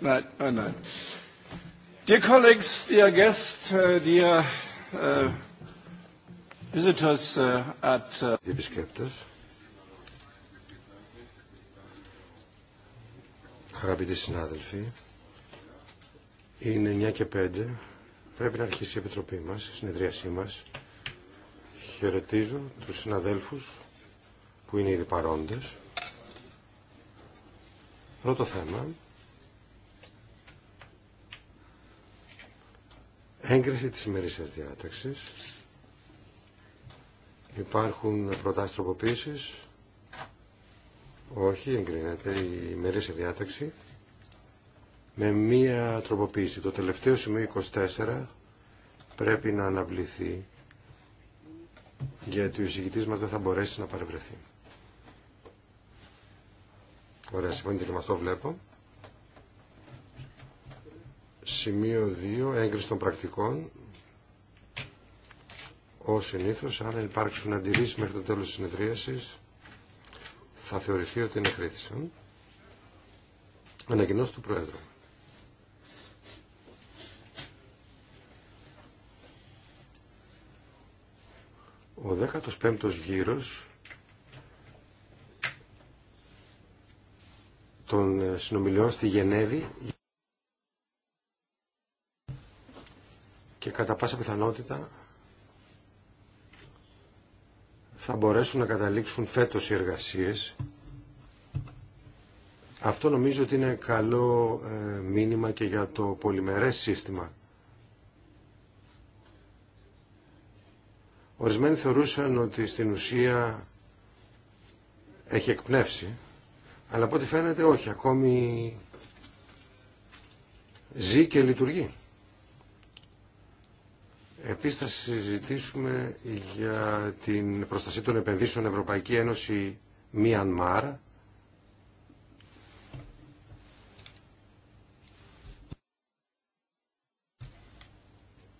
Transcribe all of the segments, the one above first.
Nein, nein, nein. Dear colleagues, dear guests, uh, dear uh, visitors uh, at... Uh, Αγαπητοί συνάδελφοι, είναι 9 και 5. Πρέπει να αρχίσει η Επιτροπή μας, η συνεδρίασή μας. Χαιρετίζω τους συναδέλφους που είναι ήδη παρόντες. Πρώτο θέμα, Έγκριση της ημερήσιας διάταξης. Υπάρχουν προτάσεις τροποποίησης. Όχι, εγκρίνεται η ημερήσια διάταξη. Με μία τροποποίηση. Το τελευταίο σημείο 24 πρέπει να αναβληθεί γιατί ο εισηγητής μας δεν θα μπορέσει να παρευρεθεί. Ωραία, συμφωνείτε και με αυτό βλέπω. Σημείο 2. Έγκριση των πρακτικών. Ω συνήθω, αν δεν υπάρξουν αντιρρήσει μέχρι το τέλο τη συνεδρίαση, θα θεωρηθεί ότι είναι χρήθησαν. Ανακοινώσει του Πρόεδρου. Ο 15ος γύρος των συνομιλιών στη Γενέβη και κατά πάσα πιθανότητα θα μπορέσουν να καταλήξουν φέτος οι εργασίες. Αυτό νομίζω ότι είναι καλό ε, μήνυμα και για το πολυμερές σύστημα. Ορισμένοι θεωρούσαν ότι στην ουσία έχει εκπνεύσει, αλλά από ό,τι φαίνεται όχι, ακόμη ζει και λειτουργεί. Επίσης θα συζητήσουμε για την προστασία των επενδύσεων Ευρωπαϊκή Ένωση Μιανμάρ.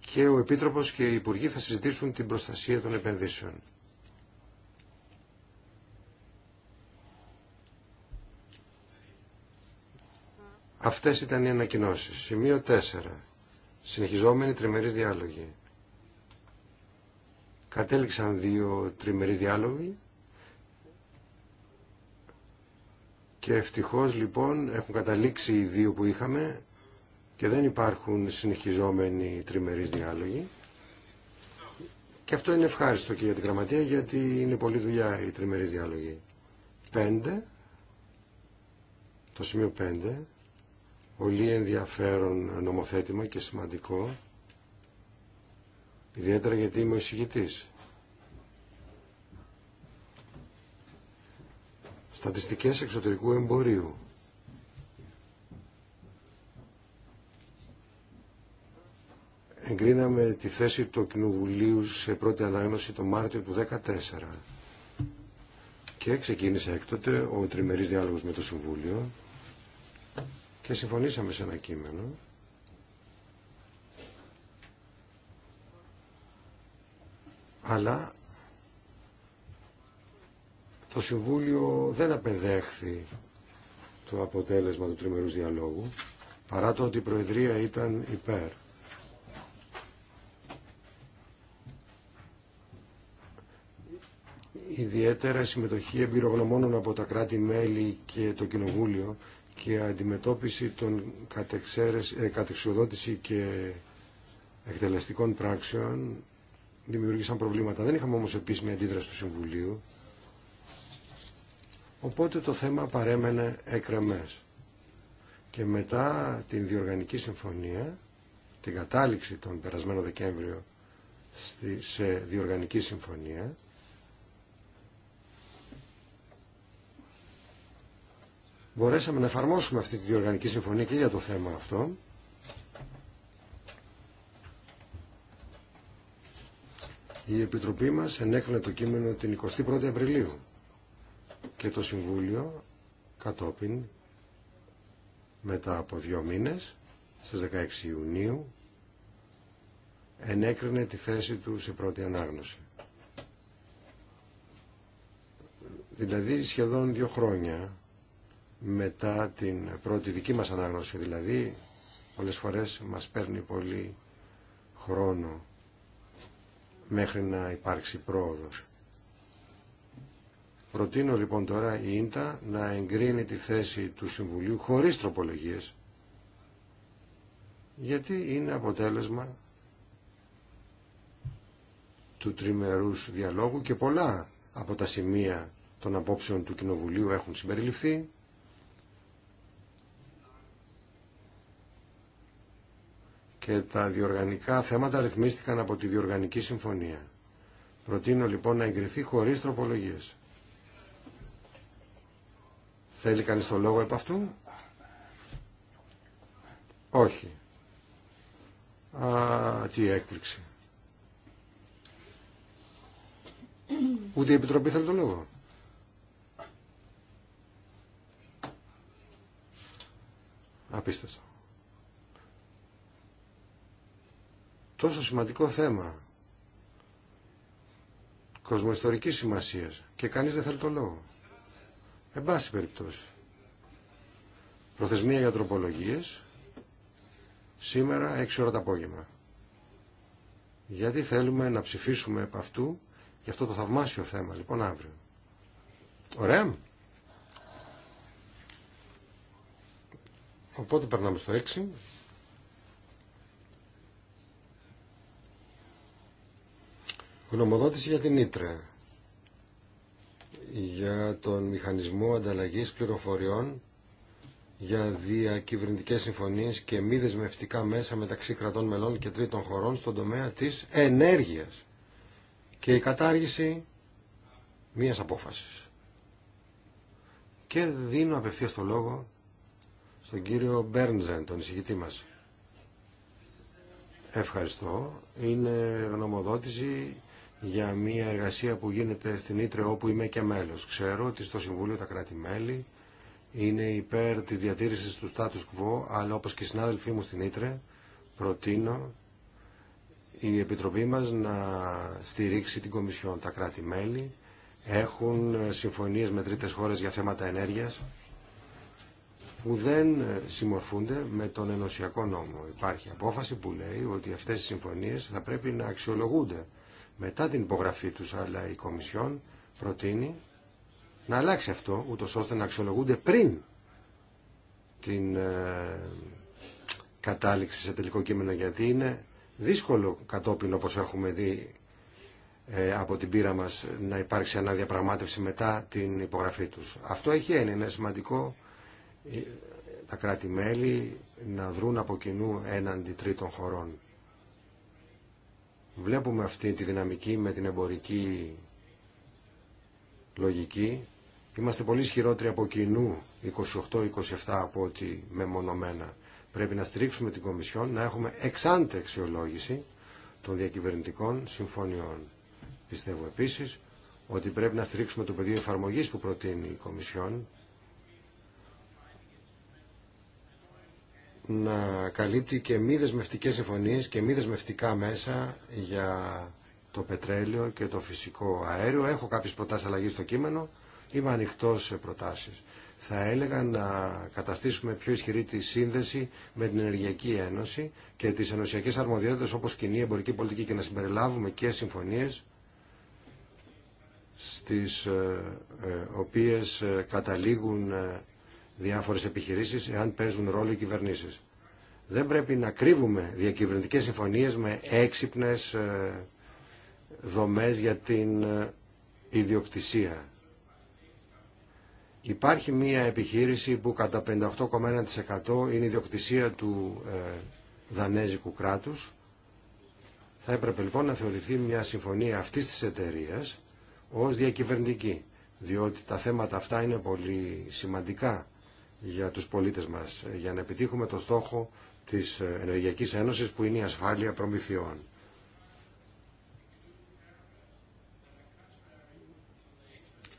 Και ο Επίτροπος και οι Υπουργοί θα συζητήσουν την προστασία των επενδύσεων. Αυτές ήταν οι ανακοινώσεις. Σημείο 4. Συνεχιζόμενοι τριμερείς διάλογοι. Κατέληξαν δύο τριμερείς διάλογοι και ευτυχώς λοιπόν έχουν καταλήξει οι δύο που είχαμε και δεν υπάρχουν συνεχιζόμενοι τριμερείς διάλογοι. Και αυτό είναι ευχάριστο και για την γραμματεία γιατί είναι πολλή δουλειά η τριμερής διάλογοι. 5, το σημείο 5, πολύ ενδιαφέρον νομοθέτημα και σημαντικό Ιδιαίτερα γιατί είμαι ο εισηγητής. Στατιστικές εξωτερικού εμπορίου. Εγκρίναμε τη θέση του Κοινοβουλίου σε πρώτη ανάγνωση το Μάρτιο του 2014 και ξεκίνησε έκτοτε ο τριμερής διάλογος με το Συμβούλιο και συμφωνήσαμε σε ένα κείμενο αλλά το Συμβούλιο δεν απεδέχθη το αποτέλεσμα του τριμερούς διαλόγου, παρά το ότι η Προεδρία ήταν υπέρ. Ιδιαίτερα συμμετοχή εμπειρογνωμόνων από τα κράτη-μέλη και το Κοινοβούλιο και αντιμετώπιση των κατεξοδότηση ε, και εκτελεστικών πράξεων δημιούργησαν προβλήματα. Δεν είχαμε όμως επίσημη αντίδραση του Συμβουλίου. Οπότε το θέμα παρέμενε εκρεμές. Και μετά την διοργανική συμφωνία, την κατάληξη τον περασμένο Δεκέμβριο σε διοργανική συμφωνία, μπορέσαμε να εφαρμόσουμε αυτή τη διοργανική συμφωνία και για το θέμα αυτό Η Επιτροπή μας ενέκρινε το κείμενο την 21η Απριλίου και το Συμβούλιο κατόπιν μετά από δύο μήνες στις 16 Ιουνίου ενέκρινε τη θέση του σε πρώτη ανάγνωση. Δηλαδή σχεδόν δύο χρόνια μετά την πρώτη δική μας ανάγνωση, δηλαδή πολλές φορές μας παίρνει πολύ χρόνο μέχρι να υπάρξει πρόοδος. Προτείνω λοιπόν τώρα η ΙΝΤΑ να εγκρίνει τη θέση του Συμβουλίου χωρίς τροπολογίες γιατί είναι αποτέλεσμα του τριμερούς διαλόγου και πολλά από τα σημεία των απόψεων του Κοινοβουλίου έχουν συμπεριληφθεί και τα διοργανικά θέματα ρυθμίστηκαν από τη διοργανική συμφωνία. Προτείνω λοιπόν να εγκριθεί χωρίς τροπολογίες. Θέλει κανείς το λόγο επ' αυτού? Όχι. Α, τι έκπληξη. Ούτε η Επιτροπή θέλει το λόγο. Απίστευτο. τόσο σημαντικό θέμα κοσμοϊστορικής σημασίας και κανείς δεν θέλει το λόγο. Εν πάση περιπτώσει. Προθεσμία για τροπολογίες σήμερα 6 ώρα το απόγευμα. Γιατί θέλουμε να ψηφίσουμε επ' αυτού για αυτό το θαυμάσιο θέμα λοιπόν αύριο. Ωραία. Οπότε περνάμε στο 6. Γνωμοδότηση για την Ήτρε. Για τον μηχανισμό ανταλλαγής πληροφοριών για διακυβερνητικές συμφωνίες και μη δεσμευτικά μέσα μεταξύ κρατών μελών και τρίτων χωρών στον τομέα της ενέργειας και η κατάργηση μίας απόφασης. Και δίνω απευθείας το λόγο στον κύριο Μπέρντζεν, τον εισηγητή μας. Ευχαριστώ. Είναι γνωμοδότηση για μια εργασία που γίνεται στην Ήτρε όπου είμαι και μέλος. Ξέρω ότι στο Συμβούλιο τα κράτη-μέλη είναι υπέρ της διατήρησης του status quo, αλλά όπως και οι συνάδελφοί μου στην Ήτρε προτείνω η Επιτροπή μας να στηρίξει την Κομισιόν. Τα κράτη-μέλη έχουν συμφωνίες με τρίτες χώρες για θέματα ενέργειας που δεν συμμορφούνται με τον ενωσιακό νόμο. Υπάρχει απόφαση που λέει ότι αυτές οι συμφωνίες θα πρέπει να αξιολογούνται μετά την υπογραφή τους, αλλά η Κομισιόν προτείνει να αλλάξει αυτό, ούτως ώστε να αξιολογούνται πριν την ε, κατάληξη σε τελικό κείμενο, γιατί είναι δύσκολο κατόπιν, όπως έχουμε δει ε, από την πείρα μας, να υπάρξει αναδιαπραγμάτευση μετά την υπογραφή τους. Αυτό έχει έννοια, είναι σημαντικό ε, τα κράτη-μέλη να δρουν από κοινού έναντι τρίτων χωρών. Βλέπουμε αυτή τη δυναμική με την εμπορική λογική. Είμαστε πολύ ισχυρότεροι από κοινού 28-27 από ότι μεμονωμένα. Πρέπει να στηρίξουμε την Κομισιόν, να έχουμε εξάντε αξιολόγηση των διακυβερνητικών συμφωνιών. Πιστεύω επίσης ότι πρέπει να στηρίξουμε το πεδίο εφαρμογής που προτείνει η Κομισιόν να καλύπτει και μη δεσμευτικές συμφωνίες και μη δεσμευτικά μέσα για το πετρέλαιο και το φυσικό αέριο. Έχω κάποιες προτάσεις αλλαγή στο κείμενο. Είμαι ανοιχτό σε προτάσεις. Θα έλεγα να καταστήσουμε πιο ισχυρή τη σύνδεση με την Ενεργειακή Ένωση και τις ενωσιακές αρμοδιότητες όπως κοινή εμπορική πολιτική και να συμπεριλάβουμε και συμφωνίες στις ε, ε, οποίες ε, καταλήγουν διάφορες επιχειρήσεις εάν παίζουν ρόλο οι κυβερνήσεις. Δεν πρέπει να κρύβουμε διακυβερνητικές συμφωνίες με έξυπνες ε, δομές για την ε, ιδιοκτησία. Υπάρχει μία επιχείρηση που κατά 58,1% είναι ιδιοκτησία του ε, δανέζικου κράτους. Θα έπρεπε λοιπόν να θεωρηθεί μια συμφωνία αυτής της εταιρεία ως διακυβερνητική, διότι τα θέματα αυτά είναι πολύ σημαντικά για τους πολίτες μας, για να επιτύχουμε το στόχο της Ενεργειακής Ένωσης που είναι η ασφάλεια προμηθειών.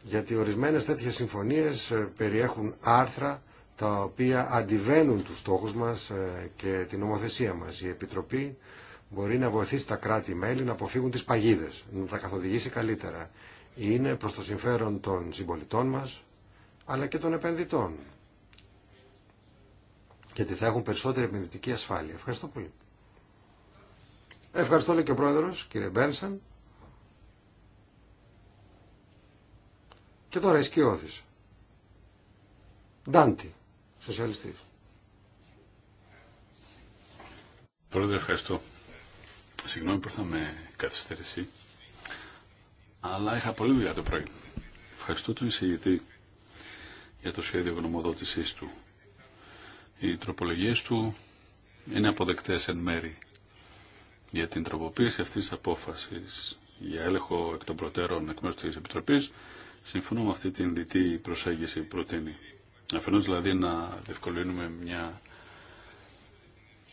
Γιατί ορισμένες τέτοιες συμφωνίες ε, περιέχουν άρθρα τα οποία αντιβαίνουν τους στόχους μας ε, και την νομοθεσία μας. Η Επιτροπή μπορεί να βοηθήσει τα κράτη-μέλη να αποφύγουν τις παγίδες, να τα καθοδηγήσει καλύτερα. Είναι προς το συμφέρον των συμπολιτών μας, αλλά και των επενδυτών γιατί θα έχουν περισσότερη επενδυτική ασφάλεια. Ευχαριστώ πολύ. Ευχαριστώ λέει και ο πρόεδρος, κύριε Μπένσεν. Και τώρα η σκιώδη. Ντάντι, σοσιαλιστής. Πρόεδρε, ευχαριστώ. Συγγνώμη που ήρθα με καθυστέρηση, αλλά είχα πολύ δουλειά το πρωί. Ευχαριστώ τον εισηγητή για το σχέδιο γνωμοδότησής του οι τροπολογίες του είναι αποδεκτές εν μέρη για την τροποποίηση αυτής της απόφασης για έλεγχο εκ των προτέρων εκ μέρους της Επιτροπής συμφωνώ με αυτή την διτή προσέγγιση που προτείνει. Αφενός δηλαδή να διευκολύνουμε μια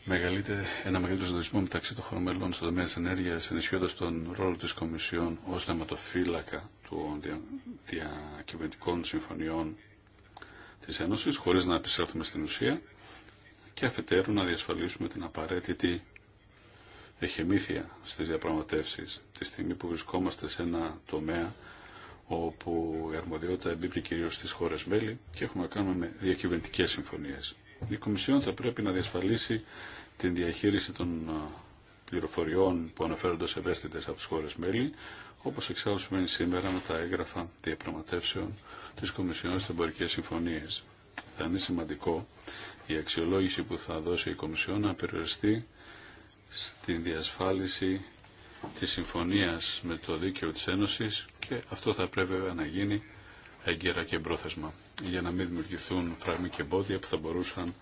μεγαλύτερη, ένα μεγαλύτερο συντονισμό μεταξύ των χωρών μελών στο τομέα της ενέργειας ενισχύοντας τον ρόλο της Κομισιόν ως θεματοφύλακα των διακυβερνητικών συμφωνιών τη Ένωση, χωρίς να επιστρέφουμε στην ουσία και αφετέρου να διασφαλίσουμε την απαραίτητη εχεμήθεια στις διαπραγματεύσεις τη στιγμή που βρισκόμαστε σε ένα τομέα όπου η αρμοδιότητα εμπίπτει κυρίως στις χώρες μέλη και έχουμε να κάνουμε με συμφωνίες. Η Κομισιόν θα πρέπει να διασφαλίσει την διαχείριση των ε, πληροφοριών που αναφέρονται σε ευαίσθητες από τις χώρες μέλη, όπως εξάλλου σημαίνει σήμερα με τα έγγραφα διαπραγματεύσεων της Κομισιόν στι εμπορικέ συμφωνίες. Θα είναι σημαντικό η αξιολόγηση που θα δώσει η Κομισιόν να περιοριστεί στη διασφάλιση της συμφωνίας με το δίκαιο της Ένωσης και αυτό θα πρέπει να γίνει έγκαιρα και πρόθεσμα για να μην δημιουργηθούν φραγμοί και εμπόδια που θα μπορούσαν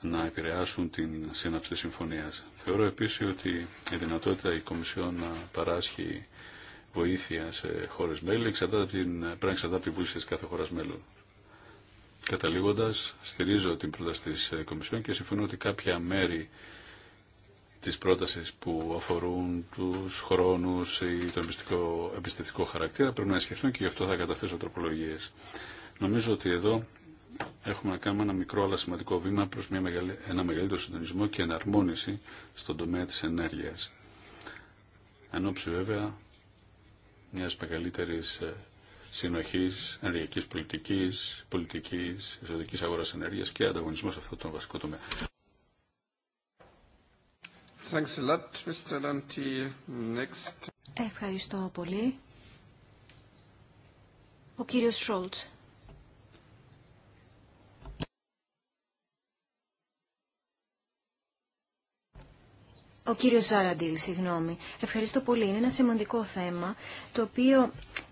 να επηρεάσουν την σύναψη της συμφωνίας. Θεωρώ επίσης ότι η δυνατότητα η Κομισιόν να παράσχει βοήθεια σε χώρες μέλη πρέπει να εξαρτάται από την της κάθε χώρας μέλου. Καταλήγοντας, στηρίζω την πρόταση της ε, Κομισιόν και συμφωνώ ότι κάποια μέρη της πρότασης που αφορούν τους χρόνους ή τον εμπιστευτικό χαρακτήρα πρέπει να ισχυθούν και γι' αυτό θα καταθέσω τροπολογίες. Νομίζω ότι εδώ έχουμε να κάνουμε ένα μικρό αλλά σημαντικό βήμα προς μια ένα μεγαλύτερο συντονισμό και εναρμόνιση στον τομέα της ενέργειας. Εν βέβαια μιας μεγαλύτερης ε, συνοχής, ενεργειακής πολιτικής, πολιτικής, εσωτερικής αγοράς ενέργειας και ανταγωνισμός σε αυτό το βασικό τομέα. Ευχαριστώ πολύ. Ο κύριος Σόλτς. Ο κύριος Ζάραντιλ, συγγνώμη. Ευχαριστώ πολύ. Είναι ένα σημαντικό θέμα, το οποίο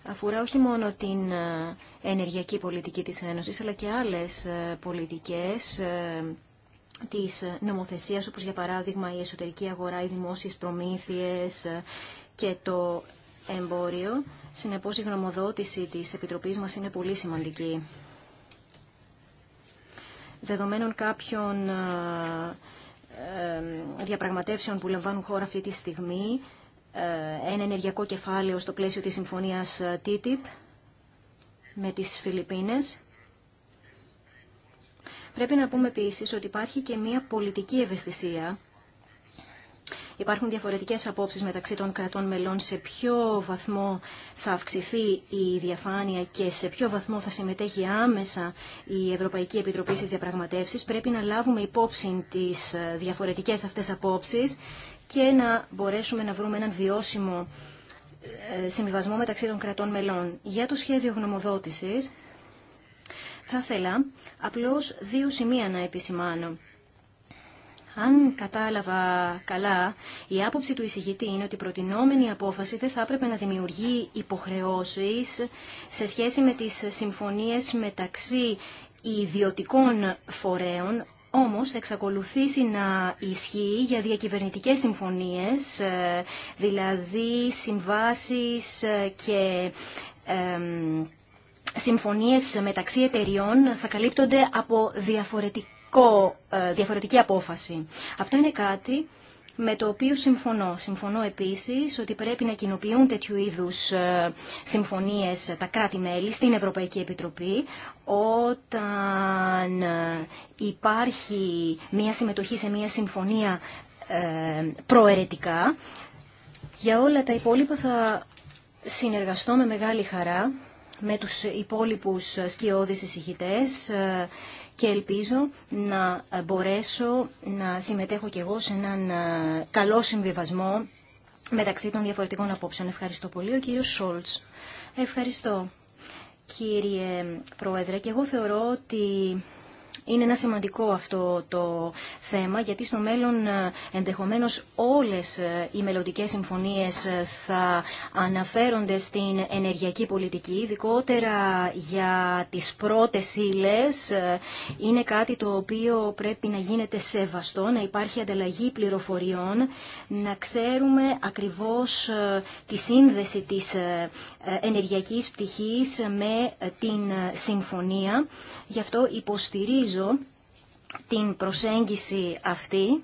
αφορά όχι μόνο την ε, ενεργειακή πολιτική της Ένωσης, αλλά και άλλες ε, πολιτικές ε, της νομοθεσίας, όπως για παράδειγμα η εσωτερική αγορά, οι δημόσιες προμήθειες και το εμπόριο. Συνεπώς η γνωμοδότηση της Επιτροπής μας είναι πολύ σημαντική. Δεδομένων κάποιων ε, διαπραγματεύσεων που λαμβάνουν χώρα αυτή τη στιγμή ε, ένα ενεργειακό κεφάλαιο στο πλαίσιο της συμφωνίας ε, TTIP με τις Φιλιππίνες. Πρέπει να πούμε επίσης ότι υπάρχει και μια πολιτική ευαισθησία Υπάρχουν διαφορετικές απόψεις μεταξύ των κρατών μελών σε ποιο βαθμό θα αυξηθεί η διαφάνεια και σε ποιο βαθμό θα συμμετέχει άμεσα η Ευρωπαϊκή Επιτροπή στις διαπραγματεύσεις. Πρέπει να λάβουμε υπόψη τις ε, διαφορετικές αυτές απόψεις και να μπορέσουμε να βρούμε έναν βιώσιμο ε, συμβιβασμό μεταξύ των κρατών μελών. Για το σχέδιο γνωμοδότησης, θα ήθελα απλώς δύο σημεία να επισημάνω. Αν κατάλαβα καλά, η άποψη του εισηγητή είναι ότι η προτινόμενη απόφαση δεν θα έπρεπε να δημιουργεί υποχρεώσεις σε σχέση με τις συμφωνίες μεταξύ ιδιωτικών φορέων, όμως θα εξακολουθήσει να ισχύει για διακυβερνητικές συμφωνίες, ε, δηλαδή συμβάσεις ε, και συμφωνίες μεταξύ εταιριών θα καλύπτονται από διαφορετικά ε, διαφορετική απόφαση. Αυτό είναι κάτι με το οποίο συμφωνώ. Συμφωνώ επίσης ότι πρέπει να κοινοποιούν τέτοιου είδους ε, συμφωνίες τα κράτη-μέλη στην Ευρωπαϊκή Επιτροπή όταν ε, υπάρχει μία συμμετοχή σε μία συμφωνία προαιρετικά. Για όλα τα υπόλοιπα θα συνεργαστώ με μεγάλη χαρά με τους υπόλοιπους σκιώδεις εισηγητές και ελπίζω να μπορέσω να συμμετέχω κι εγώ σε έναν ε, καλό συμβιβασμό μεταξύ των διαφορετικών απόψεων. Ευχαριστώ πολύ. Ο κύριος Σόλτς. Ευχαριστώ. Κύριε Πρόεδρε, και εγώ θεωρώ ότι είναι ένα σημαντικό αυτό το θέμα γιατί στο μέλλον ε, ενδεχομένως όλες ε, οι μελλοντικέ συμφωνίες ε, θα αναφέρονται στην ενεργειακή πολιτική, ειδικότερα για τις πρώτες ύλε. Είναι κάτι το οποίο πρέπει να γίνεται σεβαστό, να υπάρχει ανταλλαγή πληροφοριών, να ξέρουμε ακριβώς τη σύνδεση της ενεργειακής πτυχής με την συμφωνία. Γι' αυτό υποστηρίζω την προσέγγιση αυτή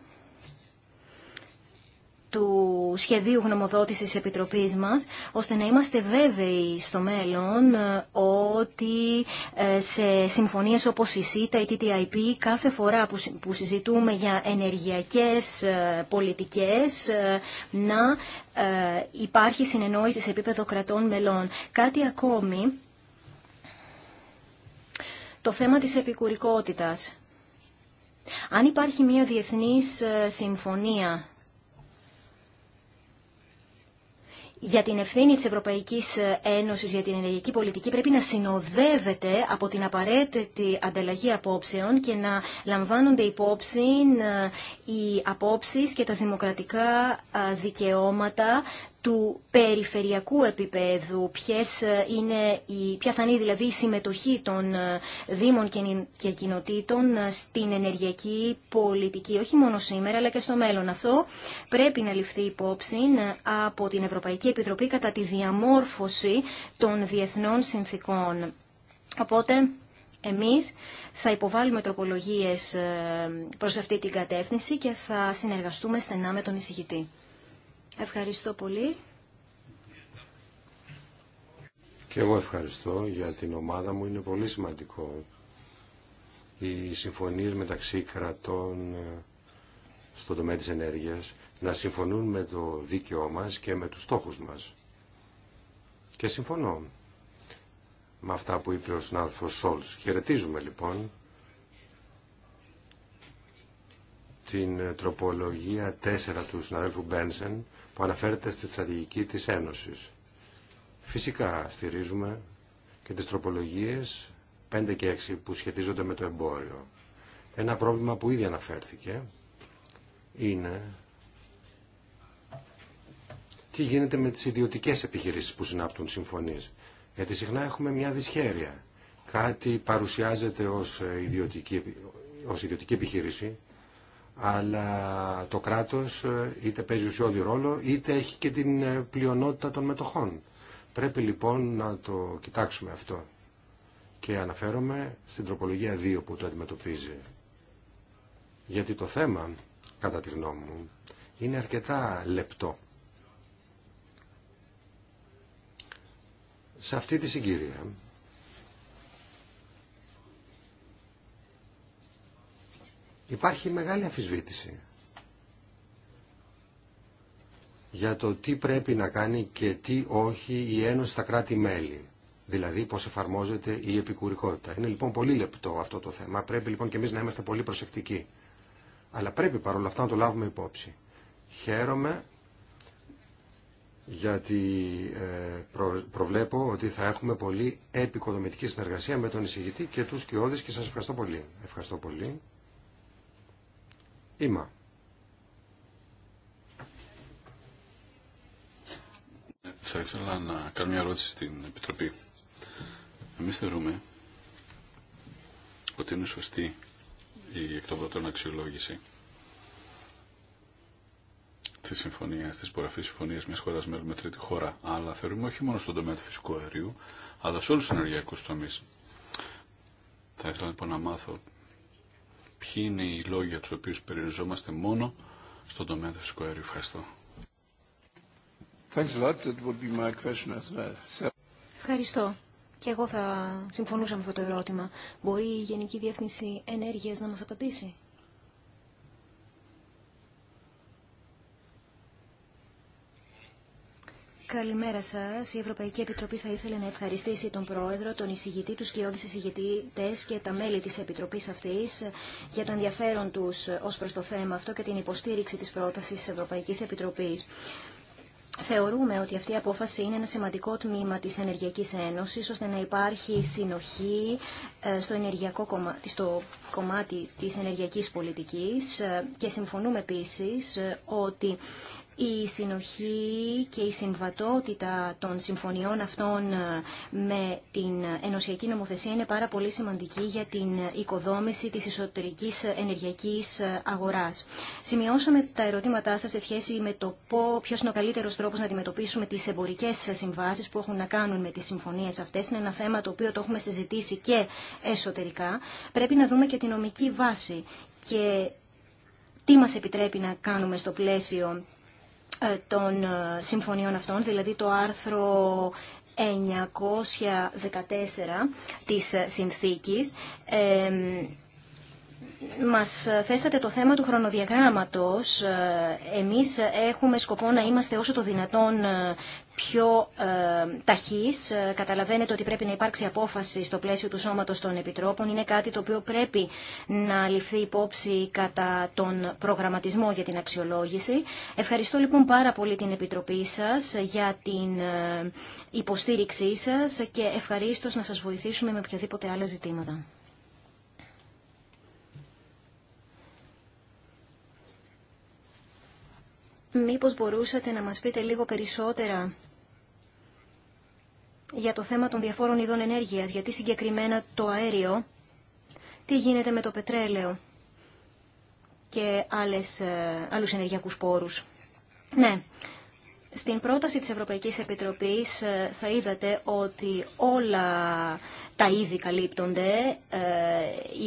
του σχεδίου γνωμοδότησης της Επιτροπής μας, ώστε να είμαστε βέβαιοι στο μέλλον ε, ότι ε, σε συμφωνίες όπως η ΣΥΤΑ, η TTIP, κάθε φορά που συζητούμε για ενεργειακές ε, πολιτικές, να υπάρχει συνεννόηση σε επίπεδο κρατών μελών. Κάτι ακόμη το θέμα της επικουρικότητας. Αν υπάρχει μια διεθνής ε, συμφωνία για την ευθύνη της Ευρωπαϊκής ε, Ένωσης για την ενεργειακή πολιτική πρέπει να συνοδεύεται από την απαραίτητη ανταλλαγή απόψεων και να λαμβάνονται υπόψη ε, οι απόψεις και τα δημοκρατικά δικαιώματα του περιφερειακού επίπεδου, ποιες ε, είναι η, ποια θα είναι δηλαδή η συμμετοχή των ε, δήμων και κοινοτήτων ε, στην ενεργειακή πολιτική, όχι μόνο σήμερα αλλά και στο μέλλον. Αυτό πρέπει να ληφθεί υπόψη από την Ευρωπαϊκή Επιτροπή κατά τη διαμόρφωση των διεθνών συνθήκων. Οπότε... Εμείς θα υποβάλουμε τροπολογίες προς αυτή την κατεύθυνση και θα συνεργαστούμε στενά με τον εισηγητή. Ευχαριστώ πολύ. Και εγώ ευχαριστώ για την ομάδα μου. Είναι πολύ σημαντικό οι συμφωνίες μεταξύ κρατών ε, στο τομέα της ενέργειας να συμφωνούν με το δίκαιό μας και με τους στόχους μας. Και συμφωνώ με αυτά που είπε ο συνάδελφος Σόλτς. Χαιρετίζουμε λοιπόν την τροπολογία 4 του συναδέλφου Μπένσεν που αναφέρεται στη στρατηγική της Ένωσης. Φυσικά στηρίζουμε και τις τροπολογίες 5 και 6 που σχετίζονται με το εμπόριο. Ένα πρόβλημα που ήδη αναφέρθηκε είναι τι γίνεται με τις ιδιωτικές επιχειρήσεις που συνάπτουν συμφωνίες. Γιατί συχνά έχουμε μια δυσχέρεια. Κάτι παρουσιάζεται ως ε, ιδιωτική, ως ιδιωτική επιχείρηση αλλά το κράτος ε, είτε παίζει ουσιώδη ρόλο είτε έχει και την ε, πλειονότητα των μετοχών. Πρέπει λοιπόν να το κοιτάξουμε αυτό και αναφέρομαι στην τροπολογία 2 που το αντιμετωπίζει. Γιατί το θέμα, κατά τη γνώμη μου, είναι αρκετά λεπτό. Σε αυτή τη συγκύρια Υπάρχει μεγάλη αμφισβήτηση για το τι πρέπει να κάνει και τι όχι η Ένωση στα κράτη-μέλη. Δηλαδή πώς εφαρμόζεται η επικουρικότητα. Είναι λοιπόν πολύ λεπτό αυτό το θέμα. Πρέπει λοιπόν και εμείς να είμαστε πολύ προσεκτικοί. Αλλά πρέπει παρόλα αυτά να το λάβουμε υπόψη. Χαίρομαι γιατί ε, προβλέπω ότι θα έχουμε πολύ επικοδομητική συνεργασία με τον εισηγητή και τους κοιόδης και σας ευχαριστώ πολύ. Ευχαριστώ πολύ. Είμα. Θα ήθελα να κάνω μια ερώτηση στην Επιτροπή. Εμείς θεωρούμε ότι είναι σωστή η εκ των πρώτων αξιολόγηση τη συμφωνία, τη υπογραφής συμφωνία μιας χώρας μέλου με τρίτη χώρα. Αλλά θεωρούμε όχι μόνο στον τομέα του φυσικού αερίου, αλλά σε όλους του ενεργειακού τομεί. Θα ήθελα λοιπόν να μάθω ποιοι είναι οι λόγοι για τους οποίους περιοριζόμαστε μόνο στον τομέα του φυσικού αερίου. Ευχαριστώ. Ευχαριστώ. Και εγώ θα συμφωνούσα με αυτό το ερώτημα. Μπορεί η Γενική Διεύθυνση Ενέργειας να μας απαντήσει. Καλημέρα σα, Η Ευρωπαϊκή Επιτροπή θα ήθελε να ευχαριστήσει τον Πρόεδρο, τον εισηγητή, του κοιόδης εισηγητές και τα μέλη τη Επιτροπής αυτή για το ενδιαφέρον του ω προ το θέμα αυτό και την υποστήριξη τη πρόταση τη Ευρωπαϊκή Επιτροπής. Θεωρούμε ότι αυτή η απόφαση είναι ένα σημαντικό τμήμα της Ενεργειακής Ένωσης, ώστε να υπάρχει συνοχή ε, στο, ενεργειακό κομμάτι στο κομμάτι της ενεργειακής πολιτικής ε, και συμφωνούμε επίσης ε, ότι η συνοχή και η συμβατότητα των συμφωνιών αυτών ε, με την ενωσιακή νομοθεσία είναι πάρα πολύ σημαντική για την οικοδόμηση της εσωτερικής ενεργειακής αγοράς. Σημειώσαμε τα ερωτήματά σας σε σχέση με το ποιος είναι ο καλύτερος τρόπος να αντιμετωπίσουμε τις εμπορικές συμβάσεις που έχουν να κάνουν με τις συμφωνίες αυτές. Είναι ένα θέμα το οποίο το έχουμε συζητήσει και εσωτερικά. Πρέπει να δούμε και τη νομική βάση και τι μας επιτρέπει να κάνουμε στο πλαίσιο ε, των ε, συμφωνιών αυτών, δηλαδή το άρθρο 914 της ε, συνθήκης, μας θέσατε το θέμα του χρονοδιαγράμματος. Εμείς έχουμε σκοπό να είμαστε όσο το δυνατόν πιο ε, ε, Καταλαβαίνετε ότι πρέπει να υπάρξει απόφαση στο πλαίσιο του Σώματος των Επιτρόπων. Είναι κάτι το οποίο πρέπει να ληφθεί υπόψη κατά τον προγραμματισμό για την αξιολόγηση. Ευχαριστώ λοιπόν πάρα πολύ την Επιτροπή σας για την ε, υποστήριξή σας και ευχαρίστως να σας βοηθήσουμε με οποιαδήποτε άλλα ζητήματα. Μήπως μπορούσατε να μας πείτε λίγο περισσότερα για το θέμα των διαφόρων ειδών ενέργειας, γιατί συγκεκριμένα το αέριο, τι γίνεται με το πετρέλαιο και άλλες, ε, άλλους ενεργειακούς πόρους. Ναι, στην πρόταση της Ευρωπαϊκής Επιτροπής ε, θα είδατε ότι όλα τα είδη καλύπτονται. Ε,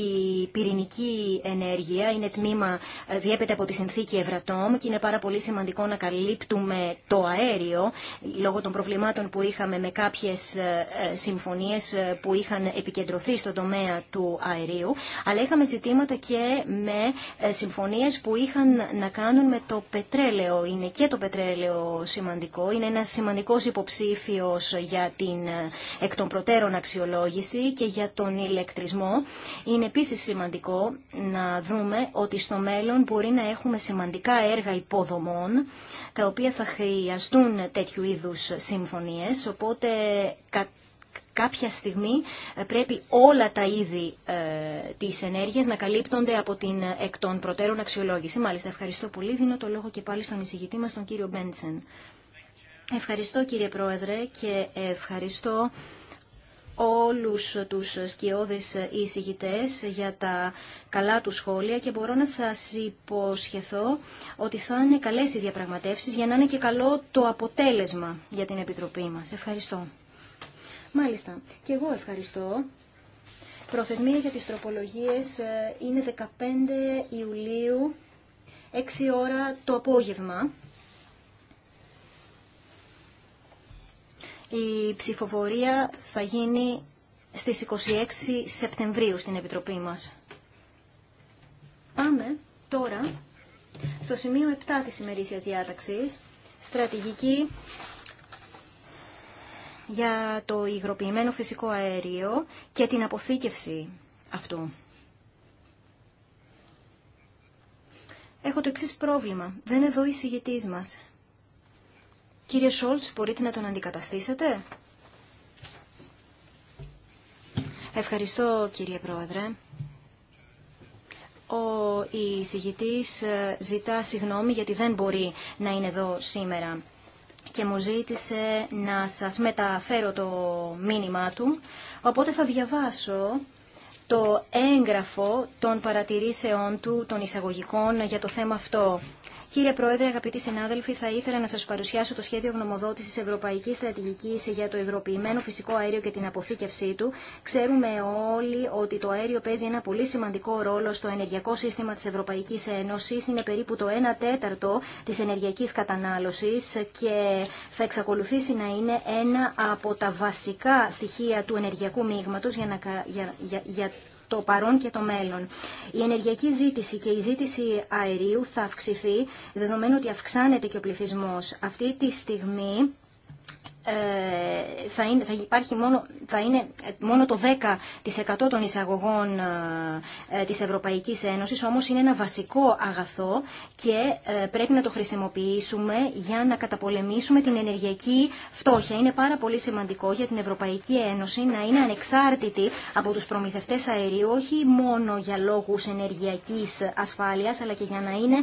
η πυρηνική ενέργεια είναι τμήμα, ε, διέπεται από τη συνθήκη Ευρατόμ και είναι πάρα πολύ σημαντικό να καλύπτουμε το αέριο λόγω των προβλημάτων που είχαμε με κάποιες ε, συμφωνίες που είχαν επικεντρωθεί στον τομέα του αερίου. Αλλά είχαμε ζητήματα και με συμφωνίες που είχαν να κάνουν με το πετρέλαιο. Είναι και το πετρέλαιο σημαντικό. Είναι ένας σημαντικός υποψήφιος για την εκ των προτέρων αξιολόγηση και για τον ηλεκτρισμό. Είναι επίσης σημαντικό να δούμε ότι στο μέλλον μπορεί να έχουμε σημαντικά έργα υποδομών, τα οποία θα χρειαστούν τέτοιου είδους συμφωνίες, οπότε κάποια στιγμή ε, πρέπει όλα τα είδη ε, της ενέργειας να καλύπτονται από την εκ των προτέρων αξιολόγηση. Μάλιστα, ευχαριστώ πολύ. Δίνω το λόγο και πάλι στον εισηγητή μας, τον κύριο Μπέντσεν. Ευχαριστώ κύριε Πρόεδρε και ευχαριστώ όλους τους σκιώδες εισηγητές για τα καλά του σχόλια και μπορώ να σας υποσχεθώ ότι θα είναι καλές οι διαπραγματεύσεις για να είναι και καλό το αποτέλεσμα για την Επιτροπή μας. Ευχαριστώ. Μάλιστα. Και εγώ ευχαριστώ. Προθεσμία για τις τροπολογίες ε, είναι 15 Ιουλίου, 6 ώρα το απόγευμα. Η ψηφοφορία θα γίνει στις 26 Σεπτεμβρίου στην Επιτροπή μας. Πάμε τώρα στο σημείο 7 της ημερήσιας διάταξης, στρατηγική για το υγροποιημένο φυσικό αέριο και την αποθήκευση αυτού. Έχω το εξής πρόβλημα. Δεν είναι εδώ η συγητής μας. Κύριε Σόλτς, μπορείτε να τον αντικαταστήσετε. Ευχαριστώ κύριε Πρόεδρε. Ο εισηγητής ε, ζητά συγγνώμη γιατί δεν μπορεί να είναι εδώ σήμερα και μου ζήτησε να σας μεταφέρω το μήνυμά του, οπότε θα διαβάσω το έγγραφο των παρατηρήσεών του των εισαγωγικών για το θέμα αυτό. Κύριε Πρόεδρε, αγαπητοί συνάδελφοι, θα ήθελα να σα παρουσιάσω το σχέδιο γνωμοδότηση Ευρωπαϊκή Στρατηγική για το υγροποιημένο φυσικό αέριο και την αποθήκευσή του. Ξέρουμε όλοι ότι το αέριο παίζει ένα πολύ σημαντικό ρόλο στο ενεργειακό σύστημα τη Ευρωπαϊκή Ένωση. Είναι περίπου το 1 τέταρτο τη ενεργειακή κατανάλωση και θα εξακολουθήσει να είναι ένα από τα βασικά στοιχεία του ενεργειακού μείγματο για, για, για, για το παρόν και το μέλλον. Η ενεργειακή ζήτηση και η ζήτηση αερίου θα αυξηθεί, δεδομένου ότι αυξάνεται και ο πληθυσμός. Αυτή τη στιγμή ε, θα, είναι, υπάρχει μόνο, θα είναι ε, μόνο το 10% των εισαγωγών ε, της Ευρωπαϊκής Ένωσης, όμως είναι ένα βασικό αγαθό και πρέπει να το χρησιμοποιήσουμε για να καταπολεμήσουμε την ενεργειακή φτώχεια. Είναι πάρα πολύ σημαντικό για την Ευρωπαϊκή Ένωση να είναι ανεξάρτητη από τους προμηθευτές αερίου, όχι μόνο για λόγους ενεργειακής ασφάλειας, αλλά και για να είναι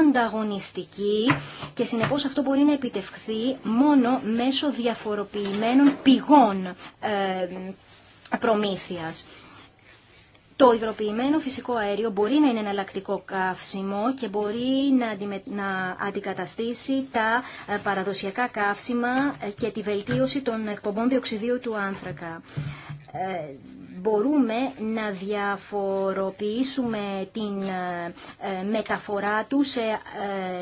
ανταγωνιστική και συνεπώς αυτό μπορεί να επιτευχθεί μόνο μέσω διαφοροποιημένων πηγών ε, προμήθειας. Το υγροποιημένο φυσικό αέριο μπορεί να είναι εναλλακτικό καύσιμο και μπορεί να αντικαταστήσει τα ε, παραδοσιακά καύσιμα ε, και τη βελτίωση των εκπομπών διοξιδίου του άνθρακα μπορούμε να διαφοροποιήσουμε την ε, ε, μεταφορά του σε ε,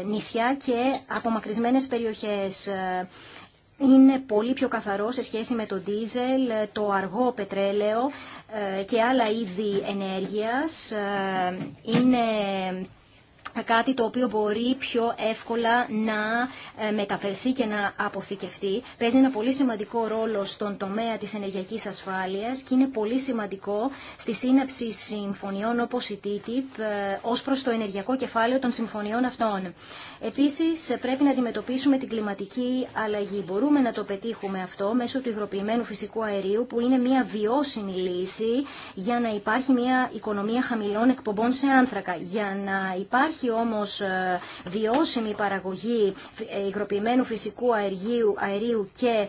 νησιά και απομακρυσμένες περιοχές είναι πολύ πιο καθαρό σε σχέση με το ντίζελ, το αργό πετρέλαιο και άλλα είδη ενέργειας. Είναι κάτι το οποίο μπορεί πιο εύκολα να ε, μεταφερθεί και να αποθηκευτεί. Παίζει ένα πολύ σημαντικό ρόλο στον τομέα της ενεργειακής ασφάλειας και είναι πολύ σημαντικό στη σύναψη συμφωνιών όπως η TTIP ε, ως προς το ενεργειακό κεφάλαιο των συμφωνιών αυτών. Επίσης πρέπει να αντιμετωπίσουμε την κλιματική αλλαγή. Μπορούμε να το πετύχουμε αυτό μέσω του υγροποιημένου φυσικού αερίου που είναι μια βιώσιμη λύση για να υπάρχει μια οικονομία χαμηλών εκπομπών σε άνθρακα. Για να υπάρχει υπάρχει όμως ε, βιώσιμη παραγωγή ε, υγροποιημένου φυσικού αερίου, αερίου και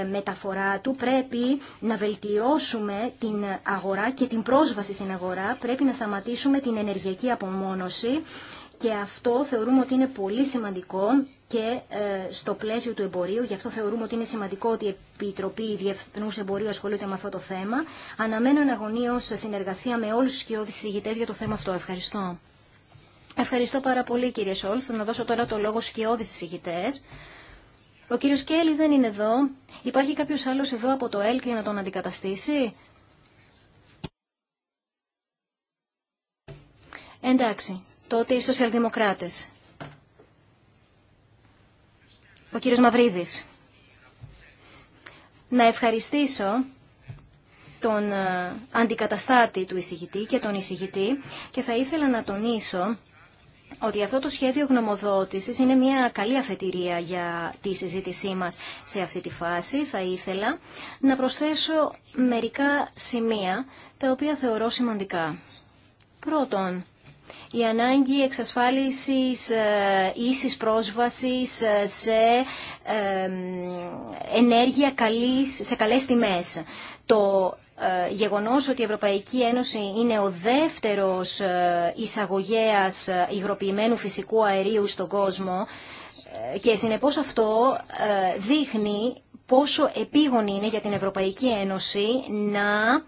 ε, μεταφορά του, πρέπει να βελτιώσουμε την αγορά και την πρόσβαση στην αγορά, πρέπει να σταματήσουμε την ενεργειακή απομόνωση και αυτό θεωρούμε ότι είναι πολύ σημαντικό και στο πλαίσιο του εμπορίου. Γι' αυτό θεωρούμε ότι είναι σημαντικό ότι η Επιτροπή Διεθνού Εμπορίου ασχολείται με αυτό το θέμα. Αναμένω σε συνεργασία με όλου του κοιόδη συζητητέ για το θέμα αυτό. Ευχαριστώ. Ευχαριστώ πάρα πολύ κύριε Σόλς. Θα να δώσω τώρα το λόγο σκιώδης εισηγητές. Ο κύριος Κέλλη δεν είναι εδώ. Υπάρχει κάποιος άλλος εδώ από το ΕΛΚ για να τον αντικαταστήσει. Εντάξει, τότε οι σοσιαλδημοκράτες. Ο κύριος Μαυρίδης. Να ευχαριστήσω τον ε, αντικαταστάτη του εισηγητή και τον εισηγητή και θα ήθελα να τονίσω ότι αυτό το σχέδιο γνωμοδότησης είναι μια καλή αφετηρία για τη συζήτησή μας σε αυτή τη φάση. Θα ήθελα να προσθέσω μερικά σημεία τα οποία θεωρώ σημαντικά. Πρώτον, η ανάγκη εξασφάλισης ε, ίσης πρόσβασης ε, σε ε, ενέργεια καλής, σε καλές τιμές. Το ε, γεγονός ότι η Ευρωπαϊκή Ένωση είναι ο δεύτερος ε, εισαγωγέας ε, υγροποιημένου φυσικού αερίου στον κόσμο και συνεπώς αυτό δείχνει πόσο επίγονη είναι για την Ευρωπαϊκή Ένωση να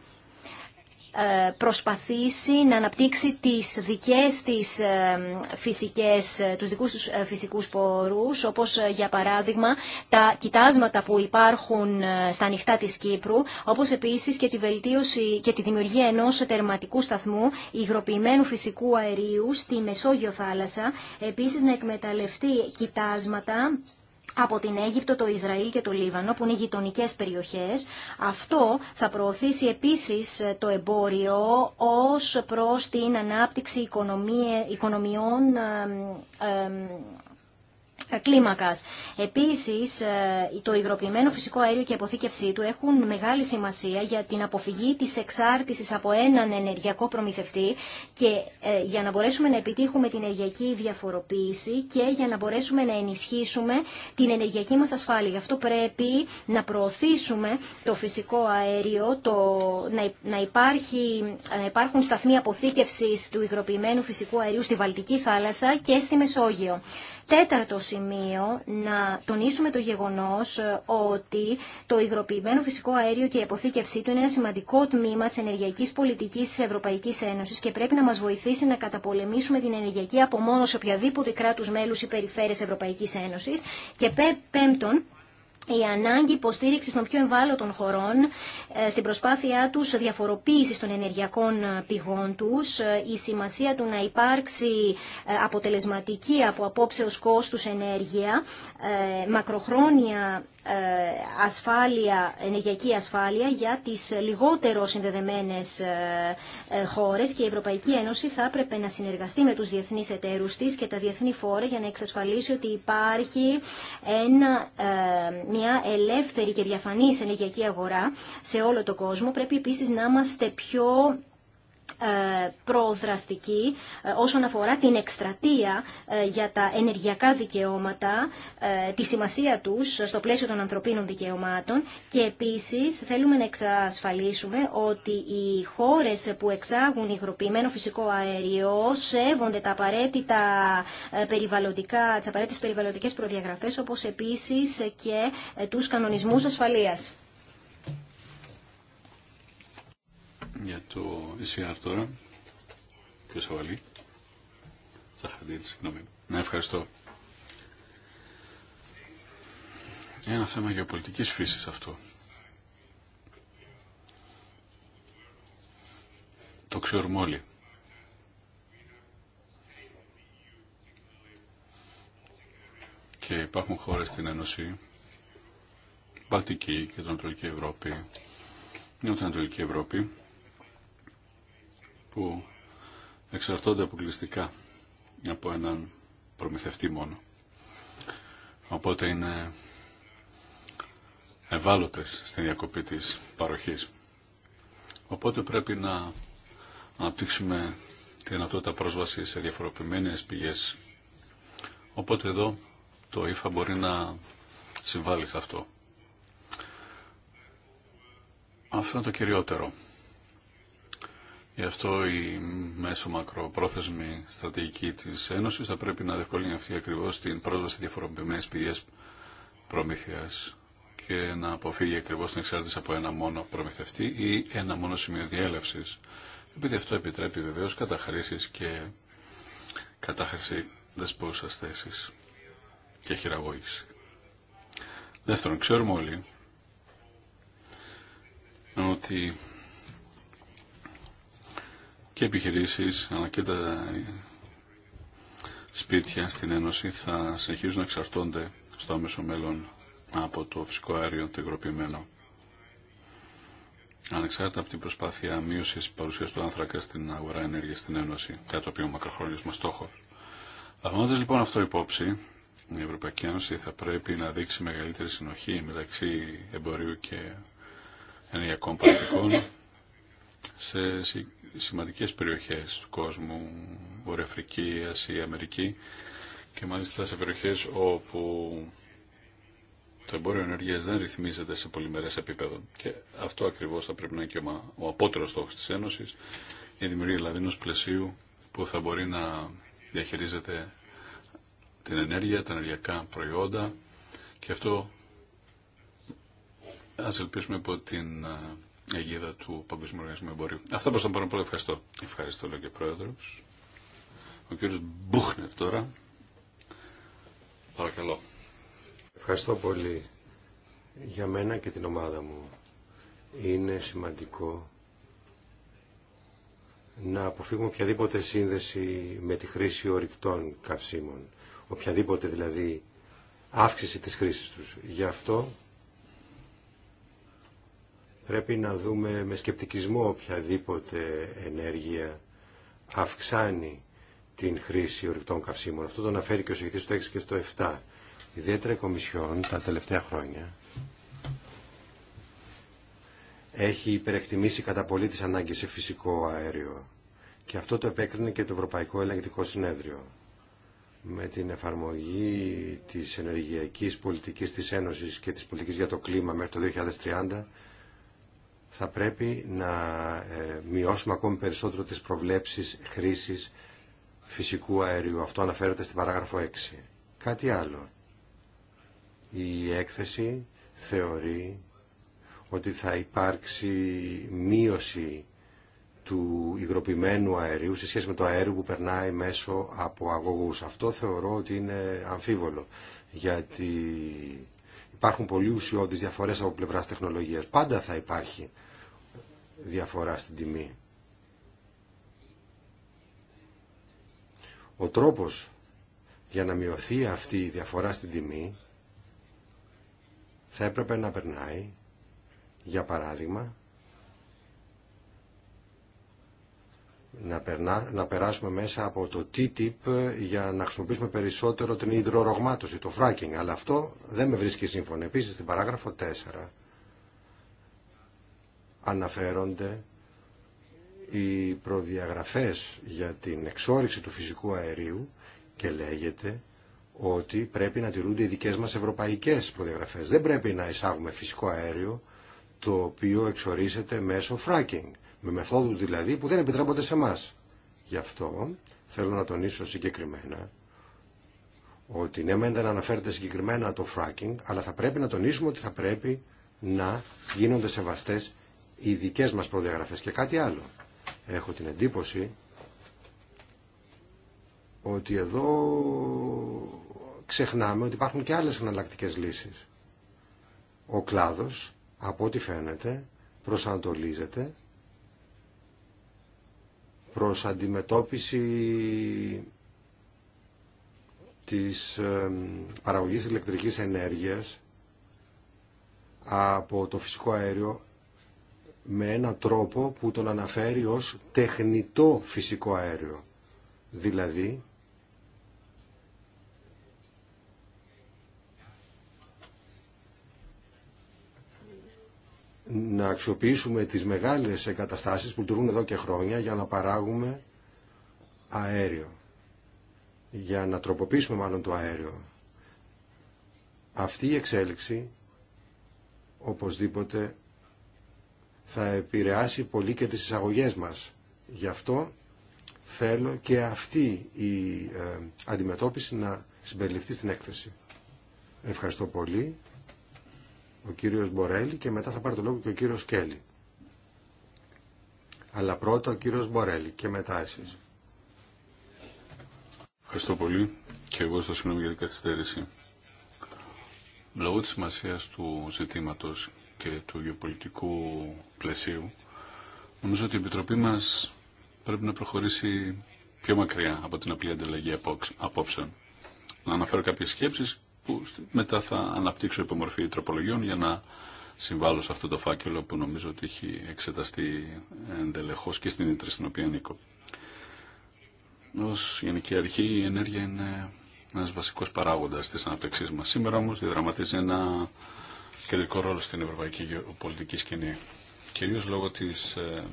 ε, προσπαθήσει να αναπτύξει τις δικές της ε, φυσικές, ε, τους δικούς τους φυσικούς πόρους, όπως για παράδειγμα τα κοιτάσματα που υπάρχουν στα ανοιχτά της Κύπρου, όπως επίσης και τη βελτίωση και τη δημιουργία ενός τερματικού σταθμού υγροποιημένου φυσικού αερίου στη Μεσόγειο θάλασσα, επίσης να εκμεταλλευτεί κοιτάσματα από την Αίγυπτο, το Ισραήλ και το Λίβανο, που είναι γειτονικέ περιοχές. Αυτό θα προωθήσει επίσης ε, το εμπόριο ως προς την ανάπτυξη οικονομιών ε, ε, κλίμακα. Επίσης, ε, το υγροποιημένο φυσικό αέριο και η αποθήκευσή του έχουν μεγάλη σημασία για την αποφυγή τη εξάρτηση από έναν ενεργειακό προμηθευτή και ε, για να μπορέσουμε να επιτύχουμε την ενεργειακή διαφοροποίηση και για να μπορέσουμε να ενισχύσουμε την ενεργειακή μα ασφάλεια. Γι' αυτό πρέπει να προωθήσουμε το φυσικό αέριο, το, να, υπάρχει, να υπάρχουν σταθμοί αποθήκευση του υγροποιημένου φυσικού αερίου στη Βαλτική θάλασσα και στη Μεσόγειο. Τέταρτο σημείο, να τονίσουμε το γεγονός ε, ότι το υγροποιημένο φυσικό αέριο και η αποθήκευσή του είναι ένα σημαντικό τμήμα τη ενεργειακής πολιτικής τη Ευρωπαϊκής Ένωση και πρέπει να μας βοηθήσει να καταπολεμήσουμε την ενεργειακή απομόνωση οποιαδήποτε κράτου μέλους ή περιφέρειε Ευρωπαϊκής Ένωση Και πέμπτον, η ανάγκη υποστήριξη των πιο ευάλωτων χωρών ε, στην προσπάθειά τους διαφοροποίησης των ενεργειακών ε, πηγών τους, ε, η σημασία του να υπάρξει αποτελεσματική από απόψεως κόστους ενέργεια, μακροχρόνια ασφάλεια, ενεργειακή ασφάλεια για τις λιγότερο συνδεδεμένες χώρες και η Ευρωπαϊκή Ένωση θα έπρεπε να συνεργαστεί με τους διεθνείς εταίρους της και τα διεθνή φόρα για να εξασφαλίσει ότι υπάρχει ένα, μια ελεύθερη και διαφανής ενεργειακή αγορά σε όλο το κόσμο. Πρέπει επίσης να είμαστε πιο ε, προδραστική ε, όσον αφορά την εκστρατεία ε, για τα ενεργειακά δικαιώματα, τη σημασία τους στο πλαίσιο των ανθρωπίνων δικαιωμάτων και επίσης θέλουμε να εξασφαλίσουμε ότι οι χώρες που εξάγουν υγροποιημένο φυσικό αέριο σέβονται τα απαραίτητα περιβαλλοντικά, τις απαραίτητες περιβαλλοντικές προδιαγραφές όπως επίσης και τους κανονισμούς ασφαλείας. Για το ECR τώρα, κ. Σαβαλή. Σαχαντήλ, συγγνώμη. Ναι, ευχαριστώ. ένα θέμα γεωπολιτικής φύσης αυτό. Το ξέρουμε όλοι. Και υπάρχουν χώρες στην Ένωση, Βαλτική και την Ανατολική Ευρώπη, Νότια Ανατολική Ευρώπη, που εξαρτώνται αποκλειστικά από έναν προμηθευτή μόνο. Οπότε είναι ευάλωτες στην διακοπή της παροχής. Οπότε πρέπει να αναπτύξουμε τη δυνατότητα πρόσβαση σε διαφοροποιημένες πηγές. Οπότε εδώ το ΙΦΑ μπορεί να συμβάλλει σε αυτό. Αυτό είναι το κυριότερο. Γι' αυτό η μέσο μακροπρόθεσμη στρατηγική της Ένωσης θα πρέπει να διευκολύνει αυτή ακριβώς την πρόσβαση διαφοροποιημένη πηγέ προμήθειας και να αποφύγει ακριβώ την εξάρτηση από ένα μόνο προμηθευτή ή ένα μόνο σημείο διέλευση, Επειδή αυτό επιτρέπει βεβαίω καταχρήσει και κατάχρηση δεσπόουσας θέση και χειραγώγηση. Δεύτερον, ξέρουμε όλοι ότι και επιχειρήσεις αλλά και τα σπίτια στην Ένωση θα συνεχίζουν να εξαρτώνται στο άμεσο μέλλον από το φυσικό αέριο το υγροποιημένο. Ανεξάρτητα από την προσπάθεια μείωση παρουσία του άνθρακα στην αγορά ενέργεια στην Ένωση, κάτι το οποίο μακροχρόνιο μα στόχο. Λαμβάνοντα λοιπόν αυτό υπόψη, η Ευρωπαϊκή Ένωση θα πρέπει να δείξει μεγαλύτερη συνοχή μεταξύ εμπορίου και ενεργειακών πολιτικών σε σημαντικές περιοχές του κόσμου, Βορειοαφρική, Ασία, Αμερική και μάλιστα σε περιοχές όπου το εμπόριο ενέργεια δεν ρυθμίζεται σε πολυμερές επίπεδο. Και αυτό ακριβώς θα πρέπει να είναι και ο απότερος στόχος της Ένωσης, η δημιουργία δηλαδή ενό πλαισίου που θα μπορεί να διαχειρίζεται την ενέργεια, τα ενεργειακά προϊόντα και αυτό ας ελπίσουμε από την αιγίδα του Παγκοσμίου Οργανισμού Εμπορίου. Αυτά προς τον παρόν πολύ ευχαριστώ. Ευχαριστώ λέω και πρόεδρο. Ο κύριος Μπούχνερ τώρα. Παρακαλώ. Ευχαριστώ πολύ. Για μένα και την ομάδα μου είναι σημαντικό να αποφύγουμε οποιαδήποτε σύνδεση με τη χρήση ορυκτών καυσίμων. Οποιαδήποτε δηλαδή αύξηση της χρήσης τους. Γι' αυτό Πρέπει να δούμε με σκεπτικισμό οποιαδήποτε ενέργεια αυξάνει την χρήση ορυκτών καυσίμων. Αυτό το αναφέρει και ο συγκεκριτής του 6 και στο 7. Ιδιαίτερα η Κομισιόν τα τελευταία χρόνια έχει υπερεκτιμήσει κατά πολύ τις ανάγκες σε φυσικό αέριο. Και αυτό το επέκρινε και το Ευρωπαϊκό Ελεγκτικό Συνέδριο. Με την εφαρμογή της ενεργειακής πολιτικής της Ένωσης και της πολιτικής για το κλίμα μέχρι το 2030 θα πρέπει να ε, μειώσουμε ακόμη περισσότερο τις προβλέψεις χρήσης φυσικού αερίου. Αυτό αναφέρεται στην παράγραφο 6. Κάτι άλλο. Η έκθεση θεωρεί ότι θα υπάρξει μείωση του υγροποιημένου αερίου σε σχέση με το αέριο που περνάει μέσω από αγωγούς. Αυτό θεωρώ ότι είναι αμφίβολο, γιατί υπάρχουν πολύ ουσιώδεις διαφορές από πλευράς τεχνολογίας. Πάντα θα υπάρχει διαφορά στην τιμή. Ο τρόπος για να μειωθεί αυτή η διαφορά στην τιμή θα έπρεπε να περνάει, για παράδειγμα, να, περάσουμε μέσα από το TTIP για να χρησιμοποιήσουμε περισσότερο την υδρορογμάτωση, το fracking. Αλλά αυτό δεν με βρίσκει σύμφωνο. Επίσης, στην παράγραφο 4 αναφέρονται οι προδιαγραφές για την εξόριξη του φυσικού αερίου και λέγεται ότι πρέπει να τηρούνται οι δικές μας ευρωπαϊκές προδιαγραφές. Δεν πρέπει να εισάγουμε φυσικό αέριο το οποίο εξορίσεται μέσω fracking με μεθόδους δηλαδή που δεν επιτρέπονται σε μας. Γι' αυτό θέλω να τονίσω συγκεκριμένα ότι ναι μεν δεν αναφέρεται συγκεκριμένα το fracking, αλλά θα πρέπει να τονίσουμε ότι θα πρέπει να γίνονται σεβαστές οι δικές μας προδιαγραφές και κάτι άλλο. Έχω την εντύπωση ότι εδώ ξεχνάμε ότι υπάρχουν και άλλες εναλλακτικέ λύσεις. Ο κλάδος, από ό,τι φαίνεται, προσανατολίζεται προς αντιμετώπιση της ε, παραγωγής ηλεκτρικής ενέργειας από το φυσικό αέριο με ένα τρόπο που τον αναφέρει ως τεχνητό φυσικό αέριο. Δηλαδή να αξιοποιήσουμε τις μεγάλες εγκαταστάσεις που λειτουργούν εδώ και χρόνια για να παράγουμε αέριο. Για να τροποποιήσουμε μάλλον το αέριο. Αυτή η εξέλιξη οπωσδήποτε θα επηρεάσει πολύ και τις εισαγωγές μας. Γι' αυτό θέλω και αυτή η ε, αντιμετώπιση να συμπεριληφθεί στην έκθεση. Ευχαριστώ πολύ ο κύριος Μπορέλη και μετά θα πάρει το λόγο και ο κύριος Κέλλη. Αλλά πρώτα ο κύριος Μπορέλη και μετά εσείς. Ευχαριστώ πολύ και εγώ στο συγγνώμη για την καθυστέρηση. Λόγω της σημασία του ζητήματος και του γεωπολιτικού πλαισίου, νομίζω ότι η Επιτροπή μας πρέπει να προχωρήσει πιο μακριά από την απλή ανταλλαγή απόψεων. Να αναφέρω κάποιες σκέψεις που μετά θα αναπτύξω υπομορφή τροπολογιών για να συμβάλλω σε αυτό το φάκελο που νομίζω ότι έχει εξεταστεί εντελεχώς και στην ίντρη στην οποία ανήκω. Ως γενική αρχή η ενέργεια είναι ένας βασικός παράγοντας της αναπτυξής μας. Σήμερα όμως διδραματίζει ένα κεντρικό ρόλο στην ευρωπαϊκή πολιτική σκηνή. Κυρίως λόγω της, ε,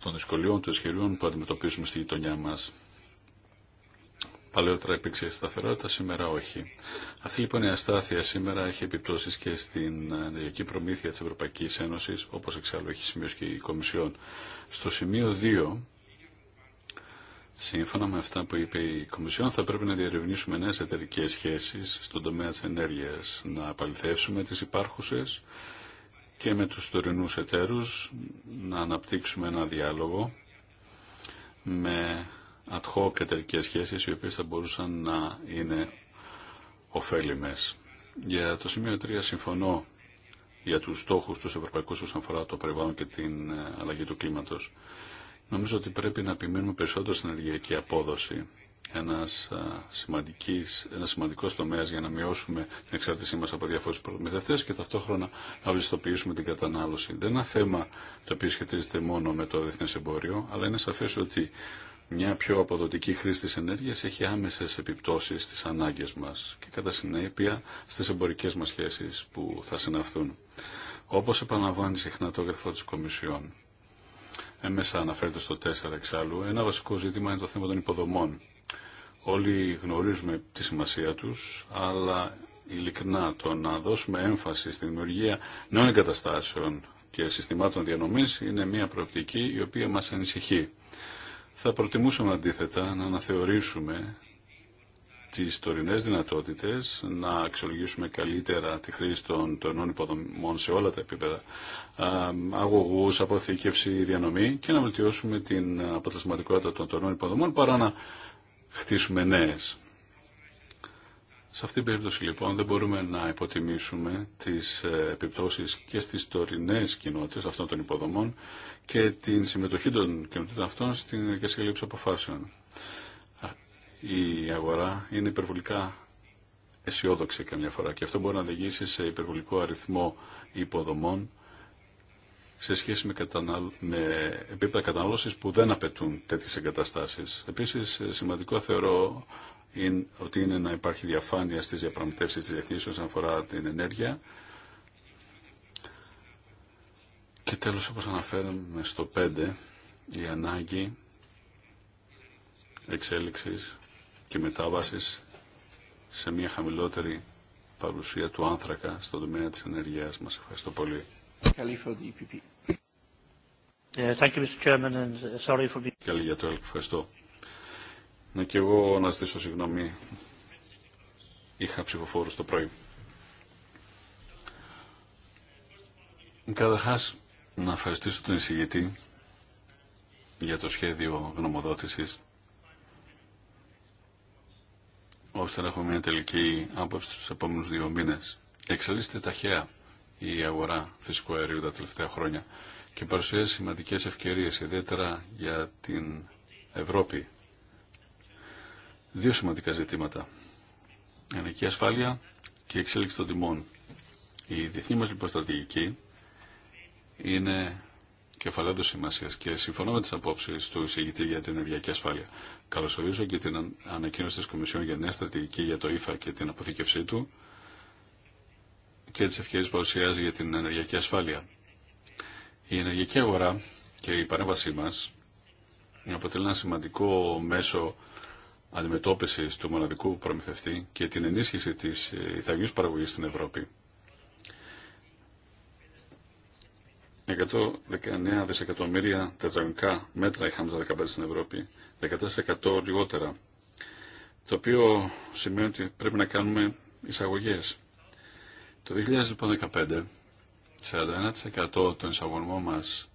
των δυσκολιών, των ισχυριών που αντιμετωπίζουμε στη γειτονιά μας παλαιότερα υπήρξε σταθερότητα, σήμερα όχι. Αυτή λοιπόν η αστάθεια σήμερα έχει επιπτώσει και στην ενεργειακή προμήθεια τη Ευρωπαϊκή Ένωση, όπω εξάλλου έχει σημειώσει και η Κομισιόν. Στο σημείο 2, σύμφωνα με αυτά που είπε η Κομισιόν, θα πρέπει να διερευνήσουμε νέε εταιρικέ σχέσει στον τομέα τη ενέργεια, να απαλυθεύσουμε τι υπάρχουσε και με τους τωρινούς εταίρους να αναπτύξουμε ένα διάλογο με ad hoc εταιρικές σχέσεις οι οποίες θα μπορούσαν να είναι ωφέλιμες. Για το σημείο 3 συμφωνώ για τους στόχους τους ευρωπαϊκούς όσον αφορά το περιβάλλον και την ε, αλλαγή του κλίματος. Νομίζω ότι πρέπει να επιμείνουμε περισσότερο στην ενεργειακή απόδοση. Ένας, ε, σημαντικής, ένας σημαντικός τομέας για να μειώσουμε την εξάρτησή μας από διάφορους προμηθευτές και ταυτόχρονα να βλιστοποιήσουμε την κατανάλωση. Δεν είναι ένα θέμα το οποίο σχετίζεται μόνο με το διεθνές εμπόριο, αλλά είναι σαφές ότι μια πιο αποδοτική χρήση της ενέργειας έχει άμεσες επιπτώσεις στις ανάγκες μας και κατά συνέπεια στις εμπορικές μας σχέσεις που θα συναυθούν. Όπως επαναλαμβάνει συχνά το έγγραφο της Κομισιόν, έμεσα αναφέρεται στο 4 εξάλλου, ένα βασικό ζήτημα είναι το θέμα των υποδομών. Όλοι γνωρίζουμε τη σημασία τους, αλλά ειλικρινά το να δώσουμε έμφαση στη δημιουργία νέων εγκαταστάσεων και συστημάτων διανομής είναι μια προοπτική η οποία μας ανησυχεί. Θα προτιμούσαμε αντίθετα να αναθεωρήσουμε τις τωρινές δυνατότητες, να αξιολογήσουμε καλύτερα τη χρήση των τωρινών υποδομών σε όλα τα επίπεδα, αγωγούς, αποθήκευση, διανομή και να βελτιώσουμε την αποτελεσματικότητα των τωρινών υποδομών παρά να χτίσουμε νέες. Σε αυτήν την περίπτωση λοιπόν δεν μπορούμε να υποτιμήσουμε τις ε, επιπτώσεις και στις τωρινές κοινότητες αυτών των υποδομών και την συμμετοχή των κοινότητων αυτών στην εργασία λήψη αποφάσεων. Η αγορά είναι υπερβολικά αισιόδοξη καμιά φορά και αυτό μπορεί να οδηγήσει σε υπερβολικό αριθμό υποδομών σε σχέση με, με επίπεδα κατανάλωσης που δεν απαιτούν τέτοιες εγκαταστάσεις. Επίσης, ε, σημαντικό θεωρώ είναι, ότι είναι να υπάρχει διαφάνεια στις διαπραγματεύσεις της διεθνής όσον αφορά την ενέργεια. Και τέλος, όπως αναφέραμε στο 5, η ανάγκη εξέλιξης και μετάβασης σε μια χαμηλότερη παρουσία του άνθρακα στον τομέα της ενέργειας μας. Ευχαριστώ πολύ. Καλή για Ευχαριστώ. Να και εγώ να στήσω συγγνώμη. Είχα ψηφοφόρους το πρωί. Καταρχά να ευχαριστήσω τον εισηγητή για το σχέδιο γνωμοδότησης ώστε να έχουμε μια τελική άποψη στους επόμενους δύο μήνες. Εξελίσσεται ταχαία η αγορά φυσικού αερίου τα τελευταία χρόνια και παρουσιάζει σημαντικές ευκαιρίες, ιδιαίτερα για την Ευρώπη δύο σημαντικά ζητήματα. Ενεργειακή ασφάλεια και εξέλιξη των τιμών. Η διεθνή μας λοιπόν στρατηγική είναι κεφαλαίου σημασία και συμφωνώ με τι απόψει του εισηγητή για την ενεργειακή ασφάλεια. Καλωσορίζω και την ανακοίνωση τη Κομισιόν για νέα στρατηγική για το ΙΦΑ και την αποθήκευσή του και τι ευκαιρίε που παρουσιάζει για την ενεργειακή ασφάλεια. Η ενεργειακή αγορά και η παρέμβασή μα αποτελεί ένα σημαντικό μέσο Αντιμετώπιση του μοναδικού προμηθευτή και την ενίσχυση της ηθαγενή παραγωγής στην Ευρώπη. 119 δισεκατομμύρια τετραγωνικά μέτρα είχαμε το 2015 στην Ευρώπη, 14% λιγότερα, το οποίο σημαίνει ότι πρέπει να κάνουμε εισαγωγές. Το 2015, 41% λοιπόν των εισαγωγών μας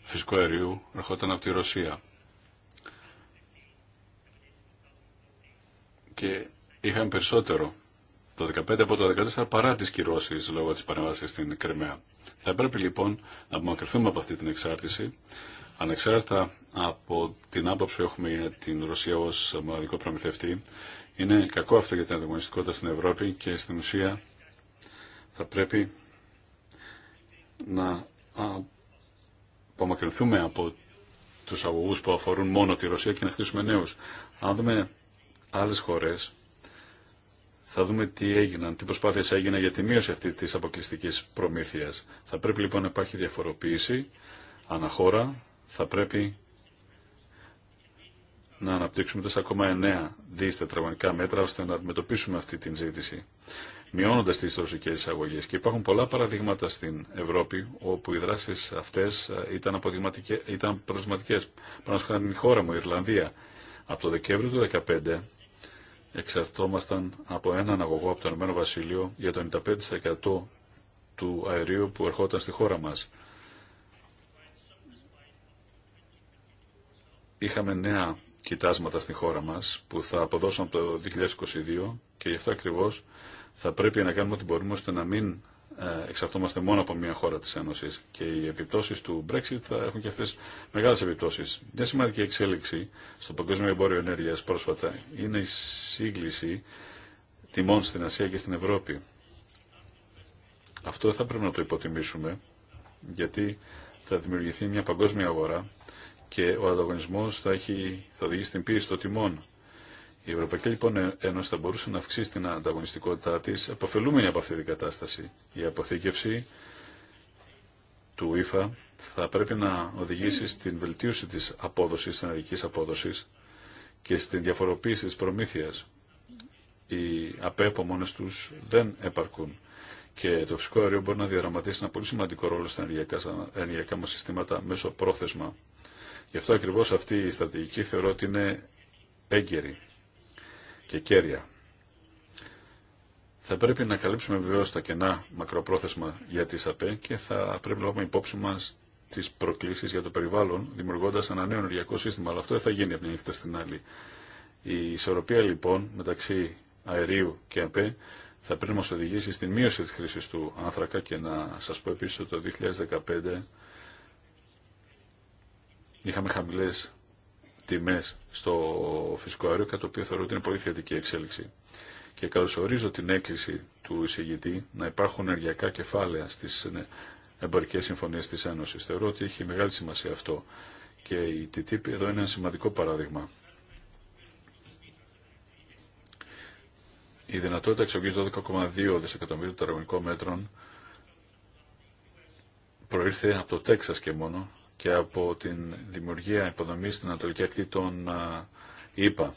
φυσικού αερίου ερχόταν από τη Ρωσία. και είχαμε περισσότερο το 15 από το 14 παρά τις κυρώσεις λόγω της παρεμβάσης στην Κρυμαία. Θα πρέπει λοιπόν να απομακρυνθούμε από αυτή την εξάρτηση ανεξάρτητα από την άποψη που έχουμε για την Ρωσία ως μοναδικό προμηθευτή. Είναι κακό αυτό για την ανταγωνιστικότητα στην Ευρώπη και στην ουσία θα πρέπει να απομακρυνθούμε από τους αγωγούς που αφορούν μόνο τη Ρωσία και να χτίσουμε νέους. Αν δούμε Άλλε χώρε θα δούμε τι έγιναν, τι προσπάθειες έγιναν για τη μείωση αυτή της αποκλειστική προμήθειας. Θα πρέπει λοιπόν να υπάρχει διαφοροποίηση αναχώρα, θα πρέπει να αναπτύξουμε 4,9 δις τετραγωνικά μέτρα ώστε να αντιμετωπίσουμε αυτή την ζήτηση, μειώνοντα τι ρωσικέ εισαγωγέ. Και υπάρχουν πολλά παραδείγματα στην Ευρώπη όπου οι δράσει αυτέ ε, ήταν, ήταν αποτελεσματικέ. Πάνω χάρη η χώρα μου, η Ιρλανδία, από το Δεκέμβριο του 2015 εξαρτώμασταν από έναν αγωγό από το Ηνωμένο Βασίλειο για το 95% του αερίου που ερχόταν στη χώρα μας. Είχαμε νέα κοιτάσματα στη χώρα μας που θα αποδώσουν το 2022 και γι' αυτό ακριβώς θα πρέπει να κάνουμε ό,τι μπορούμε ώστε να μην ε, εξαρτώμαστε μόνο από μια χώρα της Ένωσης και οι επιπτώσεις του Brexit θα έχουν και αυτές μεγάλες επιπτώσεις. Μια σημαντική εξέλιξη στο παγκόσμιο εμπόριο ενέργειας πρόσφατα είναι η σύγκληση τιμών στην Ασία και στην Ευρώπη. Αυτό θα πρέπει να το υποτιμήσουμε γιατί θα δημιουργηθεί μια παγκόσμια αγορά και ο ανταγωνισμός θα, έχει, οδηγήσει στην πίεση των τιμών. Η Ευρωπαϊκή λοιπόν, ε- Ένωση θα μπορούσε να αυξήσει την ανταγωνιστικότητά τη, επωφελούμενη από αυτή την κατάσταση. Η αποθήκευση του ΙΦΑ θα πρέπει να οδηγήσει στην βελτίωση τη απόδοση, της απόδοσης και στην διαφοροποίηση τη προμήθεια. Οι ΑΠΕ από τους δεν επαρκούν και το φυσικό αέριο μπορεί να διαδραματίσει ένα πολύ σημαντικό ρόλο στα ενεργειακά, ενεργειακά συστήματα μέσω πρόθεσμα. Γι' αυτό ακριβώ αυτή η στρατηγική θεωρώ ότι είναι έγκαιρη και κέρια. Θα πρέπει να καλύψουμε βεβαίω τα κενά μακροπρόθεσμα για τις ΑΠΕ και θα πρέπει να λάβουμε υπόψη μα τι προκλήσει για το περιβάλλον, δημιουργώντα ένα νέο ενεργειακό σύστημα. Αλλά αυτό δεν θα γίνει από μια νύχτα στην άλλη. Η ισορροπία λοιπόν μεταξύ αερίου και ΑΠΕ θα πρέπει να μα οδηγήσει στην μείωση τη χρήση του άνθρακα και να σα πω επίση ότι το 2015 είχαμε χαμηλέ τιμές στο φυσικό αέριο, κατά το οποίο θεωρώ ότι είναι πολύ θετική εξέλιξη. Και καλωσορίζω την έκκληση του εισηγητή να υπάρχουν ενεργειακά κεφάλαια στι ναι, εμπορικέ συμφωνίε τη Ένωση. Θεωρώ ότι έχει μεγάλη σημασία αυτό και η TTIP εδώ είναι ένα σημαντικό παράδειγμα. Η δυνατότητα εξογής 12,2 δισεκατομμύρια τετραγωνικών μέτρων προήρθε από το Τέξας και μόνο και από την δημιουργία υποδομής στην Ανατολική Ακτή των ΗΠΑ.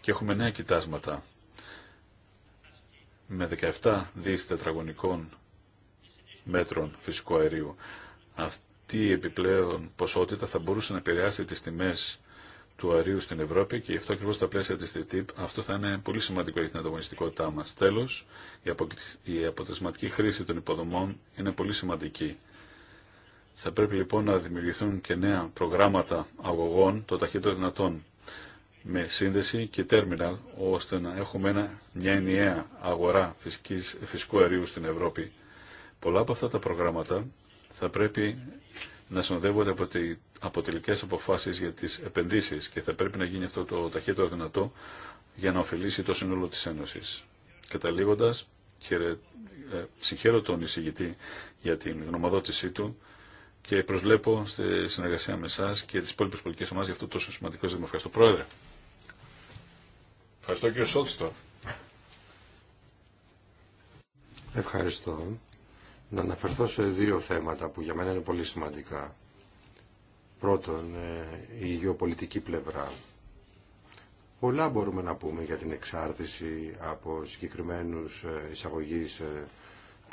Και έχουμε νέα κοιτάσματα με 17 δις τετραγωνικών μέτρων φυσικού αερίου. Αυτή η επιπλέον ποσότητα θα μπορούσε να επηρεάσει τις τιμές του αερίου στην Ευρώπη και γι' αυτό ακριβώ τα πλαίσια της TTIP αυτό θα είναι πολύ σημαντικό για την ανταγωνιστικότητά μα. Τέλο, η αποτελεσματική χρήση των υποδομών είναι πολύ σημαντική θα πρέπει λοιπόν να δημιουργηθούν και νέα προγράμματα αγωγών το ταχύτερο δυνατόν με σύνδεση και τέρμιναλ ώστε να έχουμε ένα, μια ενιαία αγορά φυσικής, φυσικού αερίου στην Ευρώπη. Πολλά από αυτά τα προγράμματα θα πρέπει να συνοδεύονται από, τη, αποφάσεις για τις επενδύσεις και θα πρέπει να γίνει αυτό το ταχύτερο δυνατό για να ωφελήσει το σύνολο της Ένωσης. Καταλήγοντας, χαιρε, ε, συγχαίρω τον εισηγητή για την γνωμοδότησή του και προσβλέπω στη συνεργασία με εσά και τι υπόλοιπε πολιτικέ ομάδε για αυτό το τόσο σημαντικό ζήτημα. Ευχαριστώ, Πρόεδρε. Ευχαριστώ, κύριο Σόλτστορ. Ευχαριστώ. Να αναφερθώ σε δύο θέματα που για μένα είναι πολύ σημαντικά. Πρώτον, ε, η γεωπολιτική πλευρά. Πολλά μπορούμε να πούμε για την εξάρτηση από συγκεκριμένους ε, εισαγωγείς ε,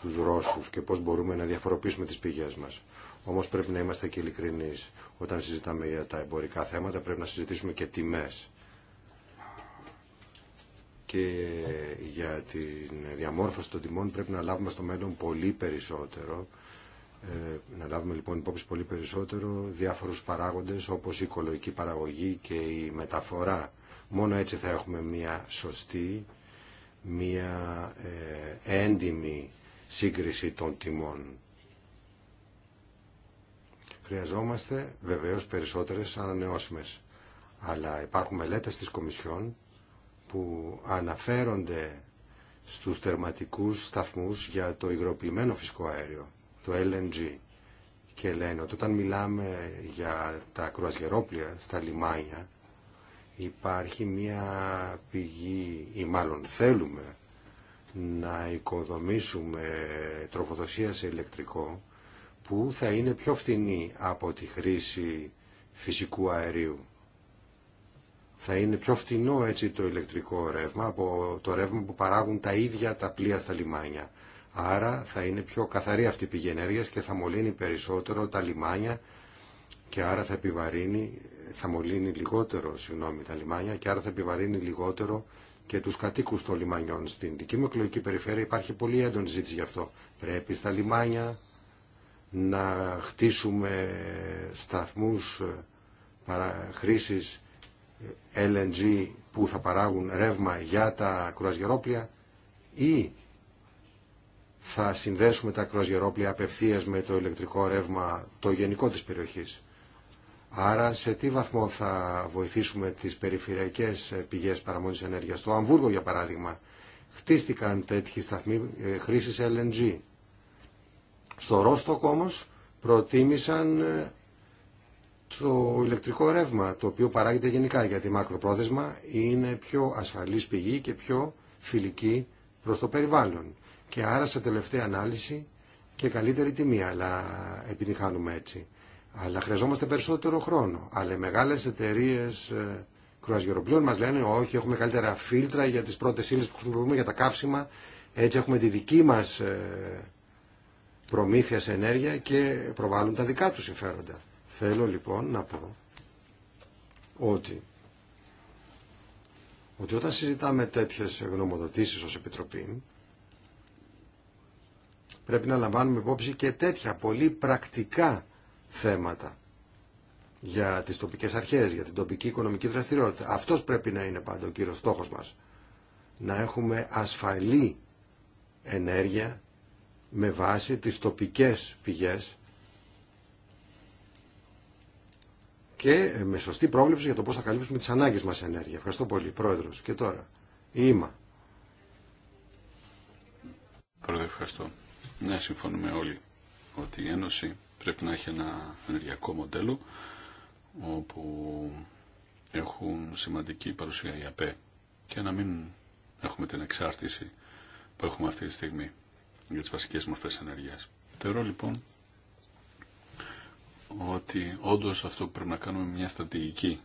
τους Ρώσους και πώς μπορούμε να διαφοροποιήσουμε τις πηγές μας. Όμω πρέπει να είμαστε και ειλικρινεί. Όταν συζητάμε για τα εμπορικά θέματα, πρέπει να συζητήσουμε και τιμέ. Και για τη διαμόρφωση των τιμών πρέπει να λάβουμε στο μέλλον πολύ περισσότερο. Ε, να λάβουμε λοιπόν υπόψη πολύ περισσότερο διάφορους παράγοντες όπως η οικολογική παραγωγή και η μεταφορά. Μόνο έτσι θα έχουμε μια σωστή, μια ε, έντιμη σύγκριση των τιμών Χρειαζόμαστε βεβαίως περισσότερες ανανεώσιμες. Αλλά υπάρχουν μελέτες της Κομισιόν που αναφέρονται στους τερματικούς σταθμούς για το υγροποιημένο φυσικό αέριο, το LNG. Και λένε ότι όταν μιλάμε για τα κρουαζιερόπλια στα λιμάνια, υπάρχει μια πηγή, ή μάλλον θέλουμε, να οικοδομήσουμε τροφοδοσία σε ηλεκτρικό, που θα είναι πιο φτηνή από τη χρήση φυσικού αερίου. Θα είναι πιο φτηνό έτσι το ηλεκτρικό ρεύμα από το ρεύμα που παράγουν τα ίδια τα πλοία στα λιμάνια. Άρα θα είναι πιο καθαρή αυτή η πηγή ενέργειας και θα μολύνει περισσότερο τα λιμάνια και άρα θα επιβαρύνει, θα μολύνει λιγότερο, συγγνώμη, τα λιμάνια και άρα θα επιβαρύνει λιγότερο και τους κατοίκους των λιμανιών. Στην δική μου εκλογική περιφέρεια υπάρχει πολύ έντονη ζήτηση γι' αυτό. Πρέπει στα λιμάνια να χτίσουμε σταθμούς χρήσης LNG που θα παράγουν ρεύμα για τα κρουαζιερόπλια ή θα συνδέσουμε τα κρουαζιερόπλια απευθείας με το ηλεκτρικό ρεύμα το γενικό της περιοχής. Άρα σε τι βαθμό θα βοηθήσουμε τις περιφερειακές πηγές παραμονής ενέργειας. Στο Αμβούργο για παράδειγμα χτίστηκαν τέτοιοι σταθμοί ε, χρήσης LNG στο Ρόστοκ όμως προτίμησαν ε, το ηλεκτρικό ρεύμα, το οποίο παράγεται γενικά, γιατί μακροπρόθεσμα είναι πιο ασφαλής πηγή και πιο φιλική προς το περιβάλλον. Και άρα σε τελευταία ανάλυση και καλύτερη τιμή, αλλά επιτυχάνουμε έτσι. Αλλά χρειαζόμαστε περισσότερο χρόνο. Αλλά οι μεγάλες εταιρείες μα ε, μας λένε όχι, έχουμε καλύτερα φίλτρα για τις πρώτες ύλες που χρησιμοποιούμε για τα καύσιμα, έτσι έχουμε τη δική μας ε, προμήθεια σε ενέργεια και προβάλλουν τα δικά τους συμφέροντα. Θέλω λοιπόν να πω ότι, όταν συζητάμε τέτοιες γνωμοδοτήσεις ως Επιτροπή πρέπει να λαμβάνουμε υπόψη και τέτοια πολύ πρακτικά θέματα για τις τοπικές αρχές, για την τοπική οικονομική δραστηριότητα. Αυτός πρέπει να είναι πάντα ο κύριος στόχος μας. Να έχουμε ασφαλή ενέργεια με βάση τις τοπικές πηγές και με σωστή πρόβλεψη για το πώς θα καλύψουμε τις ανάγκες μας ενέργεια. Ευχαριστώ πολύ, Πρόεδρος. Και τώρα, η ΕΜΑ. Πρόεδρε, ευχαριστώ. Ναι, συμφωνούμε όλοι ότι η Ένωση πρέπει να έχει ένα ενεργειακό μοντέλο όπου έχουν σημαντική παρουσία οι ΑΠΕ και να μην έχουμε την εξάρτηση που έχουμε αυτή τη στιγμή για τις βασικές μορφές ενέργειας. Θεωρώ λοιπόν ότι όντως αυτό που πρέπει να κάνουμε μια στρατηγική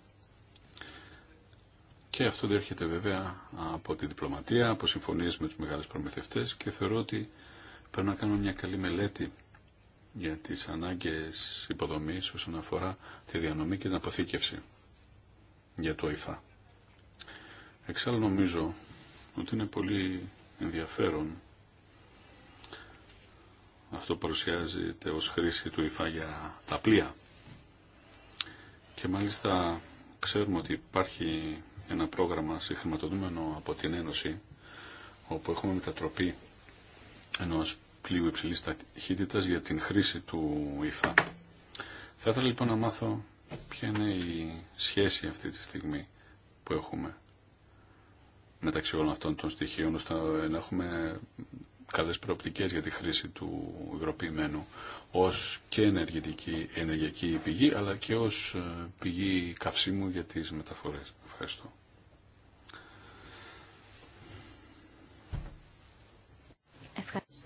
και αυτό διέρχεται βέβαια από τη διπλωματία, από συμφωνίες με τους μεγάλους προμηθευτές και θεωρώ ότι πρέπει να κάνουμε μια καλή μελέτη για τις ανάγκες υποδομής όσον αφορά τη διανομή και την αποθήκευση για το ΙΦΑ. Εξάλλου νομίζω ότι είναι πολύ ενδιαφέρον αυτό παρουσιάζεται ως χρήση του ΙΦΑ για τα πλοία. Και μάλιστα ξέρουμε ότι υπάρχει ένα πρόγραμμα συγχρηματοδούμενο από την Ένωση όπου έχουμε μετατροπή ενός πλοίου υψηλής ταχύτητας για την χρήση του ΙΦΑ. Θα ήθελα λοιπόν να μάθω ποια είναι η σχέση αυτή τη στιγμή που έχουμε μεταξύ όλων αυτών των στοιχείων ώστε να έχουμε καλές προοπτικές για τη χρήση του υγροποιημένου ως και ενεργητική, ενεργειακή πηγή αλλά και ως ε, πηγή καυσίμου για τις μεταφορές. Ευχαριστώ.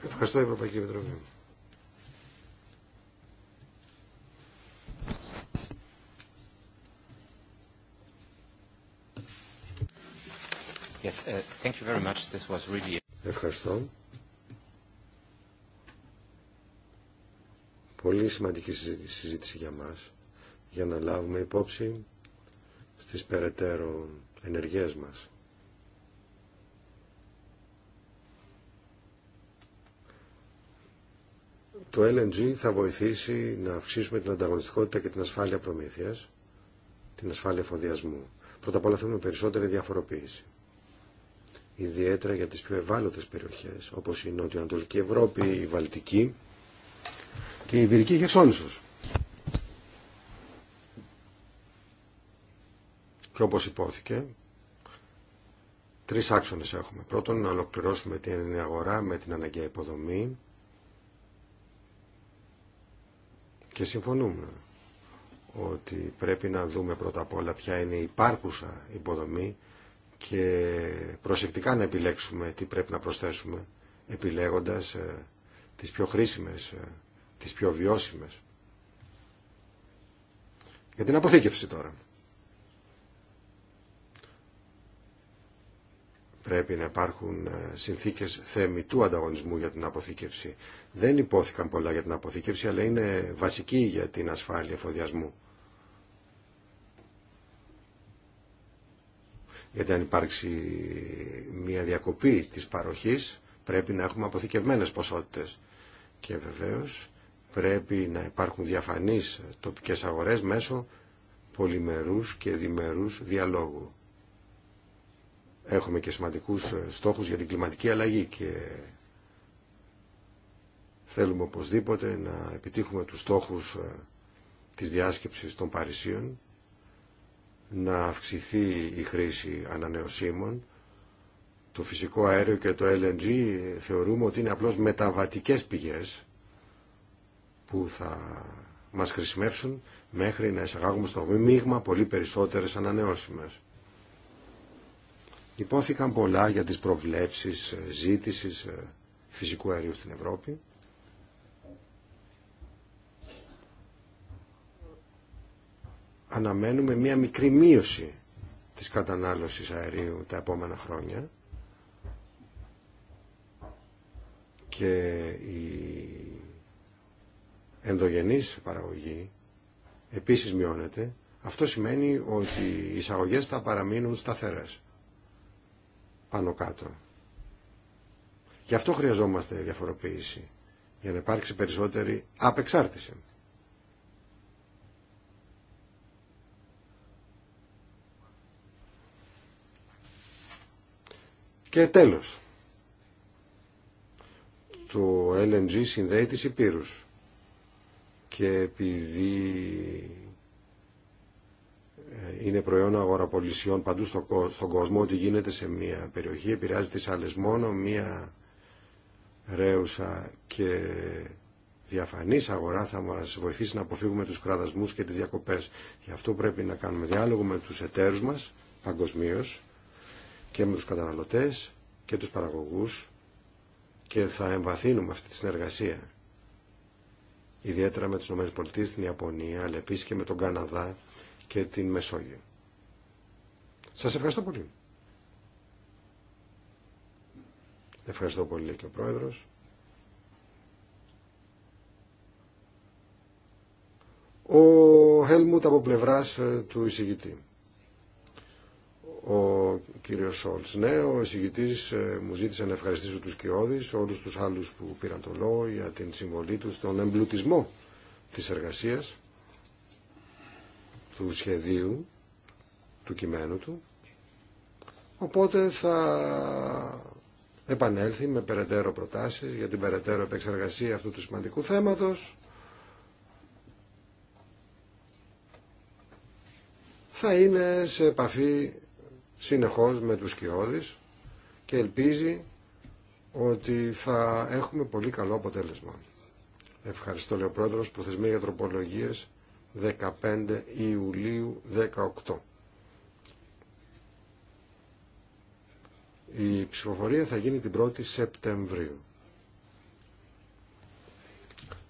Ευχαριστώ, Ευρωπαϊκή Επιτροπή. Yes, uh, thank you very much. This was really... Ευχαριστώ. πολύ σημαντική συζήτηση για μας για να λάβουμε υπόψη στις περαιτέρω ενεργές μας. Το LNG θα βοηθήσει να αυξήσουμε την ανταγωνιστικότητα και την ασφάλεια προμήθειας, την ασφάλεια φοδιασμού. Πρώτα απ' όλα θέλουμε περισσότερη διαφοροποίηση. Ιδιαίτερα για τις πιο ευάλωτες περιοχές, όπως η Ανατολική Ευρώπη, η Βαλτική, και η Βυρική Χερσόνησος. Και όπως υπόθηκε, τρεις άξονες έχουμε. Πρώτον, να ολοκληρώσουμε την αγορά με την αναγκαία υποδομή και συμφωνούμε ότι πρέπει να δούμε πρώτα απ' όλα ποια είναι η υπάρχουσα υποδομή και προσεκτικά να επιλέξουμε τι πρέπει να προσθέσουμε επιλέγοντας ε, τις πιο χρήσιμες ε, τις πιο βιώσιμες. Για την αποθήκευση τώρα. Πρέπει να υπάρχουν ε, συνθήκες θεμητού ανταγωνισμού για την αποθήκευση. Δεν υπόθηκαν πολλά για την αποθήκευση, αλλά είναι βασική για την ασφάλεια εφοδιασμού. Γιατί αν υπάρξει μια διακοπή της παροχής, πρέπει να έχουμε αποθηκευμένες ποσότητες. Και βεβαίως Πρέπει να υπάρχουν διαφανείς τοπικές αγορές μέσω πολυμερούς και διμερούς διαλόγου. Έχουμε και σημαντικούς ε, στόχους για την κλιματική αλλαγή και θέλουμε οπωσδήποτε να επιτύχουμε τους στόχους ε, της διάσκεψης των Παρισίων, να αυξηθεί η χρήση ανανεωσίμων. Το φυσικό αέριο και το LNG ε, θεωρούμε ότι είναι απλώς μεταβατικές πηγές που θα μας χρησιμεύσουν μέχρι να εισαγάγουμε στο μείγμα πολύ περισσότερες ανανεώσιμες. Υπόθηκαν πολλά για τις προβλέψεις ε, ζήτησης ε, φυσικού αερίου στην Ευρώπη. Αναμένουμε μία μικρή μείωση της κατανάλωσης αερίου τα επόμενα χρόνια και η ενδογενής παραγωγή επίσης μειώνεται, αυτό σημαίνει ότι οι εισαγωγές θα παραμείνουν σταθερές πάνω κάτω. Γι' αυτό χρειαζόμαστε διαφοροποίηση, για να υπάρξει περισσότερη απεξάρτηση. Και τέλος, το LNG συνδέει τις υπήρους και επειδή ε, είναι προϊόν αγοραπολισιών παντού στον κόσμο, ότι γίνεται σε μια περιοχή, επηρεάζει τις άλλες μόνο μια ρέουσα και διαφανής αγορά θα μας βοηθήσει να αποφύγουμε τους κραδασμούς και τις διακοπές. Γι' αυτό πρέπει να κάνουμε διάλογο με τους εταίρους μας παγκοσμίω και με τους καταναλωτές και τους παραγωγούς και θα εμβαθύνουμε αυτή τη συνεργασία ιδιαίτερα με τις ΗΠΑ, την Ιαπωνία, αλλά επίση και με τον Καναδά και την Μεσόγειο. Σας ευχαριστώ πολύ. Ευχαριστώ πολύ και ο Πρόεδρος. Ο Χέλμουτ από πλευράς ε, του εισηγητή ο κύριος Σόλτς. Ναι, ο εισηγητής ε, μου ζήτησε να ευχαριστήσω τους Κιώδης, όλους τους άλλους που πήραν το λόγο για την συμβολή τους τον εμπλουτισμό της εργασίας, του σχεδίου, του κειμένου του. Οπότε θα επανέλθει με περαιτέρω προτάσεις για την περαιτέρω επεξεργασία αυτού του σημαντικού θέματος. Θα είναι σε επαφή συνεχώς με τους κοιόδης και ελπίζει ότι θα έχουμε πολύ καλό αποτέλεσμα. Ευχαριστώ, λέει ο Πρόεδρος, προθεσμία για τροπολογίες 15 Ιουλίου 18. Η ψηφοφορία θα γίνει την 1η Σεπτεμβρίου.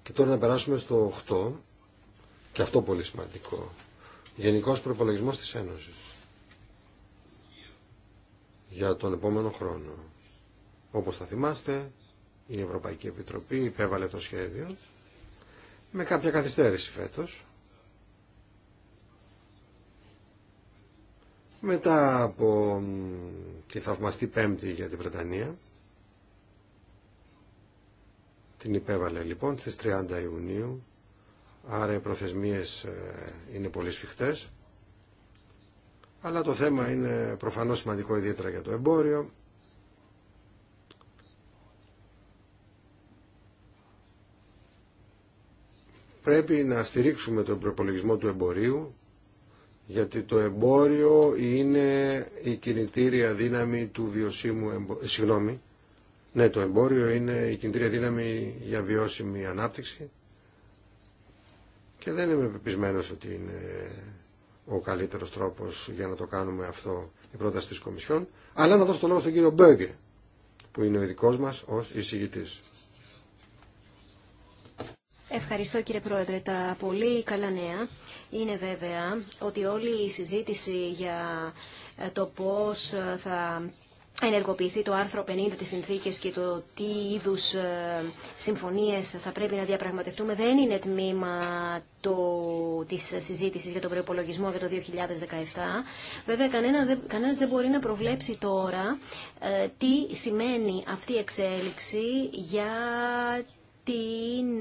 Και τώρα να περάσουμε στο 8, και αυτό πολύ σημαντικό, Γενικός Προπολογισμός της Ένωσης για τον επόμενο χρόνο. Όπως θα θυμάστε, η Ευρωπαϊκή Επιτροπή υπέβαλε το σχέδιο με κάποια καθυστέρηση φέτος. Μετά από τη θαυμαστή πέμπτη για την Βρετανία, την υπέβαλε λοιπόν στις 30 Ιουνίου, άρα οι προθεσμίες ε, είναι πολύ σφιχτές αλλά το θέμα είναι προφανώς σημαντικό ιδιαίτερα για το εμπόριο. Πρέπει να στηρίξουμε τον προπολογισμό του εμπορίου, γιατί το εμπόριο είναι η κινητήρια δύναμη του βιωσίμου ε, Συγγνώμη, ναι, το εμπόριο είναι η κινητήρια δύναμη για βιώσιμη ανάπτυξη και δεν είμαι πεπισμένος ότι είναι ο καλύτερος τρόπος για να το κάνουμε αυτό η πρόταση της Κομισιόν, αλλά να δώσω το λόγο στον κύριο Μπέγκε, που είναι ο ειδικό μας ως εισηγητής. Ευχαριστώ κύριε Πρόεδρε. Τα πολύ καλά νέα είναι βέβαια ότι όλη η συζήτηση για το πώς θα ενεργοποιηθεί το άρθρο 50 της συνθήκης και το τι είδους ε, συμφωνίες θα πρέπει να διαπραγματευτούμε δεν είναι τμήμα το, της συζήτησης για τον προϋπολογισμό για το 2017. Βέβαια κανένα, κανένας δεν μπορεί να προβλέψει τώρα ε, τι σημαίνει αυτή η εξέλιξη για την,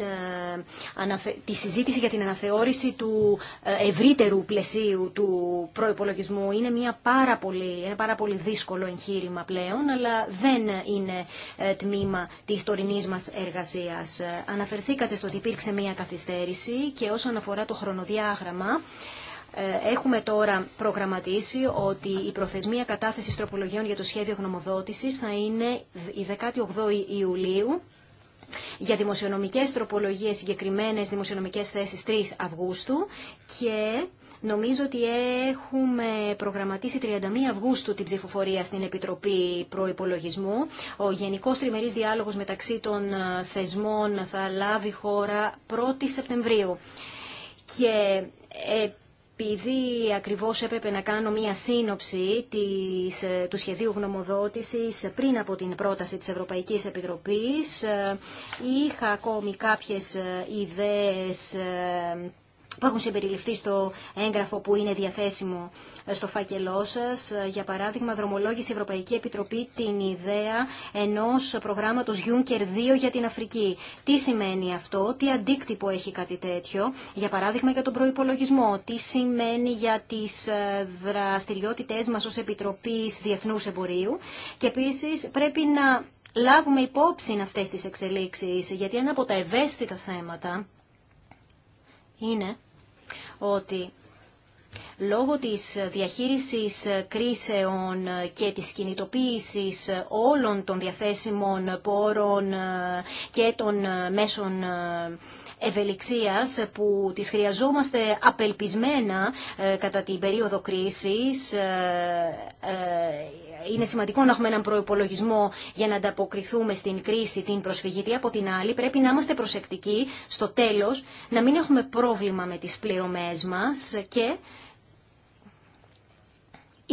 ε, τη συζήτηση για την αναθεώρηση του ε, ευρύτερου πλαισίου του προϋπολογισμού. Είναι μια πάρα πολύ, ένα πάρα πολύ δύσκολο εγχείρημα πλέον, αλλά δεν είναι ε, τμήμα της τωρινής μας εργασίας. Αναφερθήκατε στο ότι υπήρξε μια καθυστέρηση και όσον αφορά το χρονοδιάγραμμα, Έχουμε τώρα προγραμματίσει ότι η προθεσμία κατάθεσης τροπολογιών για το σχέδιο γνωμοδότησης θα είναι η 18η Ιουλίου για δημοσιονομικές τροπολογίες συγκεκριμένες δημοσιονομικές θέσεις 3 Αυγούστου και Νομίζω ότι έχουμε προγραμματίσει 31 Αυγούστου την ψηφοφορία στην Επιτροπή Προϋπολογισμού. Ο Γενικός Τριμερής Διάλογος μεταξύ των ε, θεσμών θα λάβει χώρα Σεπτεμβρίου. Και ε, επειδή ακριβώς έπρεπε να κάνω μία σύνοψη της, ε, του σχεδίου γνωμοδότησης πριν από την πρόταση της Ευρωπαϊκής Επιτροπής, ε, είχα ακόμη κάποιες ε, ιδέες που έχουν συμπεριληφθεί στο έγγραφο που είναι διαθέσιμο στο φάκελό σα, Για παράδειγμα, δρομολόγησε η Ευρωπαϊκή Επιτροπή την ιδέα ενό προγράμματο Juncker 2 για την Αφρική. Τι σημαίνει αυτό, τι αντίκτυπο έχει κάτι τέτοιο, για παράδειγμα για τον προπολογισμό, τι σημαίνει για τι ε, δραστηριότητε μα ω επιτροπή Διεθνού Εμπορίου και επίση πρέπει να λάβουμε υπόψη αυτές τις εξελίξεις, γιατί ένα από τα ευαίσθητα θέματα είναι ότι λόγω της διαχείρισης κρίσεων και της κινητοποίησης όλων των διαθέσιμων πόρων ε, και των ε, μέσων ε, ευελιξίας που τις χρειαζόμαστε απελπισμένα κατά την περίοδο κρίσης είναι σημαντικό να έχουμε έναν προπολογισμό για να ανταποκριθούμε στην κρίση, την προσφυγική. Από την άλλη, πρέπει να είμαστε προσεκτικοί στο τέλος, να μην έχουμε πρόβλημα με τις πληρωμέ μας και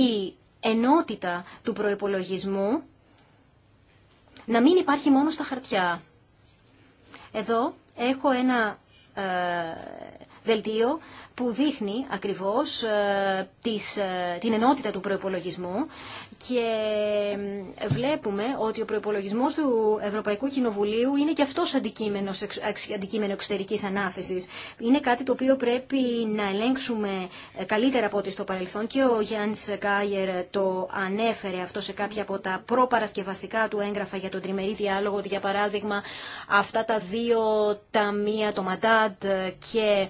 η ενότητα του προϋπολογισμού να μην υπάρχει μόνο στα χαρτιά. Εδώ έχω ένα ε, δελτίο που δείχνει ακριβώς ε, ε, την ενότητα του προϋπολογισμού και βλέπουμε ότι ο προπολογισμό του Ευρωπαϊκού Κοινοβουλίου είναι και αυτό αντικείμενο, αντικείμενο εξωτερικής ανάθεσης. Είναι κάτι το οποίο πρέπει να ελέγξουμε ε, καλύτερα από ό,τι στο παρελθόν και ο Γιάννη Γκάιερ το ανέφερε αυτό σε κάποια από τα προπαρασκευαστικά του έγγραφα για τον τριμερή διάλογο, ότι για παράδειγμα αυτά τα δύο ταμεία, το Μαντάντ και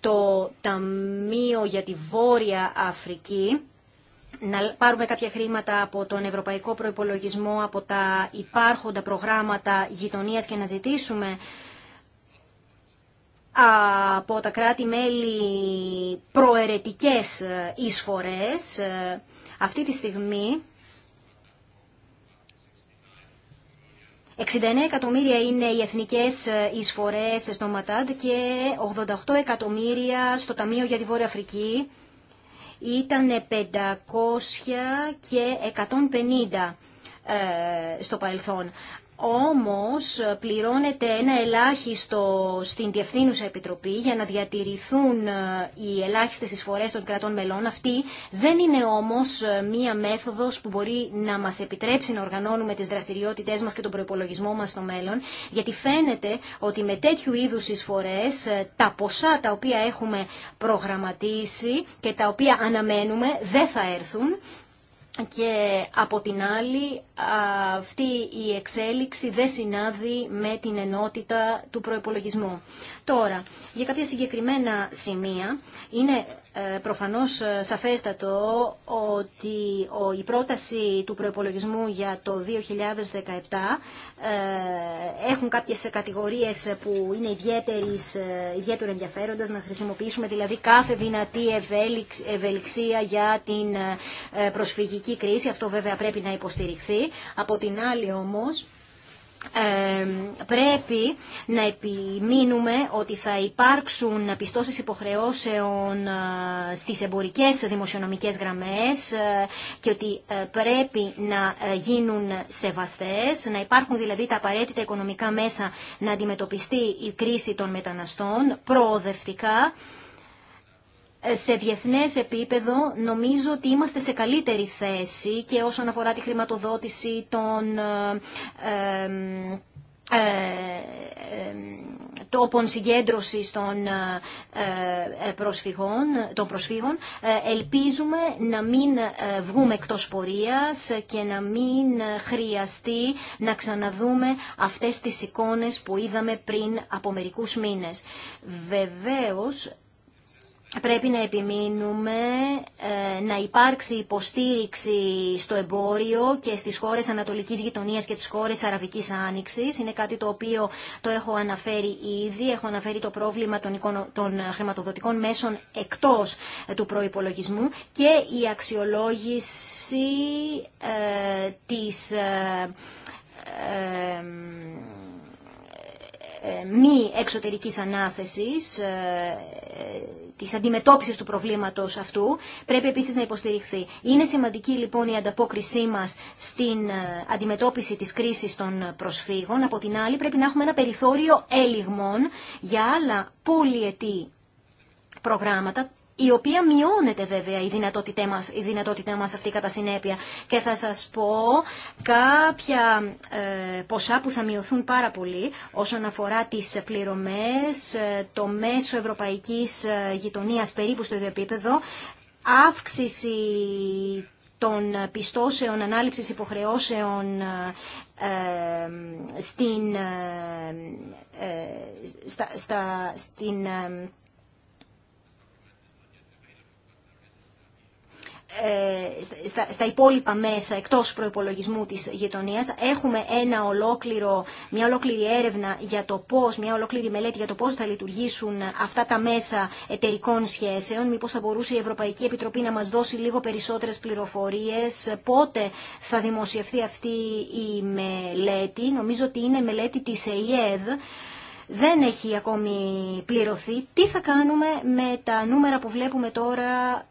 το Ταμείο για τη Βόρεια Αφρική, να πάρουμε κάποια χρήματα από τον ευρωπαϊκό προϋπολογισμό, από τα υπάρχοντα προγράμματα γειτονίας και να ζητήσουμε από τα κράτη-μέλη προαιρετικές εισφορές. Ε, αυτή τη στιγμή 69 εκατομμύρια είναι οι εθνικές εισφορές στο ΜΑΤΑΔ και 88 εκατομμύρια στο Ταμείο για τη Βόρεια Αφρική ήταν 500 και 150 ε, στο παρελθόν όμως πληρώνεται ένα ελάχιστο στην Διευθύνουσα Επιτροπή για να διατηρηθούν ε, οι ελάχιστες εισφορές των κρατών μελών. Αυτή δεν είναι όμως ε, μία μέθοδος που μπορεί να μας επιτρέψει να οργανώνουμε τις δραστηριότητές μας και τον προϋπολογισμό μας στο μέλλον, γιατί φαίνεται ότι με τέτοιου είδους εισφορές ε, τα ποσά τα οποία έχουμε προγραμματίσει και τα οποία αναμένουμε δεν θα έρθουν και από την άλλη αυτή η εξέλιξη δεν συνάδει με την ενότητα του προϋπολογισμού. Τώρα, για κάποια συγκεκριμένα σημεία είναι ε, προφανώς ε, σαφέστατο ότι η πρόταση του προϋπολογισμού για το 2017 ε, έχουν κάποιες κατηγορίες που είναι ιδιαίτερου ενδιαφέροντας να χρησιμοποιήσουμε δηλαδή κάθε δυνατή ευελιξία για την προσφυγική κρίση. Αυτό βέβαια πρέπει να υποστηριχθεί. Από την άλλη όμως πρέπει να επιμείνουμε ότι θα υπάρξουν πιστώσεις υποχρεώσεων ε, στις εμπορικές δημοσιονομικές γραμμές ε, και ότι ε, πρέπει να γίνουν σεβαστές, να υπάρχουν δηλαδή τα απαραίτητα οικονομικά μέσα να αντιμετωπιστεί η κρίση των μεταναστών προοδευτικά σε διεθνές επίπεδο νομίζω ότι είμαστε σε καλύτερη θέση και όσον αφορά τη χρηματοδότηση των ε, ε, τόπων συγκέντρωσης των, ε, ε προσφυγών, των προσφύγων. Ε, ελπίζουμε να μην ε, βγούμε εκτός πορείας και να μην χρειαστεί να ξαναδούμε αυτές τις εικόνες που είδαμε πριν από μερικούς μήνες. Βεβαίως πρέπει να επιμείνουμε ε, να υπάρξει υποστήριξη στο εμπόριο και στις χώρες ανατολικής γειτονίας και τις χώρες αραβικής άνοιξης. Είναι κάτι το οποίο το έχω αναφέρει ήδη. Έχω αναφέρει το πρόβλημα των, χρηματοδοτικών μέσων εκτός ε, του προϋπολογισμού και η αξιολόγηση ε, της μη εξωτερικής ανάθεσης της αντιμετώπιση του προβλήματο αυτού πρέπει επίσης να υποστηριχθεί. Είναι σημαντική λοιπόν η ανταπόκρισή μας στην ε, αντιμετώπιση της κρίσης των προσφύγων. Από την άλλη πρέπει να έχουμε ένα περιθώριο έλιγμων για άλλα πολυετή προγράμματα η οποία μειώνεται βέβαια η δυνατότητά μας, η δυνατότητά μας αυτή κατά συνέπεια. Και θα σας πω κάποια ε, ποσά που θα μειωθούν πάρα πολύ όσον αφορά τις πληρωμές, ε, το μέσο ευρωπαϊκής ε, γειτονίας περίπου στο ίδιο επίπεδο, αύξηση των πιστώσεων ανάληψης υποχρεώσεων ε, στην, ε, στην Ε, στα, υπόλοιπα μέσα εκτός προϋπολογισμού της γειτονίας. Έχουμε ένα ολόκληρο, μια ολόκληρη έρευνα για το πώς, μια ολόκληρη μελέτη για το πώς θα λειτουργήσουν αυτά τα μέσα εταιρικών σχέσεων. Μήπως θα μπορούσε η Ευρωπαϊκή Επιτροπή να μας δώσει λίγο περισσότερες πληροφορίες. Πότε θα δημοσιευθεί αυτή η μελέτη. Νομίζω ότι είναι μελέτη της ΕΙΕΔ δεν έχει ακόμη πληρωθεί. Τι θα κάνουμε με τα νούμερα που βλέπουμε τώρα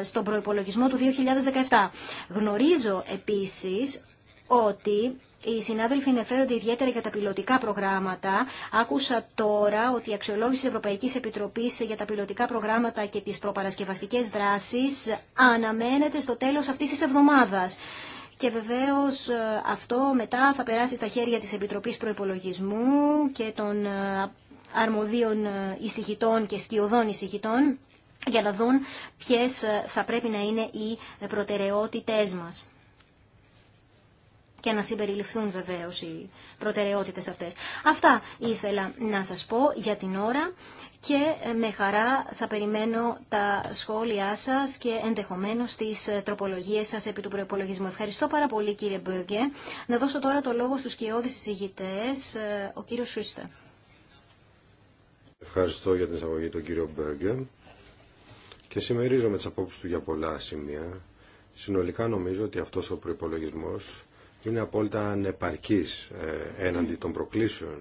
ε, στον προϋπολογισμό του 2017. Γνωρίζω επίσης ότι οι συνάδελφοι ενδιαφέρονται ιδιαίτερα για τα πιλωτικά προγράμματα. Άκουσα τώρα ότι η αξιολόγηση της Ευρωπαϊκή Επιτροπή για τα πιλωτικά προγράμματα και τις προπαρασκευαστικές δράσεις αναμένεται στο τέλος αυτής της εβδομάδας. Και βεβαίως ε, αυτό μετά θα περάσει στα χέρια της Επιτροπής Προπολογισμού και των ε, αρμοδίων εισηγητών και σκιωδών εισηγητών για να δουν ποιες ε, θα πρέπει να είναι οι προτεραιότητές μας και να συμπεριληφθούν βεβαίως οι προτεραιότητες αυτές. Αυτά ήθελα να σας πω για την ώρα και ε, με χαρά θα περιμένω τα σχόλιά σας και ενδεχομένως τις ε, τροπολογίες σας επί του προπολογισμού. Ευχαριστώ πάρα πολύ κύριε Μπέγκε. Να δώσω τώρα το λόγο στους κοιόδης συζητητές, ο κύριος Σούστα. Ευχαριστώ για την εισαγωγή του κύριο Μπέγκε και συμμερίζομαι τι απόψει του για πολλά σημεία. Συνολικά νομίζω ότι αυτός ο προπολογισμό είναι απόλυτα ανεπαρκής ε, έναντι των προκλήσεων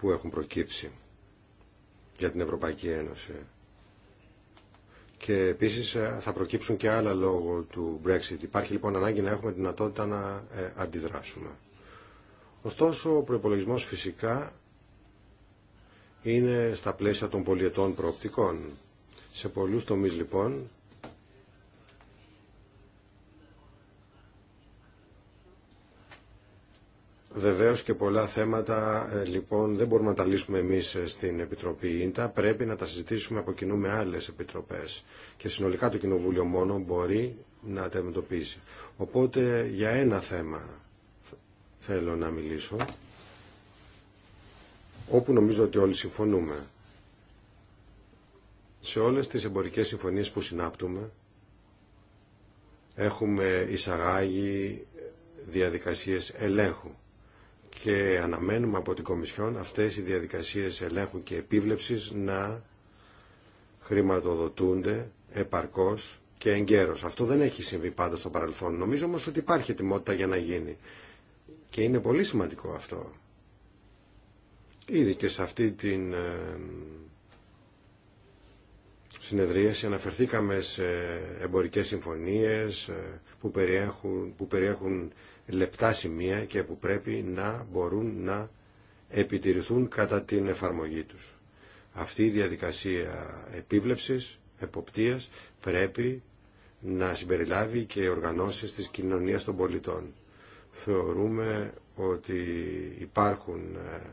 που έχουν προκύψει για την Ευρωπαϊκή Ένωση. Και επίσης ε, θα προκύψουν και άλλα λόγω του Brexit. Υπάρχει λοιπόν ανάγκη να έχουμε δυνατότητα να ε, αντιδράσουμε. Ωστόσο, ο προπολογισμό φυσικά είναι στα πλαίσια των πολιετών προοπτικών. Σε πολλούς τομείς λοιπόν Βεβαίως και πολλά θέματα ε, λοιπόν δεν μπορούμε να τα λύσουμε εμείς ε, στην Επιτροπή ΙΝΤΑ. Πρέπει να τα συζητήσουμε από κοινού με άλλες επιτροπές. Και συνολικά το Κοινοβούλιο μόνο μπορεί να τα αντιμετωπίσει. Οπότε για ένα θέμα θέλω να μιλήσω, όπου νομίζω ότι όλοι συμφωνούμε σε όλες τις εμπορικές συμφωνίες που συνάπτουμε έχουμε εισαγάγει διαδικασίες ελέγχου και αναμένουμε από την Κομισιόν αυτές οι διαδικασίες ελέγχου και επίβλεψης να χρηματοδοτούνται επαρκώς και εγκαίρως. Αυτό δεν έχει συμβεί πάντα στο παρελθόν. Νομίζω όμως ότι υπάρχει ετοιμότητα για να γίνει. Και είναι πολύ σημαντικό αυτό. Ήδη και σε αυτή την ε, συνεδρίαση αναφερθήκαμε σε εμπορικές συμφωνίες ε, που περιέχουν, που περιέχουν λεπτά σημεία και που πρέπει να μπορούν να επιτηρηθούν κατά την εφαρμογή τους. Αυτή η διαδικασία επίβλεψης, εποπτείας, πρέπει να συμπεριλάβει και οργανώσεις της κοινωνίας των πολιτών. Θεωρούμε ότι υπάρχουν ε,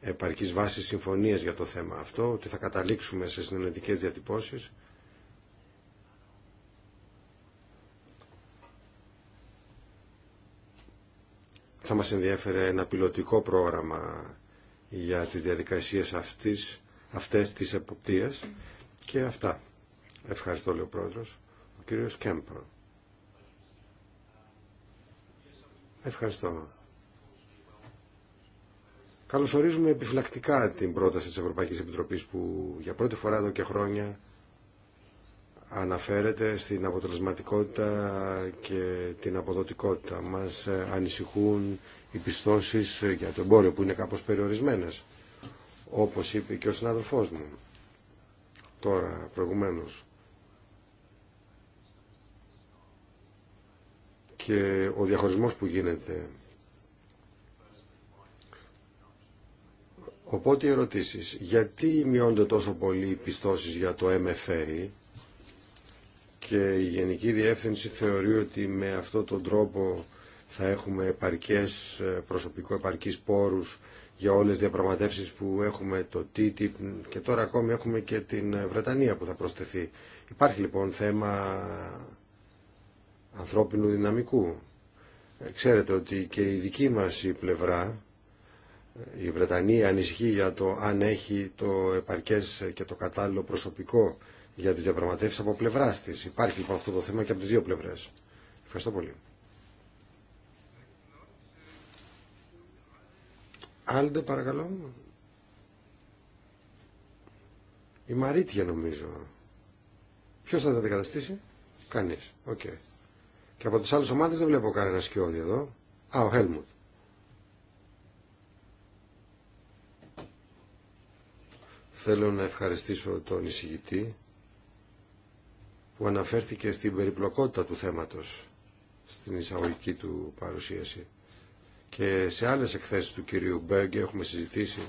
επαρκής βάση συμφωνίας για το θέμα αυτό, ότι θα καταλήξουμε σε συνενετικές διατυπώσεις. Θα μας ενδιέφερε ένα πιλωτικό πρόγραμμα για τις διαδικασίες αυτής, αυτές της εποπτείας και αυτά. Ευχαριστώ, λέει ο Πρόεδρος. Ο κύριος Κέμπερ. Ευχαριστώ. Καλωσορίζουμε επιφυλακτικά την πρόταση της Ευρωπαϊκής Επιτροπής που για πρώτη φορά εδώ και χρόνια αναφέρεται στην αποτελεσματικότητα και την αποδοτικότητα. Μας ανησυχούν οι πιστώσεις για το εμπόριο που είναι κάπως περιορισμένες, όπως είπε και ο συνάδελφός μου τώρα προηγουμένως. Και ο διαχωρισμός που γίνεται Οπότε οι ερωτήσεις. Γιατί μειώνται τόσο πολύ οι πιστώσεις για το MFA και η Γενική Διεύθυνση θεωρεί ότι με αυτόν τον τρόπο θα έχουμε επαρκές, προσωπικό επαρκής πόρους για όλες τις διαπραγματεύσεις που έχουμε το TTIP και τώρα ακόμη έχουμε και την Βρετανία που θα προσθεθεί. Υπάρχει λοιπόν θέμα ανθρώπινου δυναμικού. Ε, ξέρετε ότι και η δική μας η πλευρά η Βρετανία ανησυχεί για το αν έχει το επαρκές και το κατάλληλο προσωπικό για τις διαπραγματεύσεις από πλευρά τη. Υπάρχει λοιπόν αυτό το θέμα και από τις δύο πλευρές. Ευχαριστώ πολύ. Άλντε παρακαλώ. Η Μαρίτια νομίζω. Ποιος θα την αντικαταστήσει. Κανείς. Οκ. Okay. Και από τις άλλες ομάδες δεν βλέπω κανένα σκιώδη εδώ. Α, ο Χέλμουντ. Θέλω να ευχαριστήσω τον εισηγητή που αναφέρθηκε στην περιπλοκότητα του θέματος στην εισαγωγική του παρουσίαση. Και σε άλλες εκθέσεις του κυρίου Μπέγκε έχουμε συζητήσει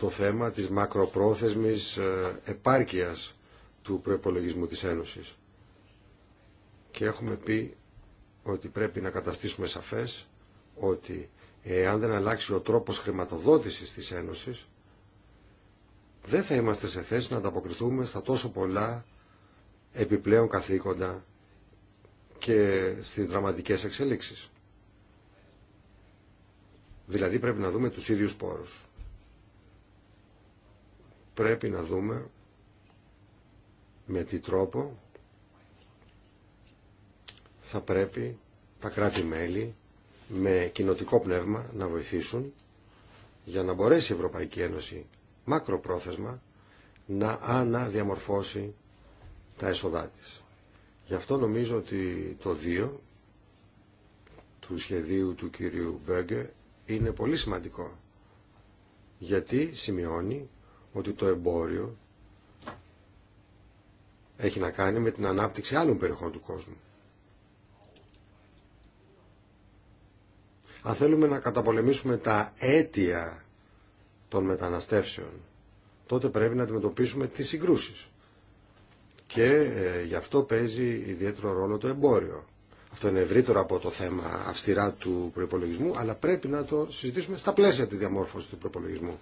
το θέμα της μακροπρόθεσμης ε, επάρκειας του προϋπολογισμού της Ένωσης. Και έχουμε πει ότι πρέπει να καταστήσουμε σαφές ότι εάν δεν αλλάξει ο τρόπος χρηματοδότησης της Ένωσης, δεν θα είμαστε σε θέση να ανταποκριθούμε στα τόσο πολλά επιπλέον καθήκοντα και στις δραματικές εξελίξεις. Δηλαδή πρέπει να δούμε τους ίδιους πόρους. Πρέπει να δούμε με τι τρόπο θα πρέπει τα κράτη-μέλη με κοινοτικό πνεύμα να βοηθήσουν για να μπορέσει η Ευρωπαϊκή Ένωση μακροπρόθεσμα να αναδιαμορφώσει τα έσοδά της. Γι' αυτό νομίζω ότι το 2 του σχεδίου του κύριου Μπέγκε είναι πολύ σημαντικό γιατί σημειώνει ότι το εμπόριο έχει να κάνει με την ανάπτυξη άλλων περιοχών του κόσμου. Αν θέλουμε να καταπολεμήσουμε τα αίτια των μεταναστεύσεων, τότε πρέπει να αντιμετωπίσουμε τις συγκρούσεις. Και ε, γι' αυτό παίζει ιδιαίτερο ρόλο το εμπόριο. Αυτό είναι ευρύτερο από το θέμα αυστηρά του προπολογισμού, αλλά πρέπει να το συζητήσουμε στα πλαίσια της διαμόρφωσης του προπολογισμού.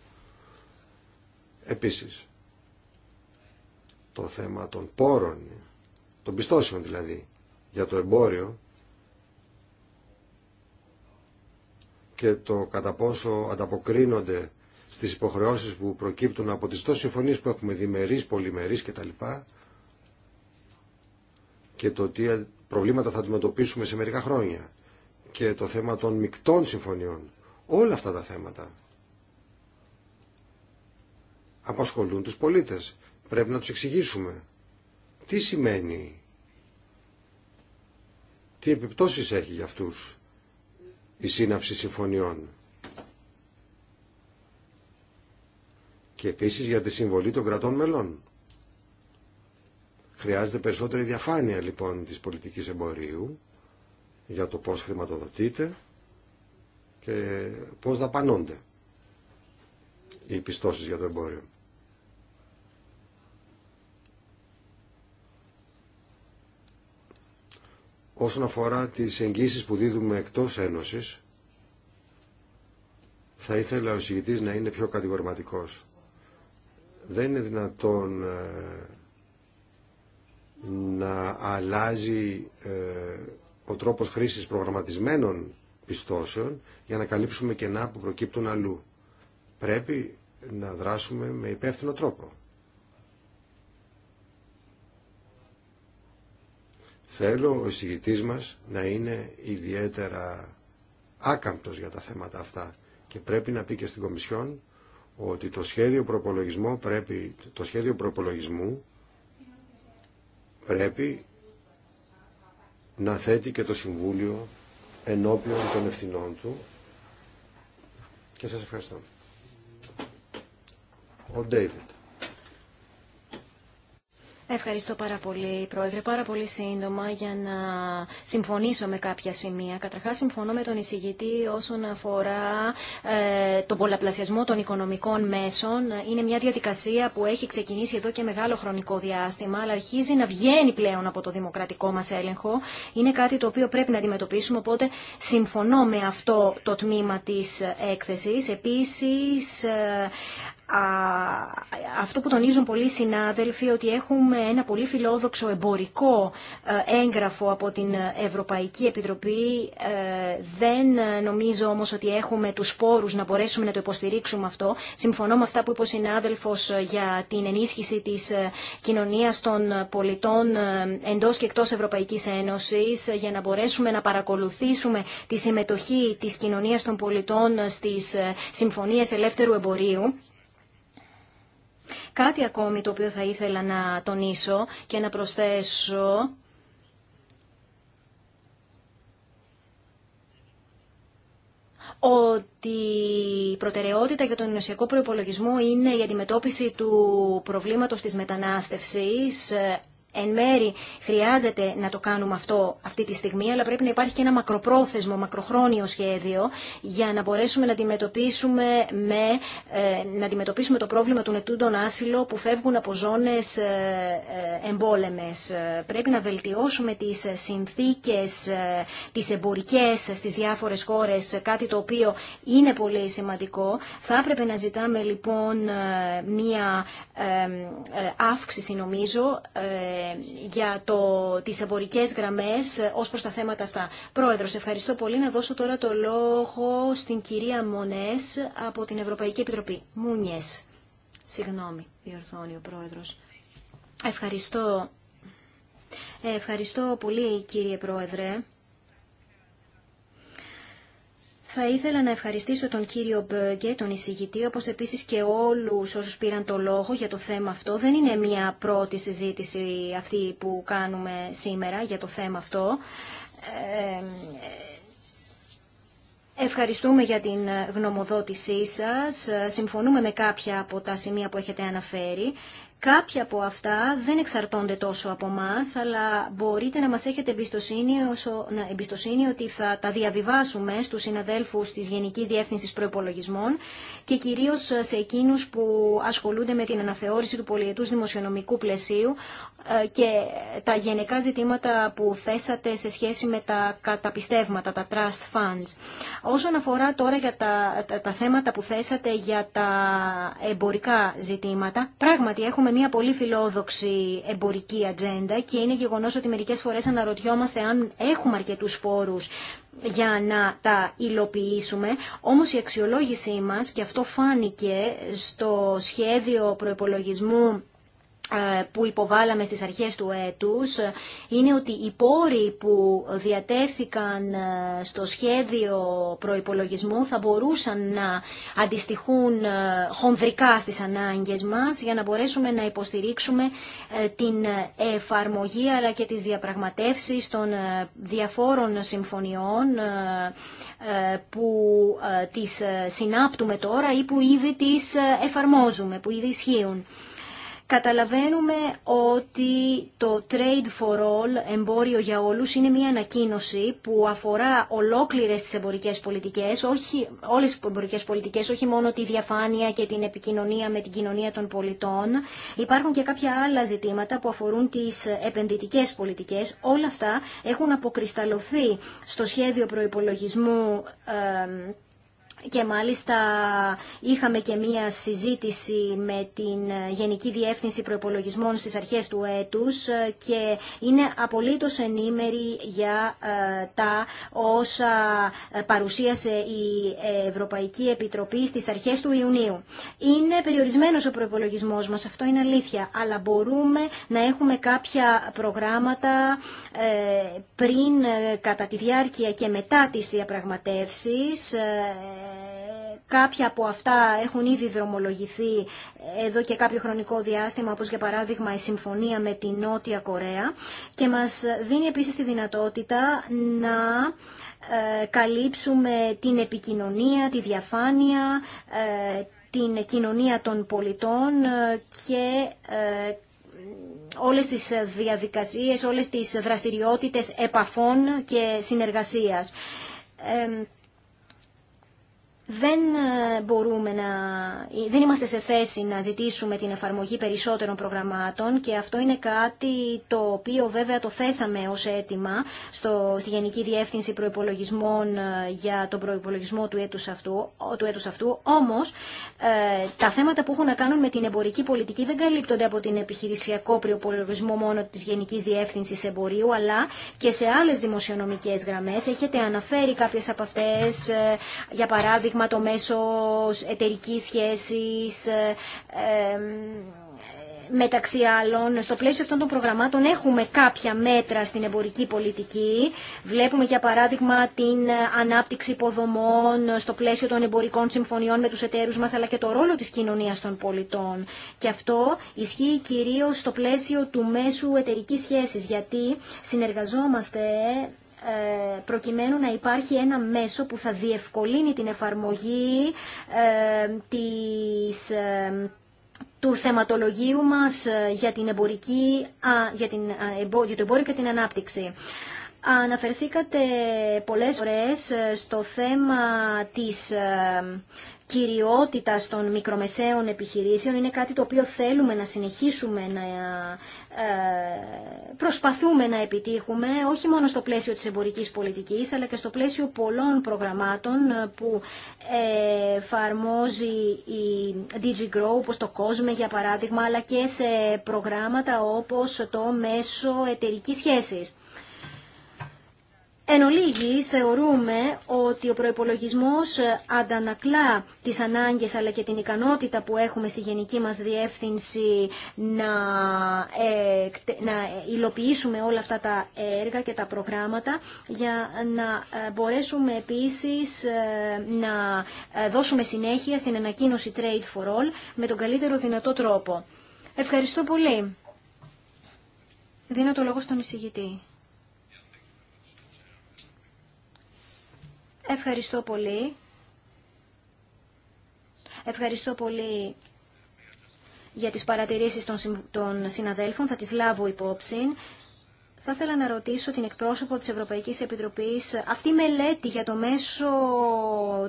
Επίσης, το θέμα των πόρων, των πιστώσεων δηλαδή, για το εμπόριο, και το κατά πόσο ανταποκρίνονται στις υποχρεώσεις που προκύπτουν από τις τόσες συμφωνίες που έχουμε διμερείς, πολυμερείς κτλ. Και το τι προβλήματα θα αντιμετωπίσουμε σε μερικά χρόνια. Και το θέμα των μικτών συμφωνιών. Όλα αυτά τα θέματα απασχολούν τους πολίτες. Πρέπει να τους εξηγήσουμε τι σημαίνει, τι επιπτώσεις έχει για αυτούς η σύναψη συμφωνιών. Και επίσης για τη συμβολή των κρατών μελών. Χρειάζεται περισσότερη διαφάνεια λοιπόν της πολιτικής εμπορίου για το πώς χρηματοδοτείται και πώς δαπανώνται οι πιστώσεις για το εμπόριο. Όσον αφορά τις εγγύσεις που δίδουμε εκτός Ένωσης, θα ήθελα ο συγητής να είναι πιο κατηγορηματικός. Δεν είναι δυνατόν ε, να αλλάζει ε, ο τρόπος χρήσης προγραμματισμένων πιστώσεων για να καλύψουμε κενά που προκύπτουν αλλού. Πρέπει να δράσουμε με υπεύθυνο τρόπο. Θέλω ο εισηγητής μας να είναι ιδιαίτερα άκαμπτος για τα θέματα αυτά και πρέπει να πει και στην Κομισιόν ότι το σχέδιο, προπολογισμό πρέπει, το σχέδιο προπολογισμού πρέπει να θέτει και το Συμβούλιο ενώπιον των ευθυνών του και σας ευχαριστώ. Ο Ντέιβιντ. Ευχαριστώ πάρα πολύ, Πρόεδρε. Πάρα πολύ σύντομα για να συμφωνήσω με κάποια σημεία. Καταρχά, συμφωνώ με τον εισηγητή όσον αφορά ε, τον πολλαπλασιασμό των οικονομικών μέσων. Είναι μια διαδικασία που έχει ξεκινήσει εδώ και μεγάλο χρονικό διάστημα, αλλά αρχίζει να βγαίνει πλέον από το δημοκρατικό μα έλεγχο. Είναι κάτι το οποίο πρέπει να αντιμετωπίσουμε, οπότε συμφωνώ με αυτό το τμήμα τη έκθεση. Επίση, ε, αυτό που τονίζουν πολλοί συνάδελφοι ότι έχουμε ένα πολύ φιλόδοξο εμπορικό ε, έγγραφο από την Ευρωπαϊκή Επιτροπή ε, δεν ε, νομίζω όμως ότι έχουμε τους πόρους να μπορέσουμε να το υποστηρίξουμε αυτό συμφωνώ με αυτά που είπε ο συνάδελφος για την ενίσχυση της κοινωνίας των πολιτών εντός και εκτός Ευρωπαϊκής Ένωσης για να μπορέσουμε να παρακολουθήσουμε τη συμμετοχή της κοινωνίας των πολιτών στις συμφωνίες ελεύθερου εμπορίου Κάτι ακόμη το οποίο θα ήθελα να τονίσω και να προσθέσω ότι η προτεραιότητα για τον ενωσιακό προϋπολογισμό είναι η αντιμετώπιση του προβλήματος της μετανάστευσης εν μέρη χρειάζεται να το κάνουμε αυτό αυτή τη στιγμή, αλλά πρέπει να υπάρχει και ένα μακροπρόθεσμο, μακροχρόνιο σχέδιο για να μπορέσουμε να αντιμετωπίσουμε, με, ε, να αντιμετωπίσουμε το πρόβλημα του ετούντων άσυλο που φεύγουν από ζώνες ε, ε, εμπόλεμες. Πρέπει να βελτιώσουμε τις συνθήκες, τις εμπορικές στις διάφορες χώρες, κάτι το οποίο είναι πολύ σημαντικό. Θα έπρεπε να ζητάμε λοιπόν μία αύξηση νομίζω για το, τις εμπορικές γραμμές ε, ως προς τα θέματα αυτά. Πρόεδρος, ευχαριστώ πολύ. Να δώσω τώρα το λόγο στην κυρία Μονές από την Ευρωπαϊκή Επιτροπή. Μούνιες. Συγγνώμη, διορθώνει ο πρόεδρος. Ευχαριστώ. Ε, ευχαριστώ πολύ κύριε πρόεδρε. Θα ήθελα να ευχαριστήσω τον κύριο Μπέγκε, τον εισηγητή, όπω επίση και όλους όσου πήραν το λόγο για το θέμα αυτό. Δεν είναι μια πρώτη συζήτηση αυτή που κάνουμε σήμερα για το θέμα αυτό. Ε, ευχαριστούμε για την γνωμοδότησή σας. Συμφωνούμε με κάποια από τα σημεία που έχετε αναφέρει. Κάποια από αυτά δεν εξαρτώνται τόσο από εμά, αλλά μπορείτε να μας έχετε εμπιστοσύνη, όσο, να, εμπιστοσύνη ότι θα τα διαβιβάσουμε στους συναδέλφους της Γενικής Διεύθυνσης Προϋπολογισμών και κυρίως σε εκείνους που ασχολούνται με την αναθεώρηση του πολιετούς δημοσιονομικού πλαισίου ε, και τα γενικά ζητήματα που θέσατε σε σχέση με τα καταπιστεύματα, τα trust funds. Όσον αφορά τώρα για τα, τα, τα θέματα που θέσατε για τα εμπορικά ζητήματα, πράγματι έχουμε έχουμε μια πολύ φιλόδοξη εμπορική ατζέντα και είναι γεγονός ότι μερικές φορές αναρωτιόμαστε αν έχουμε αρκετούς πόρους για να τα υλοποιήσουμε. Όμως η αξιολόγησή μας, και αυτό φάνηκε στο σχέδιο προϋπολογισμού ε, που υποβάλαμε στις αρχές του έτους είναι ότι οι πόροι που διατέθηκαν ε, στο σχέδιο προϋπολογισμού θα μπορούσαν να αντιστοιχούν ε, χονδρικά στις ανάγκες μας για να μπορέσουμε να υποστηρίξουμε την εφαρμογή αλλά και τις διαπραγματεύσεις των διαφόρων συμφωνιών που τις συνάπτουμε τώρα ή που ήδη τις εφαρμόζουμε, που ήδη ισχύουν. Καταλαβαίνουμε ότι το Trade for All, εμπόριο για όλους, είναι μια ανακοίνωση που αφορά ολόκληρες τις εμπορικές πολιτικές, όχι, όλες τις εμπορικές πολιτικές, όχι μόνο τη διαφάνεια και την επικοινωνία με την κοινωνία των πολιτών. Υπάρχουν και κάποια άλλα ζητήματα που αφορούν τις επενδυτικές πολιτικές. Όλα αυτά έχουν αποκρισταλωθεί στο σχέδιο προϋπολογισμού ε, και μάλιστα είχαμε και μία συζήτηση με την Γενική Διεύθυνση Προπολογισμών στις αρχές του έτους και είναι απολύτως ενήμερη για ε, τα όσα ε, παρουσίασε η Ευρωπαϊκή Επιτροπή στις αρχές του Ιουνίου. Είναι περιορισμένος ο προπολογισμός μας, αυτό είναι αλήθεια, αλλά μπορούμε να έχουμε κάποια προγράμματα ε, πριν, κατά τη διάρκεια και μετά τις διαπραγματεύσεις Κάποια από αυτά έχουν ήδη δρομολογηθεί εδώ και κάποιο χρονικό διάστημα, όπως για παράδειγμα η συμφωνία με την Νότια Κορέα και μας δίνει επίσης τη δυνατότητα να ε, καλύψουμε την επικοινωνία, τη διαφάνεια, ε, την κοινωνία των πολιτών ε, και όλες τις διαδικασίες, όλες τις δραστηριότητες επαφών και συνεργασίας δεν ε, μπορούμε να, ε, δεν είμαστε σε θέση να ζητήσουμε την εφαρμογή περισσότερων προγραμμάτων και αυτό είναι κάτι το οποίο βέβαια το θέσαμε ως αίτημα στο, στη Γενική Διεύθυνση Προϋπολογισμών ε, για τον προϋπολογισμό του έτους αυτού, του έτους αυτού. όμως τα θέματα που έχουν να κάνουν με την εμπορική πολιτική δεν καλύπτονται από την επιχειρησιακό προϋπολογισμό μόνο της Γενικής Διεύθυνσης Εμπορίου αλλά και σε άλλες δημοσιονομικές γραμμές έχετε αναφέρει κάποιες από αυτές για παράδειγμα παράδειγμα το μέσο εταιρικής σχέσης, ε, μεταξύ άλλων, στο πλαίσιο αυτών των προγραμμάτων έχουμε κάποια μέτρα στην εμπορική πολιτική. Βλέπουμε, για παράδειγμα, την ανάπτυξη υποδομών στο πλαίσιο των εμπορικών συμφωνιών με τους εταίρους μας, αλλά και το ρόλο της κοινωνίας των πολιτών. Και αυτό ισχύει κυρίως στο πλαίσιο του μέσου εταιρικής σχέσης, γιατί συνεργαζόμαστε ε, προκειμένου να υπάρχει ένα μέσο που θα διευκολύνει την εφαρμογή ε, της ε, του θεματολογίου μας για, την εμπορική, για, την, για το εμπόριο και την ανάπτυξη. Αναφερθήκατε πολλές φορές στο θέμα της κυριότητας των μικρομεσαίων επιχειρήσεων. Είναι κάτι το οποίο θέλουμε να συνεχίσουμε να ε, προσπαθούμε να επιτύχουμε όχι μόνο στο πλαίσιο της εμπορικής πολιτικής αλλά και στο πλαίσιο πολλών προγραμμάτων που εφαρμόζει η DigiGrow όπως το COSME για παράδειγμα αλλά και σε προγράμματα όπως το μέσο εταιρικής σχέσης. Εν ολίγης θεωρούμε ότι ο προϋπολογισμός ε, αντανακλά τις ανάγκες αλλά και την ικανότητα που έχουμε στη γενική μας διεύθυνση να, ε, να υλοποιήσουμε όλα αυτά τα έργα και τα προγράμματα για να ε, μπορέσουμε επίσης να δώσουμε συνέχεια στην ανακοίνωση Trade for All με τον καλύτερο δυνατό τρόπο. Ευχαριστώ πολύ. Δίνω το λόγο στον εισηγητή. Ευχαριστώ πολύ. Ευχαριστώ πολύ για τις παρατηρήσεις των συναδέλφων. Θα τις λάβω υπόψη. Θα ήθελα να ρωτήσω την εκπρόσωπο της Ευρωπαϊκής Επιτροπής αυτή η μελέτη για το μέσο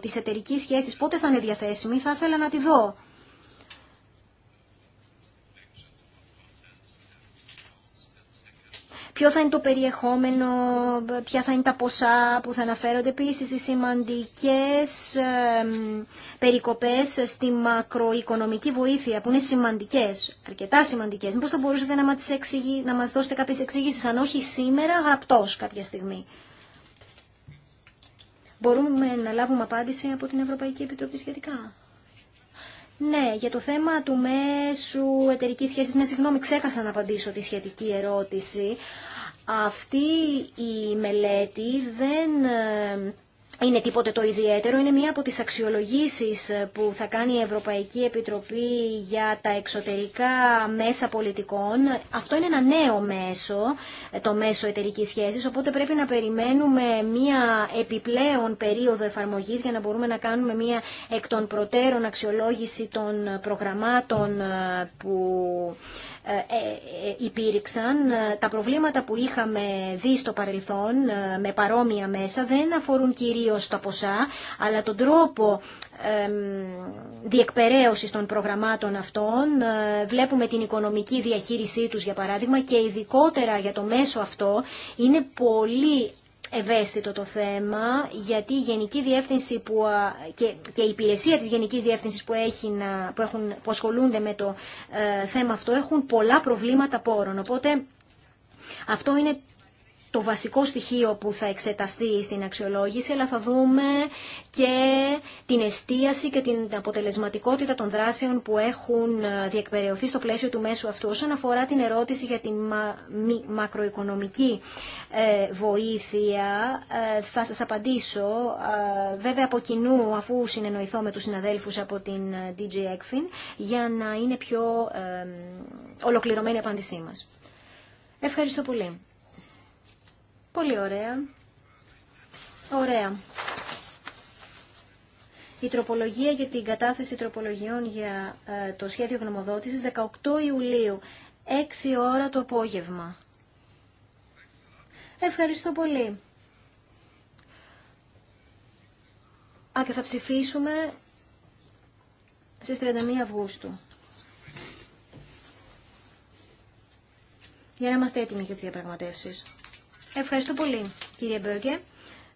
της εταιρική σχέσης πότε θα είναι διαθέσιμη. Θα ήθελα να τη δω. ποιο θα είναι το περιεχόμενο, ποια θα είναι τα ποσά που θα αναφέρονται. Επίση, οι σημαντικές περικοπέ στη μακροοικονομική βοήθεια, που είναι σημαντικέ, αρκετά σημαντικέ. Μήπω θα μπορούσατε να μα δώσετε κάποιε εξηγήσει, αν όχι σήμερα, γραπτό κάποια στιγμή. Μπορούμε να λάβουμε απάντηση από την Ευρωπαϊκή Επιτροπή σχετικά. Ναι, για το θέμα του μέσου εταιρική σχέση, ναι, συγγνώμη, ξέχασα να απαντήσω τη σχετική ερώτηση. Αυτή η μελέτη δεν ε, είναι τίποτε το ιδιαίτερο. Είναι μία από τις αξιολογήσεις ε, που θα κάνει η Ευρωπαϊκή Επιτροπή για τα εξωτερικά μέσα πολιτικών. Αυτό είναι ένα νέο μέσο, ε, το μέσο εταιρική σχέσης, οπότε πρέπει να περιμένουμε μία επιπλέον περίοδο εφαρμογής για να μπορούμε να κάνουμε μία εκ των προτέρων αξιολόγηση των προγραμμάτων ε, που ε, ε, ε, υπήρξαν. Τα προβλήματα που είχαμε δει στο παρελθόν με παρόμοια μέσα δεν αφορούν κυρίως τα ποσά, αλλά τον τρόπο διεκπαιρέωσης των προγραμμάτων αυτών. Βλέπουμε την οικονομική διαχείρισή τους, για παράδειγμα, και ειδικότερα για το μέσο αυτό είναι πολύ ευαίσθητο το θέμα, γιατί η Γενική Διεύθυνση που, και, και η υπηρεσία της Γενικής Διεύθυνσης που, έχει να, έχουν, που ασχολούνται με το ε, θέμα αυτό έχουν πολλά προβλήματα πόρων. Οπότε αυτό είναι το βασικό στοιχείο που θα εξεταστεί στην αξιολόγηση, αλλά θα δούμε και την εστίαση και την αποτελεσματικότητα των δράσεων που έχουν ε, διεκπαιρεωθεί στο πλαίσιο του μέσου αυτού. Όσον αφορά την ερώτηση για τη μακροοικονομική ε, βοήθεια, ε, θα σας απαντήσω, βέβαια από κοινού, αφού συνεννοηθώ με τους συναδέλφους από την DJ ECFIN, για να είναι πιο ολοκληρωμένη η απάντησή μας. Ευχαριστώ πολύ. Πολύ ωραία. Ωραία. Η τροπολογία για την κατάθεση τροπολογιών για ε, το σχέδιο γνωμοδότησης 18 Ιουλίου, 6 ώρα το απόγευμα. Ευχαριστώ πολύ. Α, και θα ψηφίσουμε στις 31 Αυγούστου. Για να είμαστε έτοιμοι για τις διαπραγματεύσεις. Ευχαριστώ πολύ, κύριε Μπέργκε.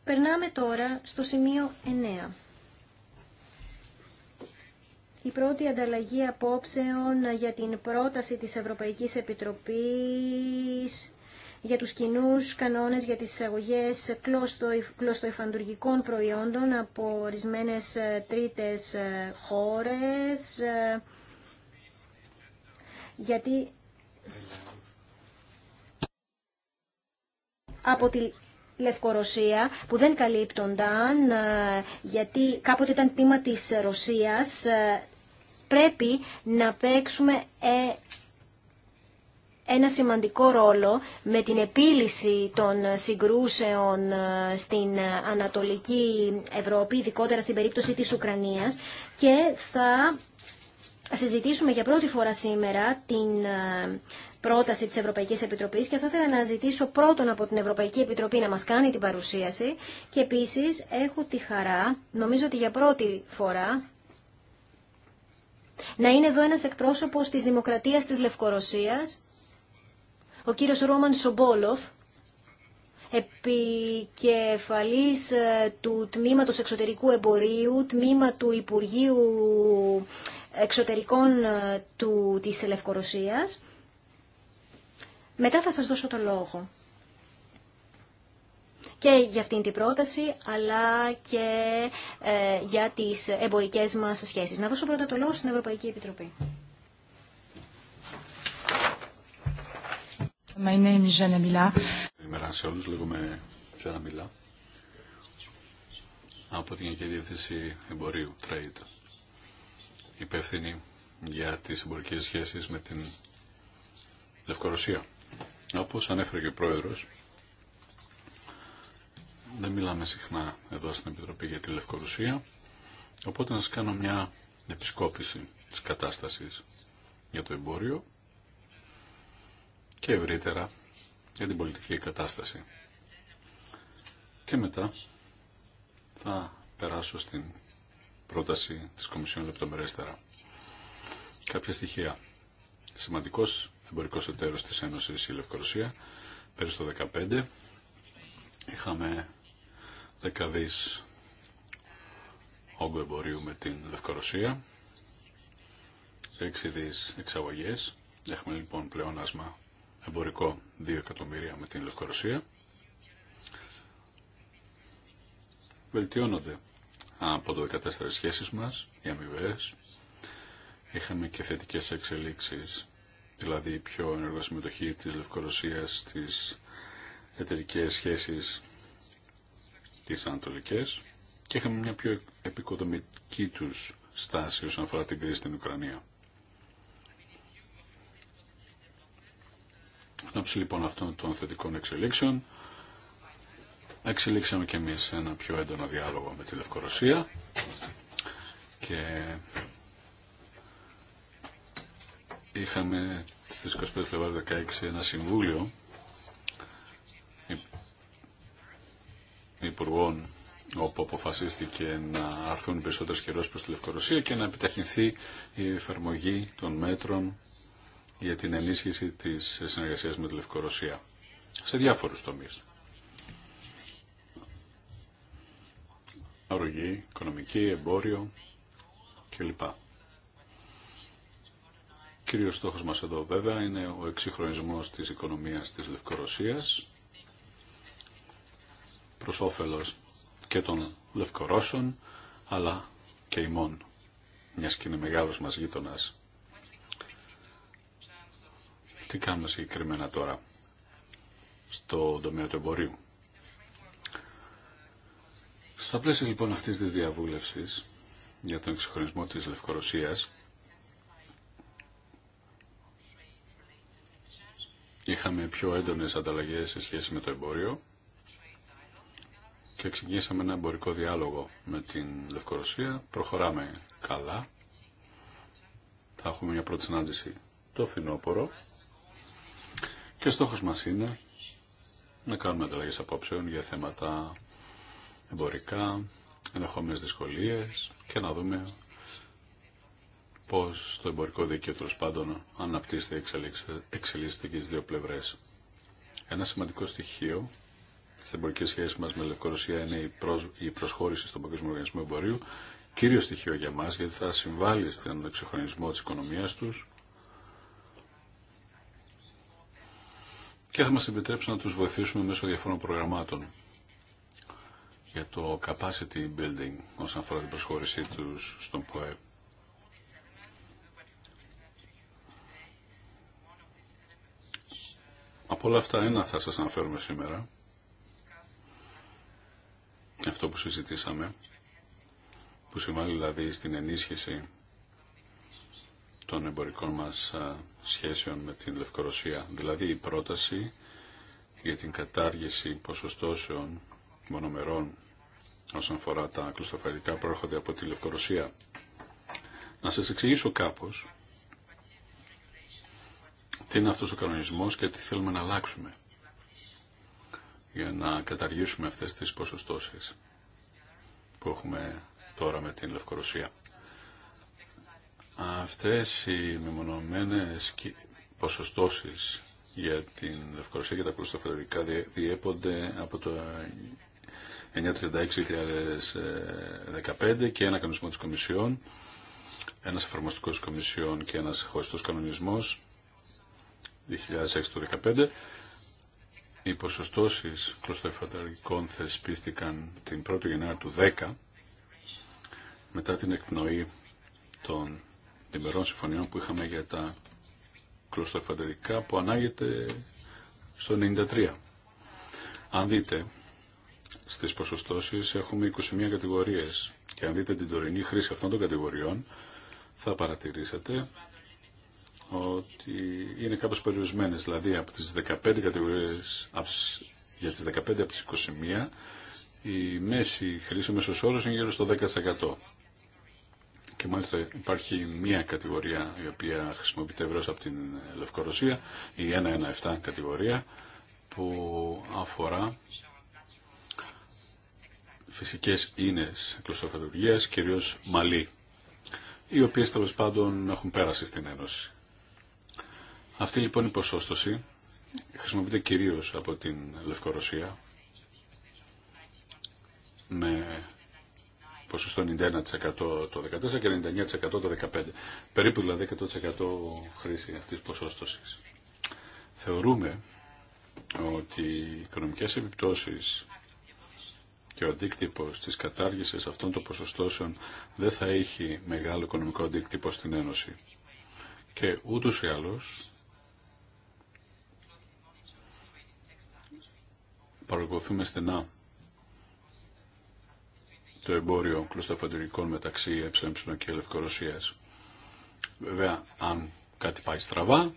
Περνάμε τώρα στο σημείο 9. Η πρώτη ανταλλαγή απόψεων για την πρόταση της Ευρωπαϊκής Επιτροπής για τους κοινού κανόνες για τις εισαγωγές κλωστοϊφαντουργικών προϊόντων από ορισμένε ε, τρίτες ε, χώρες, ε, γιατί από τη Λευκορωσία που δεν καλύπτονταν ε, γιατί κάποτε ήταν τμήμα της Ρωσίας ε, πρέπει να παίξουμε ε, ένα σημαντικό ρόλο με την επίλυση των συγκρούσεων στην Ανατολική Ευρώπη, ειδικότερα στην περίπτωση της Ουκρανίας και θα συζητήσουμε για πρώτη φορά σήμερα την πρόταση της Ευρωπαϊκής Επιτροπής και θα ήθελα να ζητήσω πρώτον από την Ευρωπαϊκή Επιτροπή να μας κάνει την παρουσίαση και επίσης έχω τη χαρά, νομίζω ότι για πρώτη φορά, να είναι εδώ ένα εκπρόσωπος τη δημοκρατία της Λευκορωσίας, ο κύριος Ρόμαν Σομπόλοφ, επικεφαλής ε, του Τμήματος Εξωτερικού Εμπορίου, τμήμα του Υπουργείου ε, Εξωτερικών ε, του, της Λευκορωσίας. Μετά θα σας δώσω το λόγο και για αυτήν την πρόταση, αλλά και ε, για τις εμπορικές μας σχέσεις. Να δώσω πρώτα το λόγο στην Ευρωπαϊκή Επιτροπή. My name is Mila. Καλημέρα σε όλους, λέγομαι Jeanne Mila από την Γενική Διεύθυνση Εμπορίου, Trade, υπεύθυνη για τις εμπορικές σχέσεις με την Λευκορωσία. Όπως ανέφερε και ο Πρόεδρος, δεν μιλάμε συχνά εδώ στην Επιτροπή για τη Λευκορωσία, οπότε να σας κάνω μια επισκόπηση της κατάστασης για το εμπόριο και ευρύτερα για την πολιτική κατάσταση. Και μετά θα περάσω στην πρόταση της Κομισιόν λεπτομερέστερα. Κάποια στοιχεία. Σημαντικός εμπορικό εταίρο της Ένωσης η Λευκορωσία πέρυσι το 2015. Είχαμε δεκαδείς όγκο εμπορίου με την Λευκορωσία, 6 δις εξαγωγέ. Έχουμε λοιπόν πλεόνασμα εμπορικό 2 εκατομμύρια με την Λευκορωσία. Βελτιώνονται από το 14 σχέσεις μας, οι αμοιβέ. Είχαμε και θετικές εξελίξεις δηλαδή πιο ενεργό συμμετοχή της Λευκορωσίας στις εταιρικέ σχέσεις τις ανατολικές και είχαμε μια πιο επικοδομική τους στάση όσον αφορά την κρίση στην Ουκρανία. Ανάψη λοιπόν αυτών των θετικών εξελίξεων εξελίξαμε και εμείς ένα πιο έντονο διάλογο με τη Λευκορωσία και είχαμε στις 25 Φλεβάρου 16 ένα συμβούλιο υπουργών όπου αποφασίστηκε να αρθούν περισσότερε χειρός προς τη Λευκορωσία και να επιταχυνθεί η εφαρμογή των μέτρων για την ενίσχυση της συνεργασίας με τη Λευκορωσία σε διάφορους τομείς. Αρρωγή, οικονομική, εμπόριο κλπ. Κύριος στόχος μας εδώ βέβαια είναι ο εξυγχρονισμός της οικονομίας της Λευκορωσίας προς όφελος και των Λευκορώσων αλλά και ημών μιας και είναι μεγάλος μας γείτονας. Τι κάνουμε συγκεκριμένα τώρα στο τομέα του εμπορίου. Στα πλαίσια λοιπόν αυτής της διαβούλευσης για τον εξυγχρονισμό της Λευκορωσίας είχαμε πιο έντονες ανταλλαγές σε σχέση με το εμπόριο και ξεκινήσαμε ένα εμπορικό διάλογο με την Λευκορωσία. Προχωράμε καλά. Θα έχουμε μια πρώτη συνάντηση το φινόπορο και στόχος μας είναι να κάνουμε ανταλλαγές απόψεων για θέματα εμπορικά, ενδεχόμενες δυσκολίες και να δούμε Πώ το εμπορικό δίκαιο τέλο πάντων αναπτύσσεται, εξελίσσεται και στις δύο πλευρέ. Ένα σημαντικό στοιχείο στην εμπορική σχέση μα με Λευκορωσία είναι η, η προσχώρηση στον Παγκόσμιο Οργανισμό Εμπορίου, κύριο στοιχείο για μα γιατί θα συμβάλλει στον εξυγχρονισμό τη οικονομία του. και θα μα επιτρέψει να του βοηθήσουμε μέσω διαφόρων προγραμμάτων για το capacity building όσον αφορά την προσχώρησή του στον ΠΟΕΠ. Από όλα αυτά ένα θα σας αναφέρουμε σήμερα. Αυτό που συζητήσαμε, που συμβάλλει δηλαδή στην ενίσχυση των εμπορικών μας σχέσεων με την Λευκορωσία. Δηλαδή η πρόταση για την κατάργηση ποσοστώσεων μονομερών όσον αφορά τα κλωστοφαρικά προέρχονται από τη Λευκορωσία. Να σας εξηγήσω κάπως τι είναι αυτός ο κανονισμός και τι θέλουμε να αλλάξουμε για να καταργήσουμε αυτές τις ποσοστώσεις που έχουμε τώρα με την Λευκορωσία. Αυτές οι μεμονωμένες ποσοστώσεις για την Λευκορωσία και τα κλωστοφερικά διέπονται από το 936-2015 και ένα κανονισμό της Κομισιόν, ένας εφαρμοστικός Κομισιόν και ένας χωριστός κανονισμός 2006 2015 οι ποσοστώσεις κλωστοεφαταρικών θεσπίστηκαν την 1η Γενάρη του 10 μετά την εκπνοή των διμερών συμφωνιών που είχαμε για τα κλωστοεφανταργικά που ανάγεται στο 93. Αν δείτε στις ποσοστώσεις έχουμε 21 κατηγορίες και αν δείτε την τωρινή χρήση αυτών των κατηγοριών θα παρατηρήσετε ότι είναι κάπως περιορισμένες, δηλαδή από τις 15 κατηγορίες για τις 15 από τις 21 η μέση χρήση μέσος όρος είναι γύρω στο 10%. Και μάλιστα υπάρχει μία κατηγορία η οποία χρησιμοποιείται ευρώς από την Λευκορωσία, η 117 κατηγορία, που αφορά φυσικές ίνες κλωστοφατουργίας, κυρίως μαλλί, οι οποίες τέλο πάντων έχουν πέρασει στην Ένωση. Αυτή λοιπόν η ποσόστοση χρησιμοποιείται κυρίως από την Λευκορωσία με ποσοστό 91% το 2014 και 99% το 2015. Περίπου δηλαδή 100% χρήση αυτής της ποσόστοσης. Θεωρούμε ότι οι οικονομικές επιπτώσεις και ο αντίκτυπος της κατάργησης αυτών των ποσοστώσεων δεν θα έχει μεγάλο οικονομικό αντίκτυπο στην Ένωση. Και ούτως ή άλλως παρακολουθούμε στενά το εμπόριο κλωσταφαντουργικών μεταξύ ΕΕ και Λευκορωσίας. Βέβαια, αν κάτι πάει στραβά,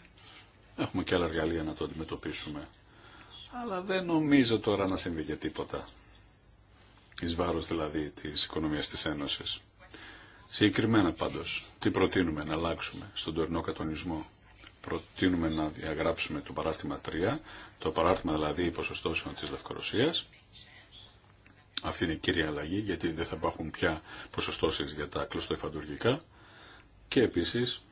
έχουμε και άλλα εργαλεία να το αντιμετωπίσουμε. Αλλά δεν νομίζω τώρα να συμβεί και τίποτα. Εις βάρος δηλαδή της οικονομίας της Ένωσης. Συγκεκριμένα πάντως, τι προτείνουμε να αλλάξουμε στον τωρινό κατονισμό προτείνουμε να διαγράψουμε το παράρτημα 3, το παράρτημα δηλαδή ποσοστώσεων της Λευκορωσίας. Αυτή είναι η κύρια αλλαγή, γιατί δεν θα υπάρχουν πια ποσοστώσεις για τα κλωστοεφαντουργικά. Και επίσης,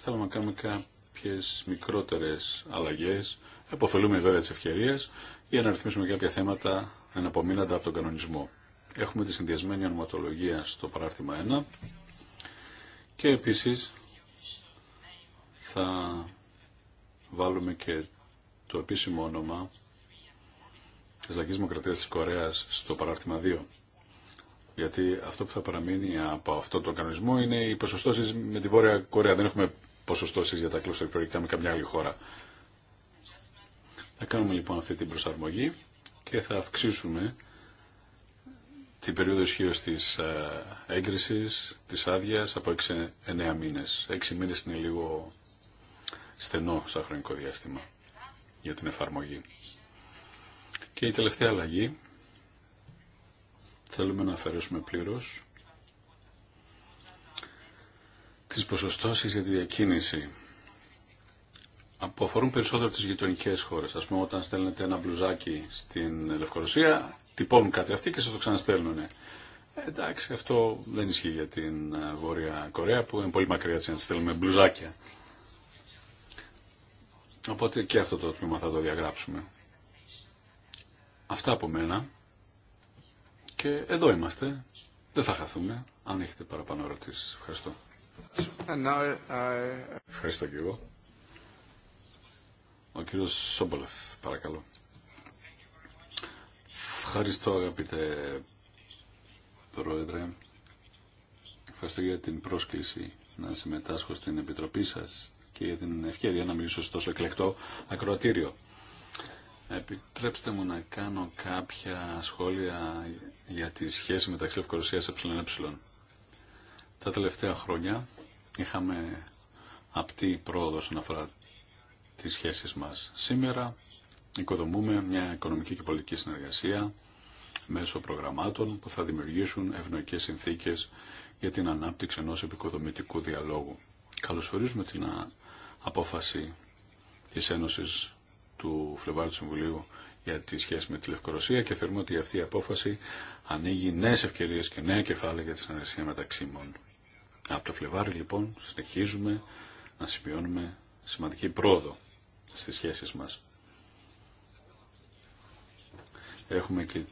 θέλουμε να κάνουμε κάποιες μικρότερες αλλαγές, εποφελούμε βέβαια τις ευκαιρίες, για να ρυθμίσουμε κάποια θέματα εναπομείναντα από τον κανονισμό. Έχουμε τη συνδυασμένη ονοματολογία στο παράρτημα 1 και επίσης θα βάλουμε και το επίσημο όνομα της Λαϊκής Δημοκρατίας της Κορέας στο παράρτημα 2. Γιατί αυτό που θα παραμείνει από αυτό το κανονισμό είναι οι ποσοστώσεις με τη Βόρεια Κορέα. Δεν έχουμε ποσοστώσεις για τα κλωστοεκτορικά με καμιά άλλη χώρα. Θα κάνουμε λοιπόν αυτή την προσαρμογή και θα αυξήσουμε την περίοδο ισχύω τη ε, έγκριση, τη άδεια από 6-9 μήνε. 6 μήνε είναι λίγο στενό σαν χρονικό διάστημα για την εφαρμογή. Και η τελευταία αλλαγή θέλουμε να αφαιρέσουμε πλήρως τις ποσοστώσεις για τη διακίνηση που αφορούν περισσότερο τις γειτονικέ χώρες. Ας πούμε όταν στέλνετε ένα μπλουζάκι στην Λευκορωσία τυπώνουν κάτι αυτοί και σας το ξαναστέλνουν. Ε, εντάξει, αυτό δεν ισχύει για την ε, Βόρεια Κορέα που είναι πολύ μακριά έτσι να στέλνουμε μπλουζάκια Οπότε και αυτό το τμήμα θα το διαγράψουμε. Αυτά από μένα. Και εδώ είμαστε. Δεν θα χαθούμε. Αν έχετε παραπάνω ερωτήσει. Ευχαριστώ. Uh, Ευχαριστώ και εγώ. Ο κύριος Σόμπολεφ, παρακαλώ. Ευχαριστώ αγαπητέ Πρόεδρε. Ευχαριστώ για την πρόσκληση να συμμετάσχω στην Επιτροπή σας και για την ευκαιρία να μιλήσω στο τόσο εκλεκτό ακροατήριο. Επιτρέψτε μου να κάνω κάποια σχόλια για τη σχέση μεταξύ Ευκορωσίας ΕΕ. Τα τελευταία χρόνια είχαμε απτή πρόοδο όσον αφορά τις σχέσεις μας. Σήμερα οικοδομούμε μια οικονομική και πολιτική συνεργασία μέσω προγραμμάτων που θα δημιουργήσουν ευνοϊκές συνθήκες για την ανάπτυξη ενός επικοδομητικού διαλόγου. Καλωσορίζουμε την απόφαση της Ένωσης του Φλεβάρου του Συμβουλίου για τη σχέση με τη Λευκορωσία και θεωρούμε ότι αυτή η απόφαση ανοίγει νέες ευκαιρίες και νέα κεφάλαια για τη συνεργασία μεταξύ μας. Από το Φλεβάρι λοιπόν συνεχίζουμε να σημειώνουμε σημαντική πρόοδο στις σχέσεις μας. Έχουμε και...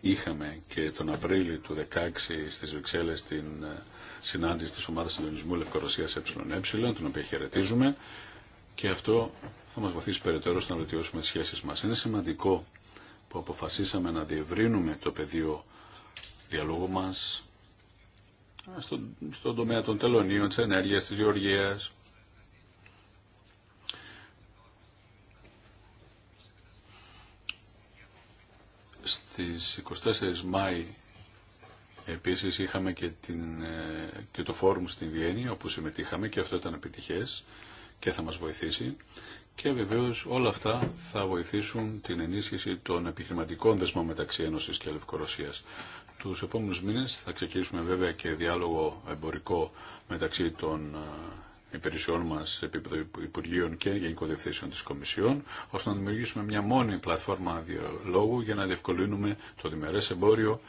Είχαμε και τον Απρίλιο του 2016 στις Βεξέλλες την ε, συνάντηση της Ομάδας Συντονισμού Λευκορωσίας ΕΕ, την οποία χαιρετίζουμε και αυτό θα μας βοηθήσει περαιτέρω να βελτιώσουμε τις σχέσεις μας. Είναι σημαντικό που αποφασίσαμε να διευρύνουμε το πεδίο διαλόγου μας στο, στον τομέα των τελωνίων, της ενέργειας, της γεωργίας. Στις 24 Μάη Επίσης είχαμε και, την, ε, και το φόρουμ στην Βιέννη όπου συμμετείχαμε και αυτό ήταν επιτυχές και θα μας βοηθήσει. Και βεβαίως όλα αυτά θα βοηθήσουν την ενίσχυση των επιχειρηματικών δεσμών μεταξύ Ένωσης και Λευκορωσίας. Τους επόμενους μήνες θα ξεκινήσουμε βέβαια και διάλογο εμπορικό μεταξύ των ε, υπηρεσιών μας σε επίπεδο Υπουργείων και Γενικών Διευθύνσεων τη Κομισιόν, ώστε να δημιουργήσουμε μια μόνη πλατφόρμα διαλόγου για να διευκολύνουμε το διμερές εμπόριο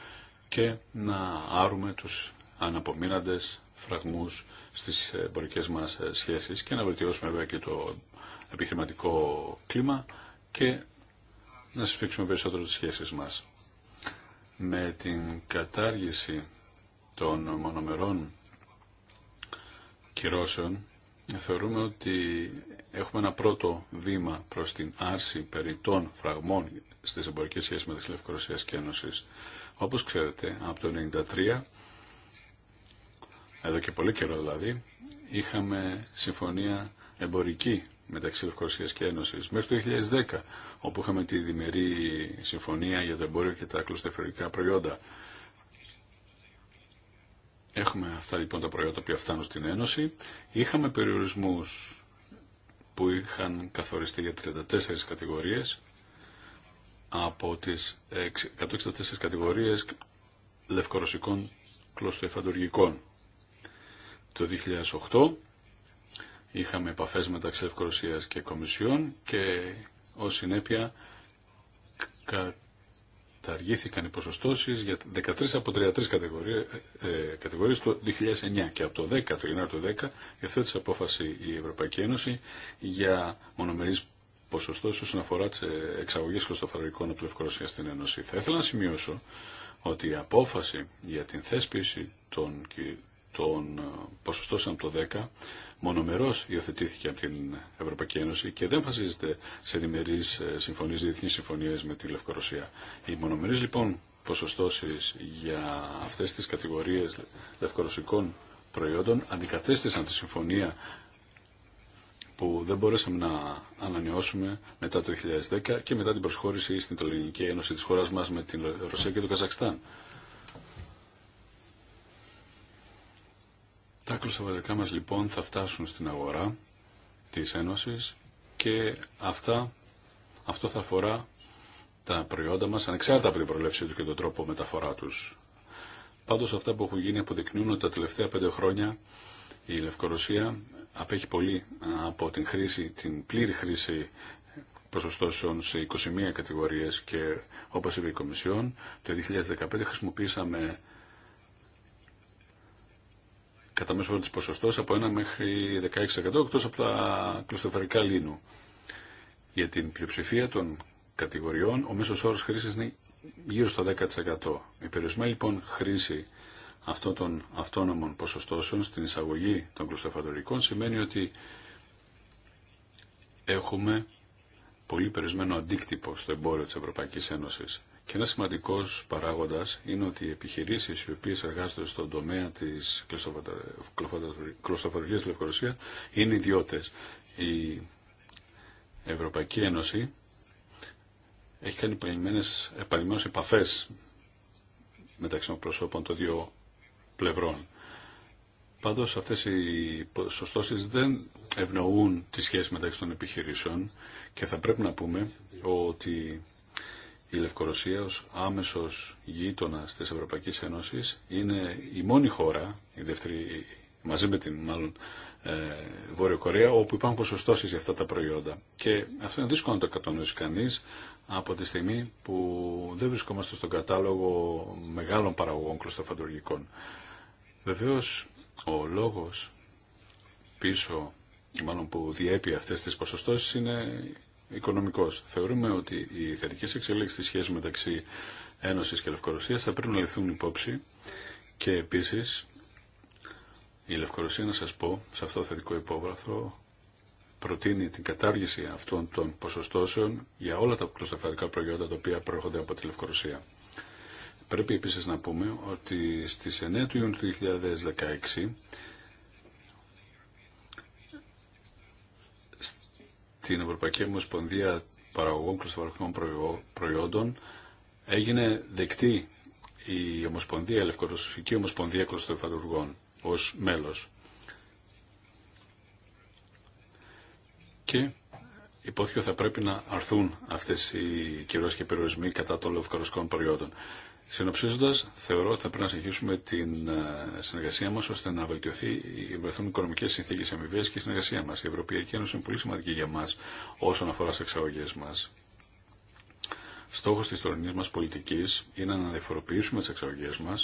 και να άρουμε τους αναπομείναντες φραγμούς στις εμπορικές μας σχέσεις και να βελτιώσουμε βέβαια και το επιχειρηματικό κλίμα και να συμφίξουμε περισσότερο τις σχέσεις μας. Με την κατάργηση των μονομερών κυρώσεων θεωρούμε ότι έχουμε ένα πρώτο βήμα προς την άρση περί των φραγμών στις εμπορικές σχέσεις μεταξύ Λευκορωσίας και Ένωσης. Όπως ξέρετε, από το 1993, εδώ και πολύ καιρό δηλαδή, είχαμε συμφωνία εμπορική μεταξύ Λευκορωσίας και Ένωσης μέχρι το 2010, όπου είχαμε τη διμερή συμφωνία για το εμπόριο και τα κλωστεφερικά προϊόντα. Έχουμε αυτά λοιπόν τα προϊόντα που φτάνουν στην Ένωση. Είχαμε περιορισμούς που είχαν καθοριστεί για 34 κατηγορίες από τις 164 κατηγορίες λευκορωσικών κλωστοεφαντουργικών. Το 2008 είχαμε επαφές μεταξύ Λευκορωσίας και Κομισιόν και ως συνέπεια καταργήθηκαν οι ποσοστώσεις για 13 από 33 κατηγορίες, κατηγορίες το 2009 και από το 10, το Ιανουάριο του 10 ευθέτησε απόφαση η Ευρωπαϊκή Ένωση για μονομερείς ποσοστό όσον αφορά τι ε, εξαγωγέ κοστοφορικών από Λευκορωσία στην Ένωση. Θα ήθελα να σημειώσω ότι η απόφαση για την θέσπιση των, των ε, ποσοστών από το 10 μονομερό υιοθετήθηκε από την Ευρωπαϊκή Ένωση και δεν βασίζεται σε διμερεί ε, συμφωνίε, διεθνεί συμφωνίε με τη Λευκορωσία. Οι μονομερεί λοιπόν ποσοστώσει για αυτέ τι κατηγορίε λευκορωσικών προϊόντων αντικατέστησαν τη συμφωνία που δεν μπορέσαμε να ανανεώσουμε μετά το 2010 και μετά την προσχώρηση στην Ελληνική Ένωση της χώρας μας με την Ρωσία και το Καζακστάν. Τα κλωστοβατρικά μας λοιπόν θα φτάσουν στην αγορά της Ένωσης και αυτά, αυτό θα αφορά τα προϊόντα μας ανεξάρτητα από την προλεύσή του και τον τρόπο μεταφορά τους. Πάντως αυτά που έχουν γίνει αποδεικνύουν ότι τα τελευταία πέντε χρόνια η Λευκορωσία απέχει πολύ από την χρήση, την πλήρη χρήση ποσοστώσεων σε 21 κατηγορίες και όπως είπε η Κομισιόν, το 2015 χρησιμοποίησαμε κατά μέσο όρο της ποσοστός από 1 μέχρι 16% εκτός από τα κλωστοφαρικά λίνου. Για την πλειοψηφία των κατηγοριών ο μέσος όρος χρήσης είναι γύρω στο 10%. Η περιορισμένη λοιπόν χρήση αυτών των αυτόνομων ποσοστώσεων στην εισαγωγή των κλωστοφατορικών σημαίνει ότι έχουμε πολύ περισμένο αντίκτυπο στο εμπόριο της Ευρωπαϊκής Ένωσης. Και ένα σημαντικός παράγοντας είναι ότι οι επιχειρήσεις οι οποίες εργάζονται στον τομέα της κλωστοφατορικής Λευκορωσία είναι ιδιώτες. Η Ευρωπαϊκή Ένωση έχει κάνει επαγγελμένες επαφές μεταξύ των προσώπων των δύο πλευρών. Πάντως αυτές οι σωστώσεις δεν ευνοούν τη σχέση μεταξύ των επιχειρήσεων και θα πρέπει να πούμε ότι η Λευκορωσία ως άμεσος γείτονα της Ευρωπαϊκής Ένωσης είναι η μόνη χώρα, η δεύτερη μαζί με την μάλλον ε, Βόρειο Κορέα, όπου υπάρχουν ποσοστώσεις για αυτά τα προϊόντα. Και αυτό είναι δύσκολο να το κατανοήσει κανεί από τη στιγμή που δεν βρισκόμαστε στον κατάλογο μεγάλων παραγωγών κλωστοφαντουργικών. Βεβαίως ο λόγος πίσω, μάλλον που διέπει αυτές τις ποσοστώσεις είναι οικονομικός. Θεωρούμε ότι οι θετικές εξελίξεις της σχέσης μεταξύ Ένωσης και Λευκορωσίας θα πρέπει να ληφθούν υπόψη και επίσης η Λευκορωσία να σας πω σε αυτό το θετικό υπόγραφο, προτείνει την κατάργηση αυτών των ποσοστώσεων για όλα τα κλωσταφατικά προϊόντα τα οποία προέρχονται από τη Λευκορωσία. Πρέπει επίσης να πούμε ότι στις 9 του Ιούνιου του 2016 στην Ευρωπαϊκή Ομοσπονδία Παραγωγών Κλωστοβαρχικών Προϊόντων έγινε δεκτή η Ομοσπονδία, η Λευκορωσική Ομοσπονδία Κλωστοφαρουργών ως μέλος. Και υπόθηκε ότι θα πρέπει να αρθούν αυτές οι κυρώσεις και περιορισμοί κατά των λευκορωσικών προϊόντων. Συνοψίζοντα, θεωρώ ότι θα πρέπει να συνεχίσουμε την ε, συνεργασία μα ώστε να βελτιωθεί, βρεθούν οικονομικέ συνθήκε αμοιβέ και η συνεργασία μα. Η Ευρωπαϊκή Ένωση είναι πολύ σημαντική για μα όσον αφορά στι εξαγωγέ μα. Στόχο τη τωρινή μα πολιτική είναι να διαφοροποιήσουμε τι εξαγωγέ μα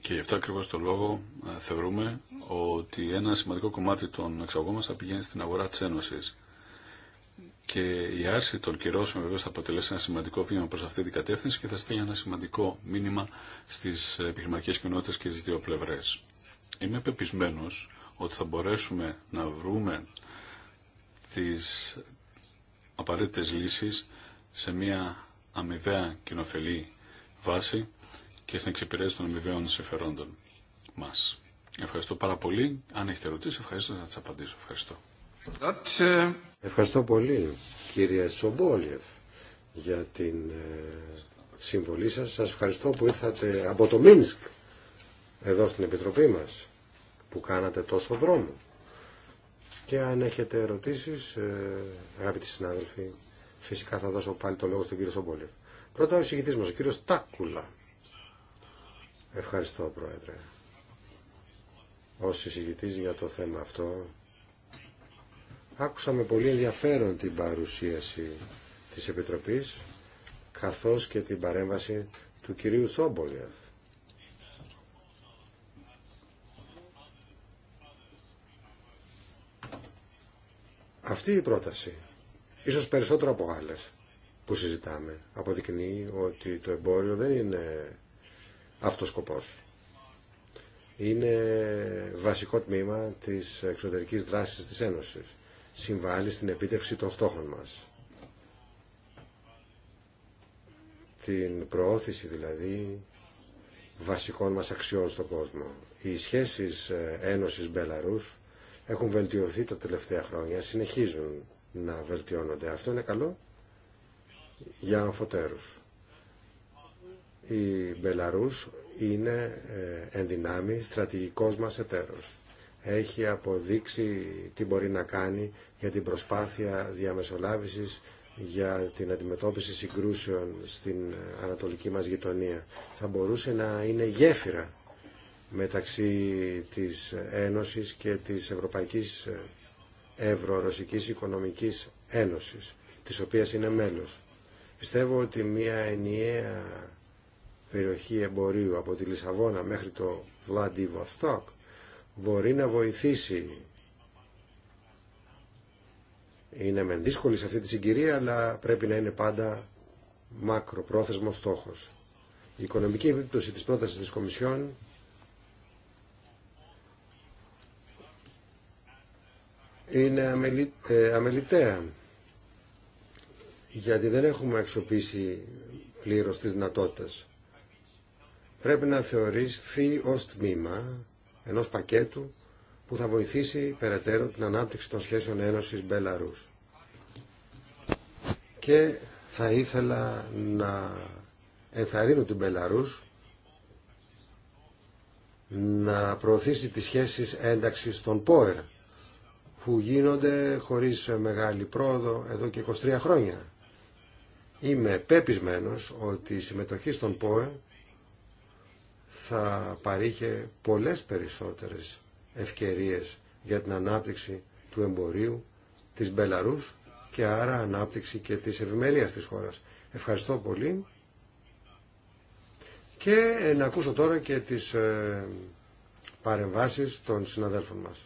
και γι' αυτό ακριβώ το λόγο ε, θεωρούμε ότι ένα σημαντικό κομμάτι των εξαγωγών μα θα πηγαίνει στην αγορά τη Ένωση. Και η άρση των κυρώσεων βεβαίω θα αποτελέσει ένα σημαντικό βήμα προ αυτή την κατεύθυνση και θα στείλει ένα σημαντικό μήνυμα στι επιχειρηματικέ κοινότητε και στις δύο πλευρέ. Είμαι πεπισμένο ότι θα μπορέσουμε να βρούμε τις απαραίτητες λύσεις σε μια αμοιβαία κοινοφελή βάση και στην εξυπηρέτηση των αμοιβαίων συμφερόντων μας. Ευχαριστώ πάρα πολύ. Αν έχετε ερωτήσει, ευχαριστώ να τι απαντήσω. Ευχαριστώ. Uh, Ευχαριστώ πολύ κύριε Σομπόλιεφ για την ε, συμβολή σας. Σας ευχαριστώ που ήρθατε από το Μίνσκ εδώ στην Επιτροπή μας που κάνατε τόσο δρόμο. Και αν έχετε ερωτήσεις, ε, αγαπητοί συνάδελφοι, φυσικά θα δώσω πάλι το λόγο στον κύριο Σομπόλιεφ. Πρώτα ο συγκητής μας, ο κύριος Τάκουλα. Ευχαριστώ, Πρόεδρε. Ως συζητητής για το θέμα αυτό, Άκουσα με πολύ ενδιαφέρον την παρουσίαση της Επιτροπής καθώς και την παρέμβαση του κυρίου Τσόμπολιεφ. Αυτή η πρόταση, ίσως περισσότερο από άλλες που συζητάμε, αποδεικνύει ότι το εμπόριο δεν είναι αυτός σκοπός. Είναι βασικό τμήμα της εξωτερικής δράσης της Ένωσης συμβάλλει στην επίτευξη των στόχων μας. Την προώθηση δηλαδή βασικών μας αξιών στον κόσμο. Οι σχέσεις ε, Ένωσης Μπελαρούς έχουν βελτιωθεί τα τελευταία χρόνια, συνεχίζουν να βελτιώνονται. Αυτό είναι καλό για αμφωτέρους. Η Μπελαρούς είναι ε, εν δυνάμει στρατηγικός μας εταίρος έχει αποδείξει τι μπορεί να κάνει για την προσπάθεια διαμεσολάβησης για την αντιμετώπιση συγκρούσεων στην ανατολική μας γειτονία. Θα μπορούσε να είναι γέφυρα μεταξύ της Ένωσης και της Ευρωπαϊκής Ευρωρωσικής Οικονομικής Ένωσης, της οποίας είναι μέλος. Πιστεύω ότι μια ενιαία περιοχή εμπορίου από τη Λισαβόνα μέχρι το Βλαντιβοστόκ μπορεί να βοηθήσει. Είναι μεν δύσκολη σε αυτή τη συγκυρία, αλλά πρέπει να είναι πάντα μακροπρόθεσμος στόχος. Η οικονομική επίπτωση της πρότασης της Κομισιόν είναι αμελη, ε, γιατί δεν έχουμε αξιοποιήσει πλήρως τις δυνατότητες. Πρέπει να θεωρηθεί ως τμήμα ενός πακέτου που θα βοηθήσει περαιτέρω την ανάπτυξη των σχέσεων Ένωσης Μπελαρούς. Και θα ήθελα να ενθαρρύνω την Μπελαρούς να προωθήσει τις σχέσεις ένταξης των ΠΟΕΡ που γίνονται χωρίς μεγάλη πρόοδο εδώ και 23 χρόνια. Είμαι πεπισμένος ότι η συμμετοχή στον ΠΟΕ θα παρήχε πολλές περισσότερες ευκαιρίες για την ανάπτυξη του εμπορίου της Μπελαρούς και άρα ανάπτυξη και της ευημερίας της χώρας. Ευχαριστώ πολύ και ε, να ακούσω τώρα και τις ε, παρεμβάσεις των συναδέλφων μας.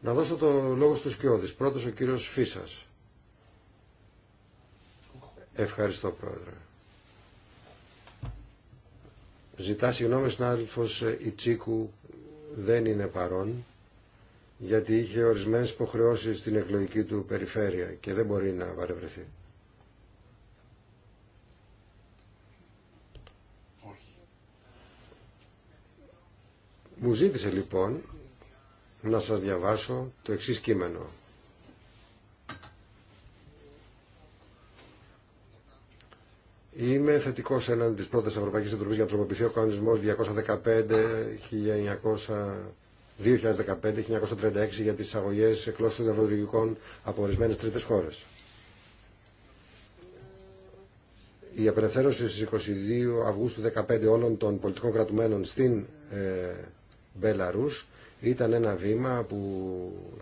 Να δώσω το λόγο στους Κιώδης. Πρώτος ο κύριος Φίσας. Ευχαριστώ Πρόεδρε. Ζητά συγγνώμη η Ιτσίκου δεν είναι παρόν γιατί είχε ορισμένες υποχρεώσει στην εκλογική του περιφέρεια και δεν μπορεί να παρευρεθεί. Μου ζήτησε λοιπόν να σας διαβάσω το εξής κείμενο. Είμαι θετικό έναντι τη πρώτη Ευρωπαϊκή Επιτροπή για να τροποποιηθεί ο κανονισμό 2015-1936 για τι αγωγέ εκλώσεων ευρωδικικών από ορισμένε τρίτε χώρε. Η απελευθέρωση στι 22 Αυγούστου 2015 όλων των πολιτικών κρατουμένων στην ε, Μπελαρού ήταν ένα βήμα που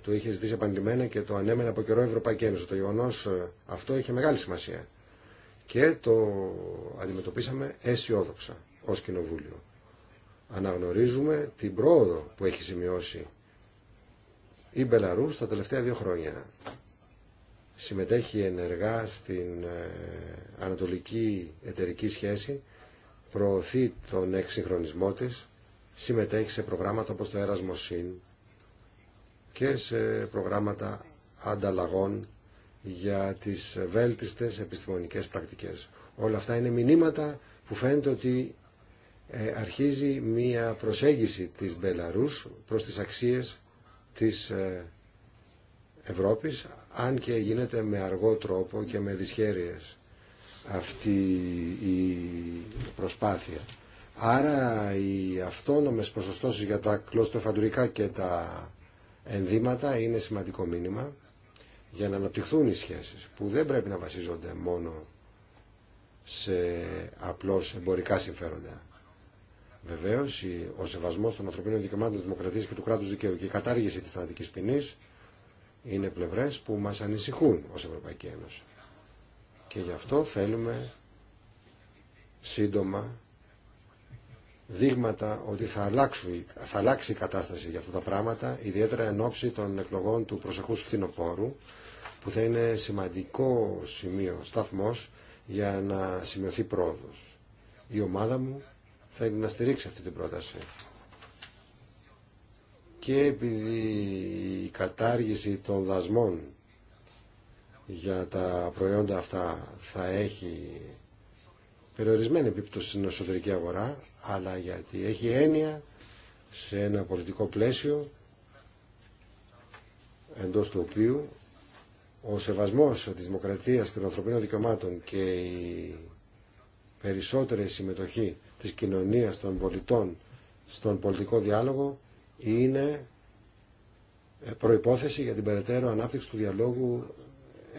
το είχε ζητήσει επανειλημμένα και το ανέμενε από καιρό η Ευρωπαϊκή Ένωση. Το γεγονό ε, αυτό είχε μεγάλη σημασία και το αντιμετωπίσαμε αισιόδοξα ως Κοινοβούλιο. Αναγνωρίζουμε την πρόοδο που έχει σημειώσει η Μπελαρού στα τελευταία δύο χρόνια. Συμμετέχει ενεργά στην ε, ανατολική εταιρική σχέση, προωθεί τον εξυγχρονισμό της, συμμετέχει σε προγράμματα όπως το Erasmus και σε προγράμματα ανταλλαγών για τις βέλτιστες επιστημονικές πρακτικές. Όλα αυτά είναι μηνύματα που φαίνεται ότι ε, αρχίζει μία προσέγγιση της Μπελαρούς προς τις αξίες της ε, Ευρώπης, αν και γίνεται με αργό τρόπο και με δυσχέρειες αυτή η προσπάθεια. Άρα οι αυτόνομες προσωστώσεις για τα κλωστοφαντουρικά και τα ενδύματα είναι σημαντικό μήνυμα για να αναπτυχθούν οι σχέσεις που δεν πρέπει να βασίζονται μόνο σε απλώς εμπορικά συμφέροντα. Βεβαίως, ο σεβασμός των ανθρωπίνων δικαιωμάτων της Δημοκρατίας και του κράτους δικαίου και η κατάργηση της θανάτικης ποινή είναι πλευρές που μας ανησυχούν ως Ευρωπαϊκή Ένωση. Και γι' αυτό θέλουμε σύντομα δείγματα ότι θα, θα αλλάξει η κατάσταση για αυτά τα πράγματα, ιδιαίτερα εν ώψη των εκλογών του προσεχούς φθινοπόρου, που θα είναι σημαντικό σημείο, σταθμός για να σημειωθεί πρόοδος. Η ομάδα μου θα να στηρίξει αυτή την πρόταση. Και επειδή η κατάργηση των δασμών για τα προϊόντα αυτά θα έχει περιορισμένη επίπτωση στην εσωτερική αγορά, αλλά γιατί έχει έννοια σε ένα πολιτικό πλαίσιο εντός του οποίου ο σεβασμός της δημοκρατίας και των ανθρωπίνων δικαιωμάτων και η περισσότερη συμμετοχή της κοινωνίας των πολιτών στον πολιτικό διάλογο είναι προϋπόθεση για την περαιτέρω ανάπτυξη του διαλόγου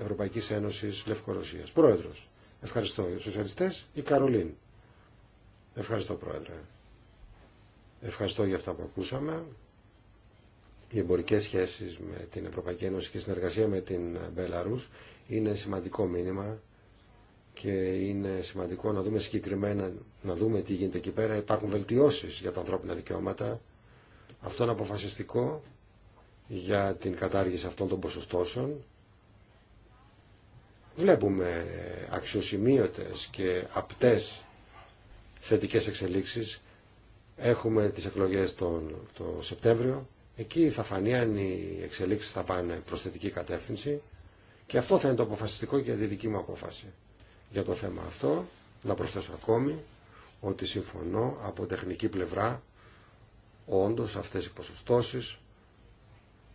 Ευρωπαϊκής Ένωσης Λευκορωσίας. Πρόεδρος, ευχαριστώ. Οι σοσιαλιστές, η Καρολίν. Ευχαριστώ, Πρόεδρε. Ευχαριστώ για αυτά που ακούσαμε οι εμπορικές σχέσεις με την Ευρωπαϊκή Ένωση και η συνεργασία με την Μπελαρούς είναι σημαντικό μήνυμα και είναι σημαντικό να δούμε συγκεκριμένα, να δούμε τι γίνεται εκεί πέρα. Υπάρχουν βελτιώσεις για τα ανθρώπινα δικαιώματα. Αυτό είναι αποφασιστικό για την κατάργηση αυτών των ποσοστώσεων. Βλέπουμε αξιοσημείωτες και απτές θετικές εξελίξεις. Έχουμε τις εκλογές τον, το Σεπτέμβριο Εκεί θα φανεί αν οι εξελίξεις θα πάνε προς θετική κατεύθυνση και αυτό θα είναι το αποφασιστικό και τη δική μου απόφαση. Για το θέμα αυτό να προσθέσω ακόμη ότι συμφωνώ από τεχνική πλευρά όντως αυτές οι ποσοστώσεις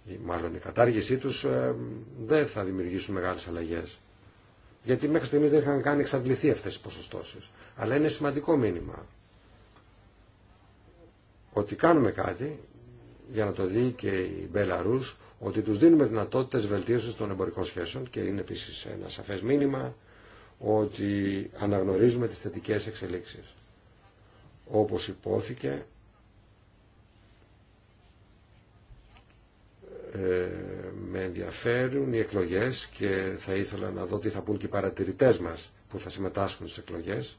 ή μάλλον η κατάργησή τους ε, δεν θα δημιουργήσουν μεγάλες αλλαγές. Γιατί μέχρι στιγμής δεν είχαν καν εξαντληθεί αυτές οι ποσοστώσεις. Αλλά είναι σημαντικό μήνυμα ότι κάνουμε κάτι για να το δει και η Μπελαρούς ότι τους δίνουμε δυνατότητες βελτίωσης των εμπορικών σχέσεων και είναι επίσης ένα σαφές μήνυμα ότι αναγνωρίζουμε τις θετικές εξελίξεις. Όπως υπόθηκε ε, με ενδιαφέρουν οι εκλογές και θα ήθελα να δω τι θα πούν και οι παρατηρητές μας που θα συμμετάσχουν στις εκλογές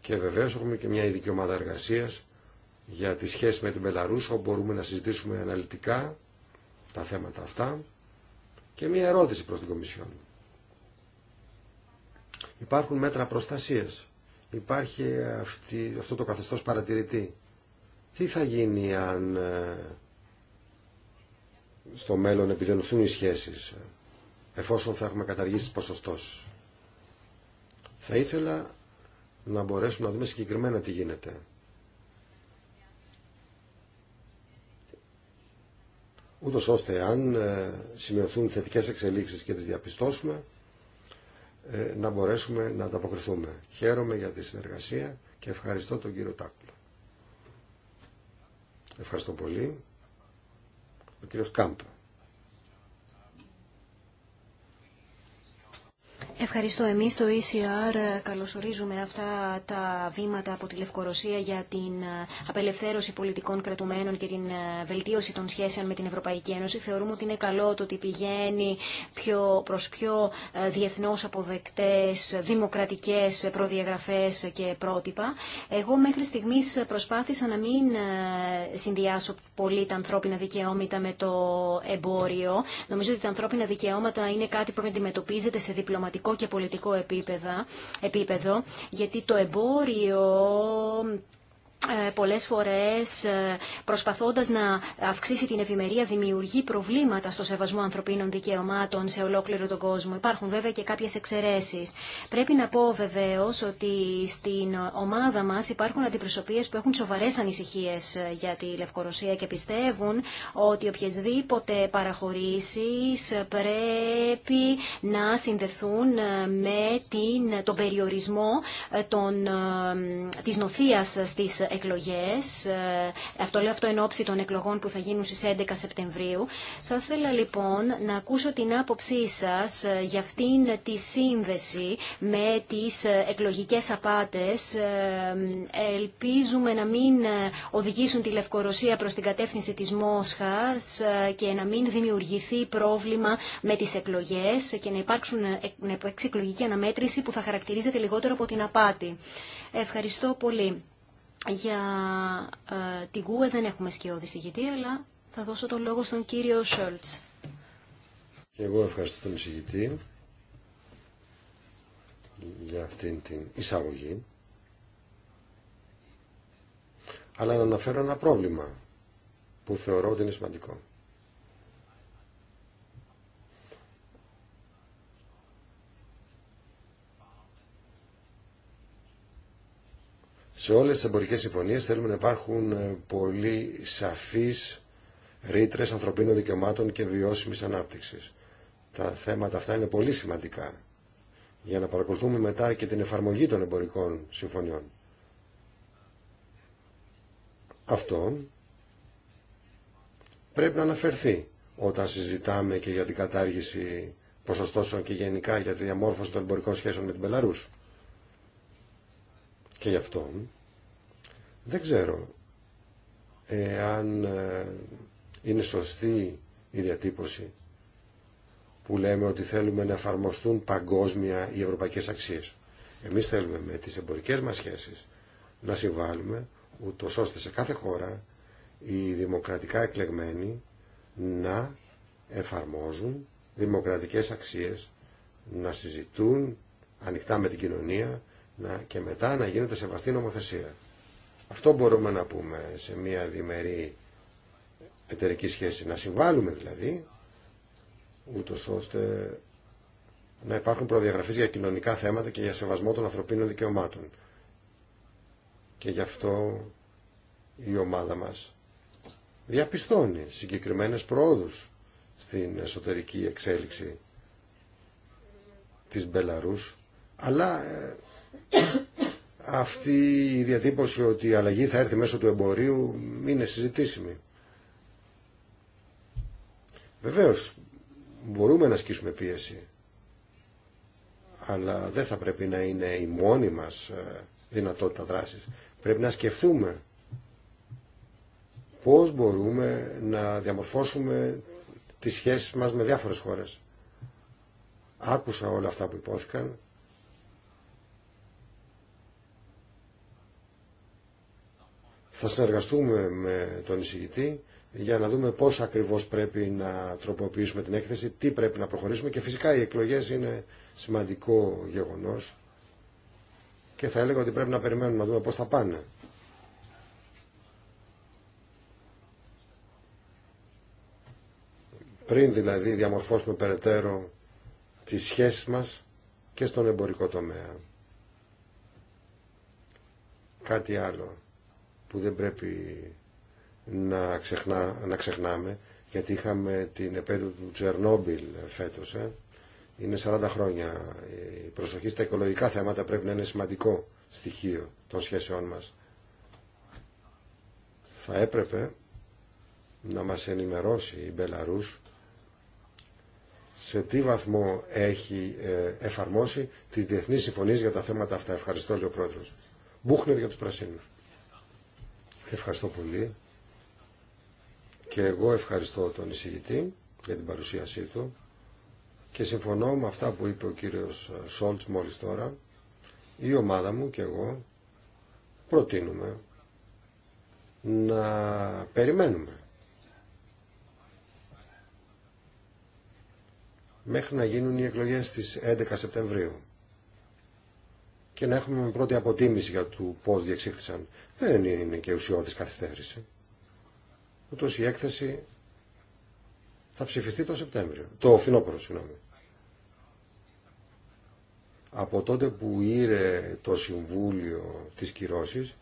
και βεβαίως έχουμε και μια ειδική ομάδα εργασίας για τη σχέση με την όπου μπορούμε να συζητήσουμε αναλυτικά τα θέματα αυτά και μία ερώτηση προς την Κομισιόν. Υπάρχουν μέτρα προστασίας. Υπάρχει αυτή, αυτό το καθεστώς παρατηρητή. Τι θα γίνει αν ε, στο μέλλον επιδενωθούν οι σχέσεις ε, εφόσον θα έχουμε καταργήσει τις ποσοστώσεις. Θα ήθελα να μπορέσουμε να δούμε συγκεκριμένα τι γίνεται. ούτως ώστε αν ε, σημειωθούν θετικές εξελίξεις και τις διαπιστώσουμε, ε, να μπορέσουμε να ανταποκριθούμε. Χαίρομαι για τη συνεργασία και ευχαριστώ τον κύριο Τάκουλα. Ευχαριστώ πολύ. Ο κύριος Κάμπ. Ευχαριστώ. Εμείς το ECR καλωσορίζουμε αυτά τα βήματα από τη Λευκορωσία για την ε, απελευθέρωση πολιτικών κρατουμένων και την ε, βελτίωση των σχέσεων με την Ευρωπαϊκή Ένωση. Θεωρούμε ότι είναι καλό το ότι πηγαίνει πιο, προς πιο ε, διεθνώς αποδεκτές δημοκρατικές προδιαγραφές και πρότυπα. Εγώ μέχρι στιγμής προσπάθησα να μην συνδυάσω πολύ τα ανθρώπινα δικαιώματα με το εμπόριο. Νομίζω ότι τα ανθρώπινα δικαιώματα είναι κάτι που αντιμετωπίζεται σε διπλωματικό και πολιτικό επίπεδο, γιατί το εμπόριο ε, πολλές φορές ε, προσπαθώντας να αυξήσει την ευημερία δημιουργεί προβλήματα στο σεβασμό ανθρωπίνων δικαιωμάτων σε ολόκληρο τον κόσμο. Υπάρχουν βέβαια και κάποιες εξαιρέσεις. Πρέπει να πω βεβαίως ότι στην ομάδα μας υπάρχουν αντιπροσωπείες που έχουν σοβαρές ανησυχίες ε, για τη Λευκορωσία και πιστεύουν ότι οποιασδήποτε παραχωρήσεις πρέπει να συνδεθούν με την, τον περιορισμό των, της νοθείας στις εκλογές. Ε, αυτό λέω αυτό εν ώψη των εκλογών που θα γίνουν στις 11 Σεπτεμβρίου. Θα ήθελα λοιπόν να ακούσω την άποψή σας ε, για αυτήν τη σύνδεση με τις ε, εκλογικές απάτες. Ελπίζουμε να μην οδηγήσουν τη Λευκορωσία προς την κατεύθυνση της Μόσχας και να μην δημιουργηθεί πρόβλημα με τις εκλογές και να, υπάρξουν, να υπάρξει εκλογική αναμέτρηση που θα χαρακτηρίζεται λιγότερο από την απάτη. Ευχαριστώ πολύ. Για ε, την δεν έχουμε σκιώδη γιατί αλλά θα δώσω τον λόγο στον κύριο Σόλτς. εγώ ευχαριστώ τον συγητή για αυτήν την εισαγωγή. Αλλά να αναφέρω ένα πρόβλημα που θεωρώ ότι είναι σημαντικό. Σε όλες τις εμπορικές συμφωνίες θέλουμε να υπάρχουν ε, πολύ σαφείς ρήτρε ανθρωπίνων δικαιωμάτων και βιώσιμης ανάπτυξης. Τα θέματα αυτά είναι πολύ σημαντικά για να παρακολουθούμε μετά και την εφαρμογή των εμπορικών συμφωνιών. Αυτό πρέπει να αναφερθεί όταν συζητάμε και για την κατάργηση ποσοστώσεων και γενικά για τη διαμόρφωση των εμπορικών σχέσεων με την Πελαρούς. Και γι' αυτό δεν ξέρω αν ε, είναι σωστή η διατύπωση που λέμε ότι θέλουμε να εφαρμοστούν παγκόσμια οι ευρωπαϊκές αξίες. Εμείς θέλουμε με τις εμπορικές μας σχέσεις να συμβάλλουμε ούτω ώστε σε κάθε χώρα οι δημοκρατικά εκλεγμένοι να εφαρμόζουν δημοκρατικές αξίες, να συζητούν ανοιχτά με την κοινωνία να, και μετά να γίνεται σεβαστή νομοθεσία. Αυτό μπορούμε να πούμε σε μια διμερή εταιρική σχέση. Να συμβάλλουμε δηλαδή, ούτω ώστε να υπάρχουν προδιαγραφές για κοινωνικά θέματα και για σεβασμό των ανθρωπίνων δικαιωμάτων. Και γι' αυτό η ομάδα μας διαπιστώνει συγκεκριμένες προόδους στην εσωτερική εξέλιξη της Μπελαρούς, αλλά ε, αυτή η διατύπωση ότι η αλλαγή θα έρθει μέσω του εμπορίου είναι συζητήσιμη. Βεβαίως, μπορούμε να ασκήσουμε πίεση, αλλά δεν θα πρέπει να είναι η μόνη μας ε, δυνατότητα δράσης. Πρέπει να σκεφτούμε πώς μπορούμε να διαμορφώσουμε τις σχέσεις μας με διάφορες χώρες. Άκουσα όλα αυτά που υπόθηκαν Θα συνεργαστούμε με τον εισηγητή για να δούμε πώς ακριβώς πρέπει να τροποποιήσουμε την έκθεση, τι πρέπει να προχωρήσουμε και φυσικά οι εκλογές είναι σημαντικό γεγονός και θα έλεγα ότι πρέπει να περιμένουμε να δούμε πώς θα πάνε. Πριν δηλαδή διαμορφώσουμε περαιτέρω τις σχέσεις μας και στον εμπορικό τομέα. Κάτι άλλο που δεν πρέπει να, ξεχνά, να ξεχνάμε γιατί είχαμε την επέτειο του Τσερνόμπιλ φέτος. Ε. Είναι 40 χρόνια. Η προσοχή στα οικολογικά θέματα πρέπει να είναι σημαντικό στοιχείο των σχέσεών μας. Θα έπρεπε να μας ενημερώσει η Μπελαρούς σε τι βαθμό έχει ε, εφαρμόσει τις διεθνείς συμφωνίες για τα θέματα αυτά. Ευχαριστώ, λέει ο Πρόεδρος. Μπούχνερ για τους Πρασίνους. Ευχαριστώ πολύ. Και εγώ ευχαριστώ τον εισηγητή για την παρουσίασή του και συμφωνώ με αυτά που είπε ο κύριος Σόλτς μόλις τώρα. Η ομάδα μου και εγώ προτείνουμε να περιμένουμε μέχρι να γίνουν οι εκλογές στις 11 Σεπτεμβρίου και να έχουμε πρώτη αποτίμηση για το πώ διεξήχθησαν. Δεν είναι και ουσιώδης καθυστέρηση. Ούτω η έκθεση θα ψηφιστεί το Σεπτέμβριο, το φθινόπωρο, συγγνώμη. Από τότε που ήρε το Συμβούλιο τη Κυρώσης,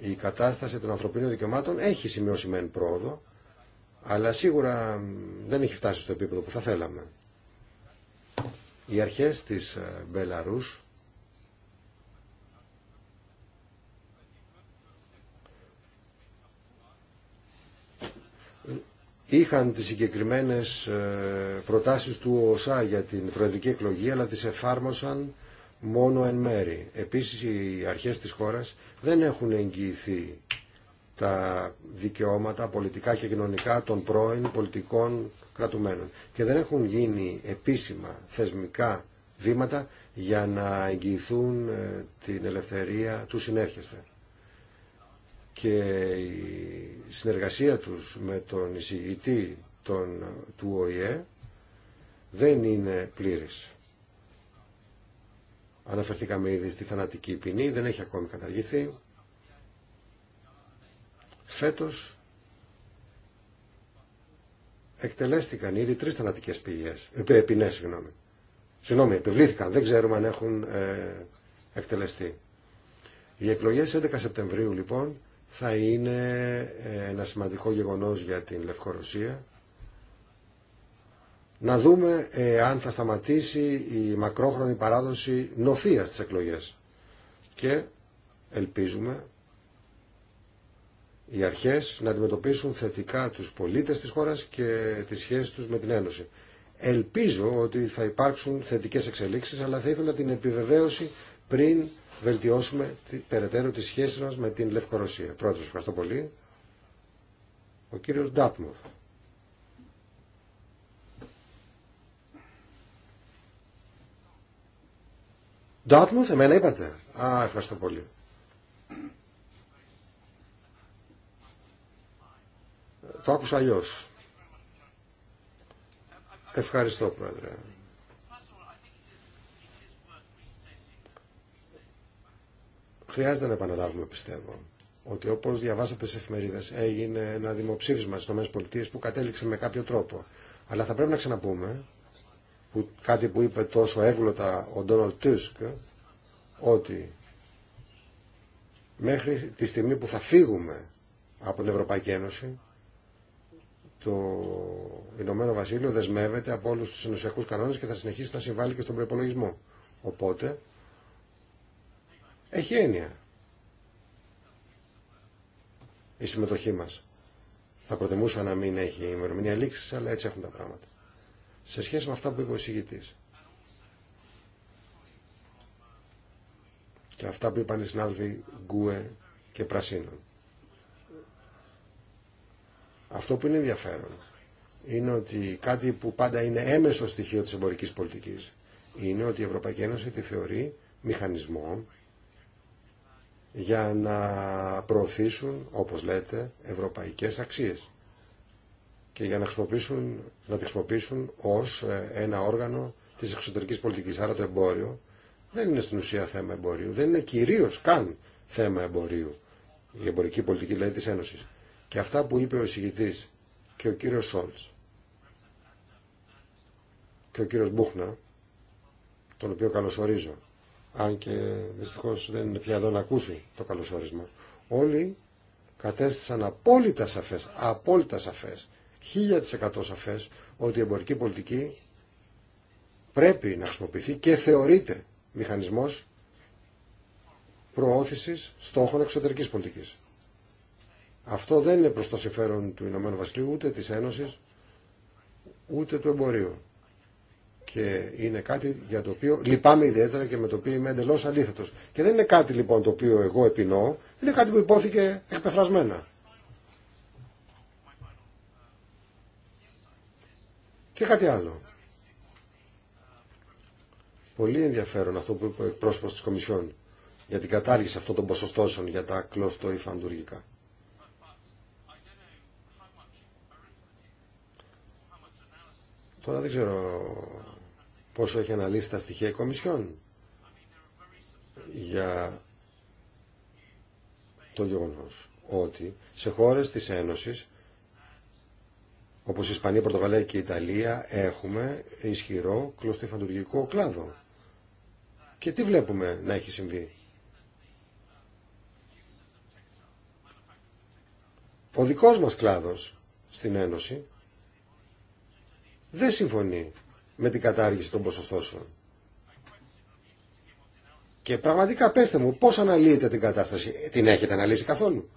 η κατάσταση των ανθρωπίνων δικαιωμάτων έχει σημειώσει μεν πρόοδο, αλλά σίγουρα δεν έχει φτάσει στο επίπεδο που θα θέλαμε. Οι αρχές της ε, Μπελαρούς είχαν τις συγκεκριμένες ε, προτάσεις του ΟΣΑ για την προεδρική εκλογή, αλλά τις εφάρμοσαν μόνο εν μέρη. Επίσης οι αρχές της χώρας δεν έχουν εγγυηθεί τα δικαιώματα πολιτικά και κοινωνικά των πρώην πολιτικών κρατουμένων και δεν έχουν γίνει επίσημα θεσμικά βήματα για να εγγυηθούν ε, την ελευθερία του συνέρχεσθε και η συνεργασία τους με τον εισηγητή τον, του ΟΗΕ δεν είναι πλήρης. Αναφερθήκαμε ήδη στη θανατική ποινή, δεν έχει ακόμη καταργηθεί. Φέτος εκτελέστηκαν ήδη τρεις θανατικές πηγές, ε, ποινές, συγγνώμη. Συγγνώμη, επιβλήθηκαν, δεν ξέρουμε αν έχουν ε, εκτελεστεί. Οι εκλογές 11 Σεπτεμβρίου λοιπόν θα είναι ε, ένα σημαντικό γεγονός για την Λευκορωσία. Να δούμε ε, αν θα σταματήσει η μακρόχρονη παράδοση νοθείας στις εκλογές. Και ελπίζουμε οι αρχές να αντιμετωπίσουν θετικά τους πολίτες της χώρας και τις σχέσεις τους με την Ένωση. Ελπίζω ότι θα υπάρξουν θετικές εξελίξεις, αλλά θα ήθελα την επιβεβαίωση πριν βελτιώσουμε περαιτέρω τις σχέσεις μας με την Λευκορωσία. Πρόεδρος, ευχαριστώ πολύ. Ο κύριος Ντάτμοφ. Ντάτμουθ, εμένα είπατε. Α, ευχαριστώ πολύ. Το άκουσα αλλιώ. Ευχαριστώ, Πρόεδρε. Χρειάζεται να επαναλάβουμε, πιστεύω, ότι όπως διαβάσατε σε εφημερίδες έγινε ένα δημοψήφισμα στι ΗΠΑ που κατέληξε με κάποιο τρόπο. Αλλά θα πρέπει να ξαναπούμε που, κάτι που είπε τόσο εύγλωτα ο Ντόναλτ Τούσκ ότι μέχρι τη στιγμή που θα φύγουμε από την Ευρωπαϊκή Ένωση το Ηνωμένο Βασίλειο δεσμεύεται από όλου του συνοσιακούς κανόνε και θα συνεχίσει να συμβάλλει και στον προπολογισμό. Οπότε έχει έννοια η συμμετοχή μα. Θα προτιμούσα να μην έχει ημερομηνία λήξη, αλλά έτσι έχουν τα πράγματα. Σε σχέση με αυτά που είπε ο εισηγητή. και αυτά που είπαν οι συνάδελφοι Γκουε και Πρασίνων. Αυτό που είναι ενδιαφέρον είναι ότι κάτι που πάντα είναι έμεσο στοιχείο της εμπορικής πολιτικής είναι ότι η Ευρωπαϊκή Ένωση τη θεωρεί μηχανισμό για να προωθήσουν, όπως λέτε, ευρωπαϊκές αξίες και για να, χρησιμοποιήσουν, να τις χρησιμοποιήσουν ως ε, ένα όργανο της εξωτερικής πολιτικής. Άρα το εμπόριο δεν είναι στην ουσία θέμα εμπορίου, δεν είναι κυρίως καν θέμα εμπορίου η εμπορική πολιτική δηλαδή της Ένωσης. Και αυτά που είπε ο εισηγητής και ο κύριος Σόλτς και ο κύριος Μπούχνα, τον οποίο καλωσορίζω, αν και δυστυχώ δεν είναι πια εδώ να ακούσει το καλωσόρισμα, όλοι κατέστησαν απόλυτα σαφές, απόλυτα σαφές, 1000% σαφέ ότι η εμπορική πολιτική πρέπει να χρησιμοποιηθεί και θεωρείται μηχανισμός προώθηση στόχων εξωτερική πολιτική. Αυτό δεν είναι προ το συμφέρον του Ηνωμένου Βασιλείου, ούτε της Ένωση, ούτε του εμπορίου. Και είναι κάτι για το οποίο λυπάμαι ιδιαίτερα και με το οποίο είμαι εντελώ αντίθετο. Και δεν είναι κάτι λοιπόν το οποίο εγώ επινοώ, είναι κάτι που υπόθηκε εκπεφρασμένα. Και κάτι άλλο. Πολύ ενδιαφέρον αυτό που είπε ο εκπρόσωπο τη Κομισιόν για την κατάργηση αυτών των ποσοστώσεων για τα κλώστο ή Τώρα δεν ξέρω πόσο έχει αναλύσει τα στοιχεία η για το γεγονός ότι σε χώρες της Ένωσης όπως η Ισπανία, η Πορτογαλία και η Ιταλία έχουμε ισχυρό κλωστιφαντουργικό κλάδο. Και τι βλέπουμε να έχει συμβεί. Ο δικός μας κλάδος στην Ένωση δεν συμφωνεί με την κατάργηση των ποσοστώσεων. Και πραγματικά πέστε μου πώς αναλύετε την κατάσταση. Ε, την έχετε αναλύσει καθόλου.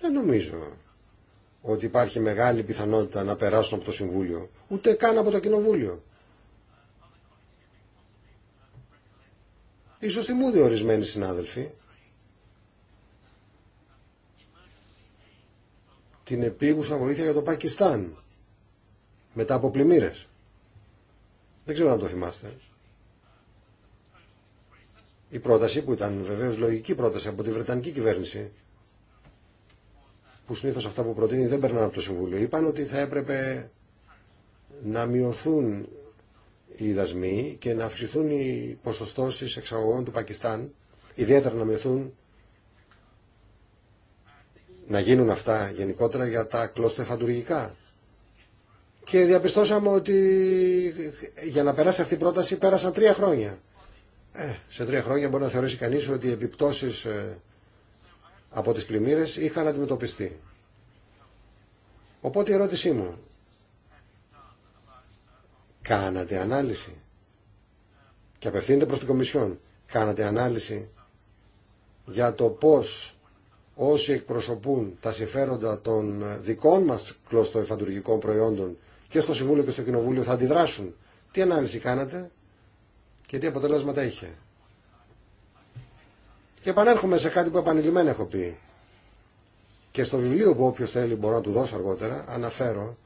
Δεν νομίζω ότι υπάρχει μεγάλη πιθανότητα να περάσουν από το Συμβούλιο, ούτε καν από το Κοινοβούλιο. Ίσως θυμούνται ορισμένοι συνάδελφοι την επίγουσα βοήθεια για το Πακιστάν μετά από πλημμύρε. Δεν ξέρω αν το θυμάστε. Η πρόταση που ήταν βεβαίως λογική πρόταση από τη Βρετανική κυβέρνηση που συνήθως αυτά που προτείνει δεν περνάνε από το Συμβούλιο. Είπαν ότι θα έπρεπε να μειωθούν οι δασμοί και να αυξηθούν οι ποσοστώσεις εξαγωγών του Πακιστάν, ιδιαίτερα να μειωθούν να γίνουν αυτά γενικότερα για τα κλωστεφαντουργικά και διαπιστώσαμε ότι για να περάσει αυτή η πρόταση πέρασαν τρία χρόνια. Ε, σε τρία χρόνια μπορεί να θεωρήσει κανείς ότι οι επιπτώσεις ε, από τις πλημμύρες είχαν αντιμετωπιστεί. Οπότε η ερώτησή μου, κάνατε ανάλυση και απευθύνεται προς την Κομισιόν, κάνατε ανάλυση για το πώς όσοι εκπροσωπούν τα συμφέροντα των δικών μας κλωστοεφαντουργικών προϊόντων και στο Συμβούλιο και στο Κοινοβούλιο θα αντιδράσουν. Τι ανάλυση κάνατε και τι αποτελέσματα είχε. Και επανέρχομαι σε κάτι που επανειλημμένα έχω πει. Και στο βιβλίο που όποιο θέλει μπορώ να του δώσω αργότερα, αναφέρω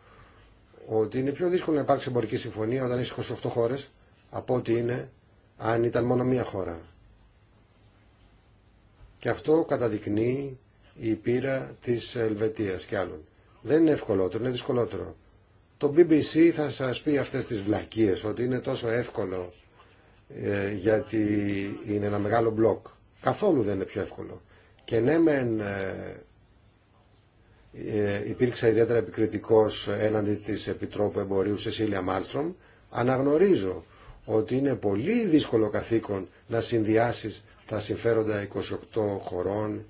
ότι είναι πιο δύσκολο να υπάρξει εμπορική συμφωνία όταν έχει 28 χώρε από ότι είναι αν ήταν μόνο μία χώρα. Και αυτό καταδεικνύει η πείρα της Ελβετίας και άλλων. Δεν είναι ευκολότερο, είναι δυσκολότερο. Το BBC θα σας πει αυτές τις βλακίες ότι είναι τόσο εύκολο ε, γιατί είναι ένα μεγάλο μπλοκ. Καθόλου δεν είναι πιο εύκολο. Και ναι μεν ε, ε, υπήρξα ιδιαίτερα επικριτικός έναντι της Επιτρόπου Εμπορίου Σεσίλια Μάλστρομ. Αναγνωρίζω ότι είναι πολύ δύσκολο καθήκον να συνδυάσεις τα συμφέροντα 28 χωρών,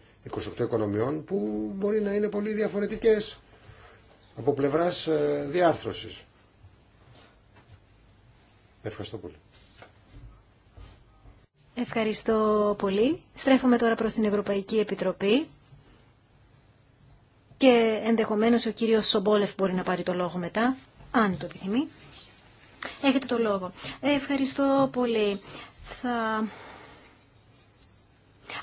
28 οικονομιών που μπορεί να είναι πολύ διαφορετικές από πλευράς ε, διάρθρωσης. Ευχαριστώ πολύ. Ευχαριστώ πολύ. Στρέφουμε τώρα προς την Ευρωπαϊκή Επιτροπή και ενδεχομένως ο κύριος Σομπόλεφ μπορεί να πάρει το λόγο μετά, αν το επιθυμεί. Έχετε το λόγο. Ε, ευχαριστώ πολύ. Θα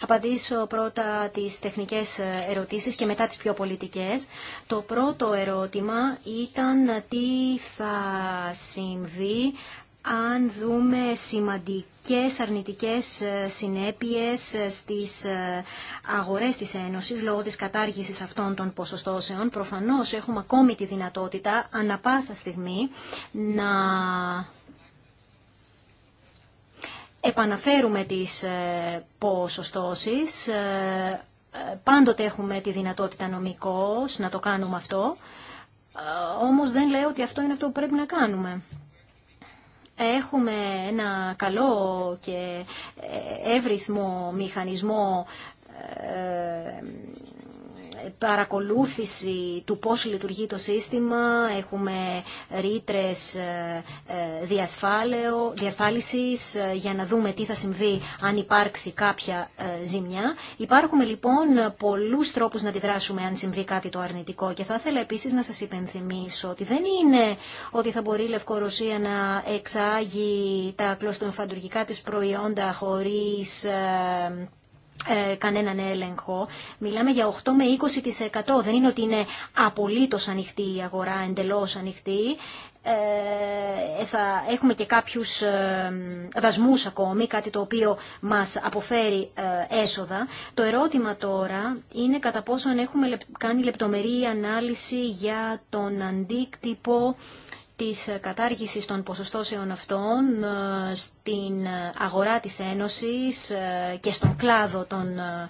απαντήσω πρώτα τις τεχνικές ερωτήσεις και μετά τις πιο πολιτικές. Το πρώτο ερώτημα ήταν τι θα συμβεί αν δούμε σημαντικές αρνητικές συνέπειες στις αγορές της Ένωσης λόγω της κατάργησης αυτών των ποσοστώσεων, προφανώς έχουμε ακόμη τη δυνατότητα ανα πάσα στιγμή να επαναφέρουμε τις ε, ποσοστώσεις, ε, πάντοτε έχουμε τη δυνατότητα νομικώς να το κάνουμε αυτό, ε, όμως δεν λέω ότι αυτό είναι αυτό που πρέπει να κάνουμε. Έχουμε ένα καλό και εύρυθμο μηχανισμό παρακολούθηση του πώς λειτουργεί το σύστημα, έχουμε ρήτρε ε, ε, διασφάλισης ε, για να δούμε τι θα συμβεί αν υπάρξει κάποια ζημιά. Υπάρχουν λοιπόν πολλούς τρόπους να αντιδράσουμε αν συμβεί κάτι το αρνητικό και θα ήθελα επίσης να σας υπενθυμίσω ότι δεν είναι ότι θα μπορεί η Λευκορωσία να εξάγει τα κλωστοεμφαντουργικά της προϊόντα χωρίς ε, κανέναν έλεγχο. Μιλάμε για 8 με 20%. Δεν είναι ότι είναι απολύτως ανοιχτή η αγορά, εντελώς ανοιχτή. Ε, ε, θα έχουμε και κάποιους δασμούς ακόμη, κάτι το οποίο μας αποφέρει έσοδα. Το ερώτημα τώρα είναι κατά πόσο αν έχουμε κάνει λεπτομερή ανάλυση για τον αντίκτυπο της κατάργησης των ποσοστώσεων αυτών ε, στην αγορά της Ένωσης ε, και στον κλάδο των, ε,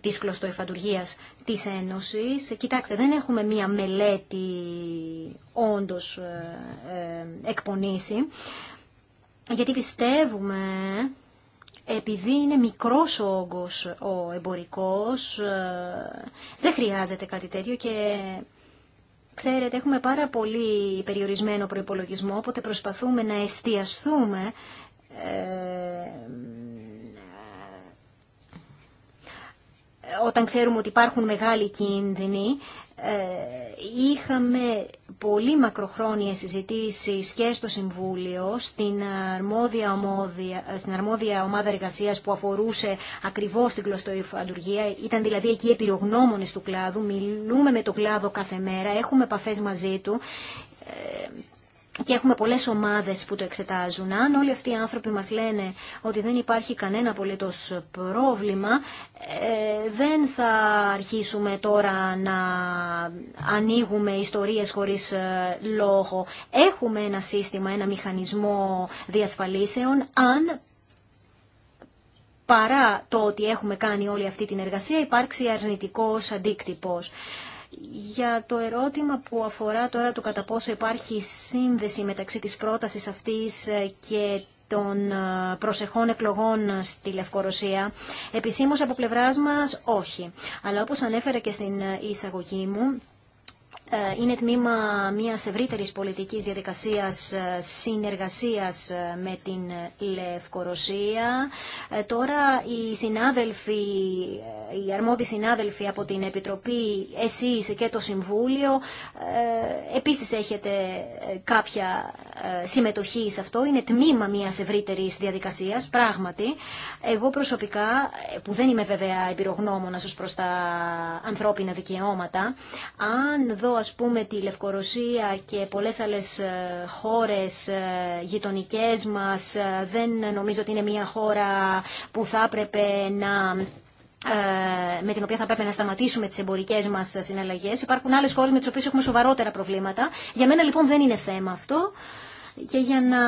της κλωστοϊφαντουργίας της Ένωσης. Κοιτάξτε, δεν έχουμε μία μελέτη όντως εκπονήσει, γιατί πιστεύουμε επειδή είναι μικρός ο όγκος ο εμπορικός, δεν χρειάζεται κάτι τέτοιο και Ξέρετε, έχουμε πάρα πολύ περιορισμένο προϋπολογισμό, οπότε προσπαθούμε να εστιαστούμε ε, ε, όταν ξέρουμε ότι υπάρχουν μεγάλοι κίνδυνοι ε, είχαμε πολύ μακροχρόνιες συζητήσεις και στο Συμβούλιο, στην αρμόδια, ομόδια, στην αρμόδια ομάδα εργασίας που αφορούσε ακριβώς την κλωστοϊφαντουργία. Ήταν δηλαδή εκεί επιρρογνώμονες του κλάδου, μιλούμε με τον κλάδο κάθε μέρα, έχουμε επαφές μαζί του ε, και έχουμε πολλές ομάδες που το εξετάζουν. Αν όλοι αυτοί οι άνθρωποι μας λένε ότι δεν υπάρχει κανένα απολύτως πρόβλημα, ε, δεν θα αρχίσουμε τώρα να ανοίγουμε ιστορίες χωρίς ε, λόγο. Έχουμε ένα σύστημα, ένα μηχανισμό διασφαλίσεων, αν παρά το ότι έχουμε κάνει όλη αυτή την εργασία υπάρξει αρνητικός αντίκτυπος για το ερώτημα που αφορά τώρα το κατά πόσο υπάρχει σύνδεση μεταξύ της πρότασης αυτής ε, και των ε, προσεχών εκλογών στη Λευκορωσία. Επισήμως από πλευράς μας όχι. Αλλά όπως ανέφερα και στην ε, εισαγωγή μου, ε, είναι τμήμα μιας ευρύτερης πολιτικής διαδικασίας ε, συνεργασίας ε, με την Λευκορωσία. Τώρα οι συνάδελφοι, οι αρμόδιοι συνάδελφοι από την Επιτροπή, εσείς και το Συμβούλιο, επίσης έχετε κάποια συμμετοχή σε αυτό. Είναι τμήμα μια ευρύτερης διαδικασίας, πράγματι. Εγώ προσωπικά, που δεν είμαι βέβαια εμπειρογνώμονας ως προς τα ανθρώπινα δικαιώματα, αν ας πούμε τη Λευκορωσία και πολλές άλλες ε, χώρες ε, γειτονικές μας ε, δεν νομίζω ότι είναι μια χώρα που θα έπρεπε να με την οποία θα πρέπει να σταματήσουμε τις εμπορικές μας συναλλαγές. Υπάρχουν άλλες χώρες με τις οποίες έχουμε σοβαρότερα προβλήματα. Για μένα λοιπόν δεν είναι θέμα αυτό. Και για να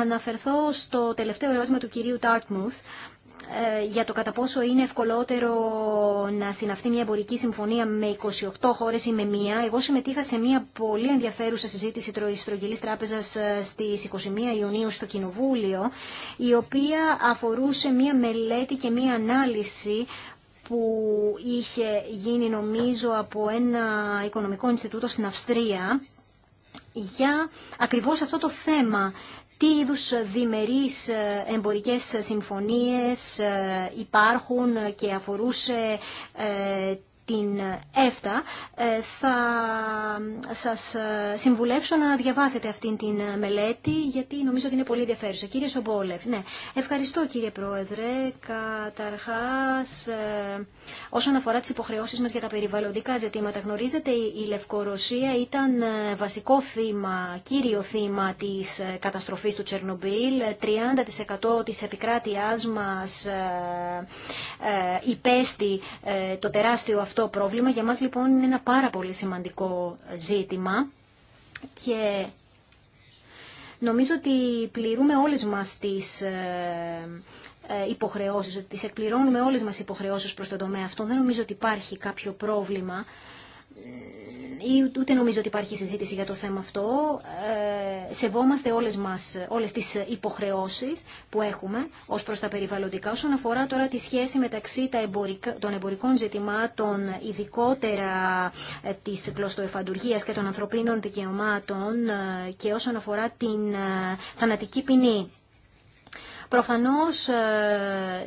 αναφερθώ στο τελευταίο ερώτημα του κυρίου Τάρτμουθ, ε, για το κατά πόσο είναι ευκολότερο να συναυθεί μια εμπορική συμφωνία με 28 χώρες ή με μία. Εγώ συμμετείχα σε μια πολύ ενδιαφέρουσα συζήτηση της Τρογγυλής Τράπεζας ε, στις 21 Ιουνίου στο Κοινοβούλιο, η οποία αφορούσε μια μελέτη και μια ανάλυση που είχε γίνει νομίζω από ένα οικονομικό Ινστιτούτο στην Αυστρία για ακριβώς αυτό το θέμα, τι είδους διμερείς ε, εμπορικές συμφωνίες ε, υπάρχουν και αφορούσε ε, την ΕΦΤΑ ε, θα σας ε, συμβουλεύσω να διαβάσετε αυτήν την μελέτη γιατί νομίζω ότι είναι πολύ ενδιαφέρουσα. Κύριε Σομπόλεφ, ναι. Ευχαριστώ κύριε Πρόεδρε. Καταρχάς, ε, όσον αφορά τις υποχρεώσεις μας για τα περιβαλλοντικά ζητήματα, γνωρίζετε η Λευκορωσία ήταν βασικό θύμα, κύριο θύμα της καταστροφής του Τσερνομπίλ. 30% της επικράτειάς μας υπέστη το τεράστιο αυτό το πρόβλημα. Για μας λοιπόν είναι ένα πάρα πολύ σημαντικό ζήτημα και νομίζω ότι πληρούμε όλες μας τις ε, ε, υποχρεώσεις, ότι τις εκπληρώνουμε όλες μας υποχρεώσεις προς τον τομέα αυτό. Δεν νομίζω ότι υπάρχει κάποιο πρόβλημα ούτε νομίζω ότι υπάρχει συζήτηση για το θέμα αυτό. Ε, σεβόμαστε όλες, μας, όλες τις υποχρεώσεις που έχουμε ως προς τα περιβαλλοντικά. Όσον αφορά τώρα τη σχέση μεταξύ των εμπορικών ζητημάτων, ειδικότερα ε, της κλωστοεφαντουργίας και των ανθρωπίνων δικαιωμάτων ε, και όσον αφορά την θανατική ποινή Προφανώς ε,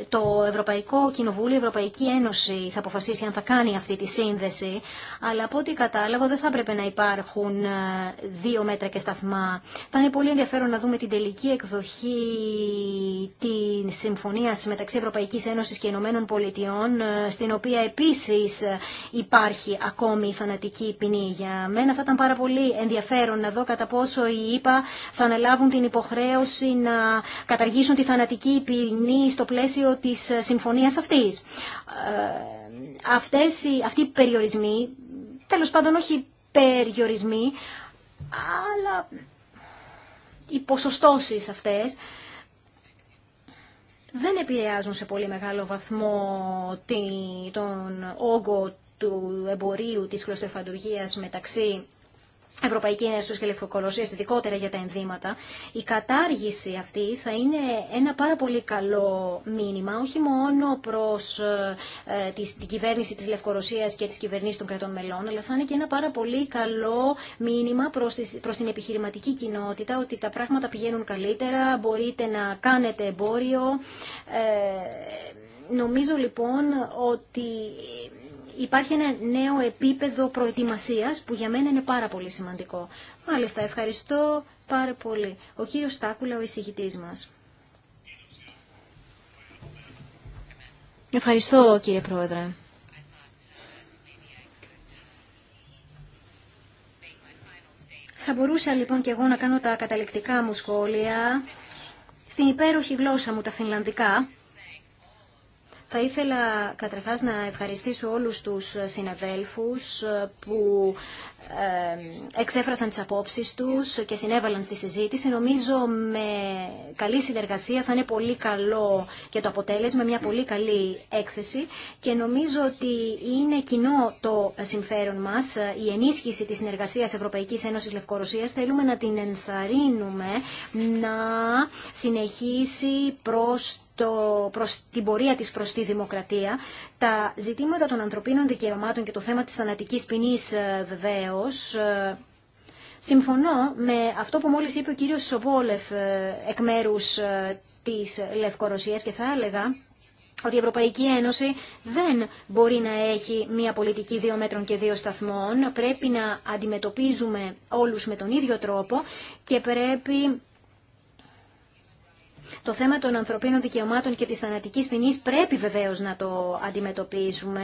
το Ευρωπαϊκό Κοινοβούλιο, η Ευρωπαϊκή Ένωση θα αποφασίσει αν θα κάνει αυτή τη σύνδεση, αλλά από ό,τι κατάλαβα δεν θα έπρεπε να υπάρχουν ε, δύο μέτρα και σταθμά. Θα είναι πολύ ενδιαφέρον να δούμε την τελική εκδοχή τη συμφωνία μεταξύ Ευρωπαϊκής Ένωσης και Ηνωμένων Πολιτειών, ε, στην οποία επίσης υπάρχει ακόμη η θανατική ποινή. Για μένα θα ήταν πάρα πολύ ενδιαφέρον να δω κατά πόσο οι ΗΠΑ θα αναλάβουν την υποχρέωση να καταργήσουν θανατική ποινή στο πλαίσιο της ε, συμφωνίας αυτής. Ε, αυτές, αυτοί οι περιορισμοί, τέλος πάντων όχι περιορισμοί, αλλά οι ποσοστώσεις αυτές, δεν επηρεάζουν σε πολύ μεγάλο βαθμό τον όγκο του εμπορίου της χρωστοεφαντουργίας μεταξύ Ευρωπαϊκή Ένωση και Λευκοκολοσία, ειδικότερα για τα ενδύματα, η κατάργηση αυτή θα είναι ένα πάρα πολύ καλό μήνυμα, όχι μόνο προ ε, την κυβέρνηση τη Λευκορωσία και τι κυβερνήσει των κρατών μελών, αλλά θα είναι και ένα πάρα πολύ καλό μήνυμα προ την επιχειρηματική κοινότητα ότι τα πράγματα πηγαίνουν καλύτερα, μπορείτε να κάνετε εμπόριο. Ε, νομίζω λοιπόν ότι υπάρχει ένα νέο επίπεδο προετοιμασίας που για μένα είναι πάρα πολύ σημαντικό. Μάλιστα, ευχαριστώ πάρα πολύ. Ο κύριος Στάκουλα, ο εισηγητής μας. Ευχαριστώ κύριε Πρόεδρε. Θα μπορούσα λοιπόν και εγώ να κάνω τα καταληκτικά μου σχόλια στην υπέροχη γλώσσα μου τα φινλανδικά. Θα ήθελα καταρχάς να ευχαριστήσω όλους τους συναδέλφους που εξέφρασαν τις απόψεις τους και συνέβαλαν στη συζήτηση. Νομίζω με καλή συνεργασία θα είναι πολύ καλό και το αποτέλεσμα, μια πολύ καλή έκθεση και νομίζω ότι είναι κοινό το συμφέρον μας η ενίσχυση της συνεργασίας Ευρωπαϊκής Ένωσης Λευκορωσίας. Θέλουμε να την ενθαρρύνουμε να συνεχίσει προς το, προς την πορεία της προς τη δημοκρατία. Τα ζητήματα των ανθρωπίνων δικαιωμάτων και το θέμα της θανατικής ποινής ε, βεβαίως ε, Συμφωνώ με αυτό που μόλις είπε ο κύριος Σοβόλεφ ε, εκ μέρους της Λευκορωσίας και θα έλεγα ότι η Ευρωπαϊκή Ένωση δεν μπορεί να έχει μια πολιτική δύο μέτρων και δύο σταθμών. Πρέπει να αντιμετωπίζουμε όλους με τον ίδιο τρόπο και πρέπει το θέμα των ανθρωπίνων δικαιωμάτων και της θανατικής ποινής πρέπει βεβαίως να το αντιμετωπίσουμε.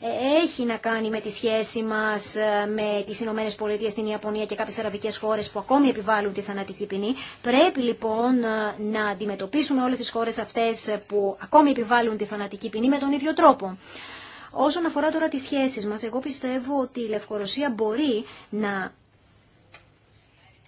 Ε, έχει να κάνει με τη σχέση μας ε, με τις Ηνωμένε Πολιτείε, στην Ιαπωνία και κάποιες αραβικές χώρες που ακόμη επιβάλλουν τη θανατική ποινή. Πρέπει λοιπόν ε, να αντιμετωπίσουμε όλες τις χώρες αυτές που ακόμη επιβάλλουν τη θανατική ποινή με τον ίδιο τρόπο. Όσον αφορά τώρα τις σχέσεις μας, εγώ πιστεύω ότι η Λευκορωσία μπορεί να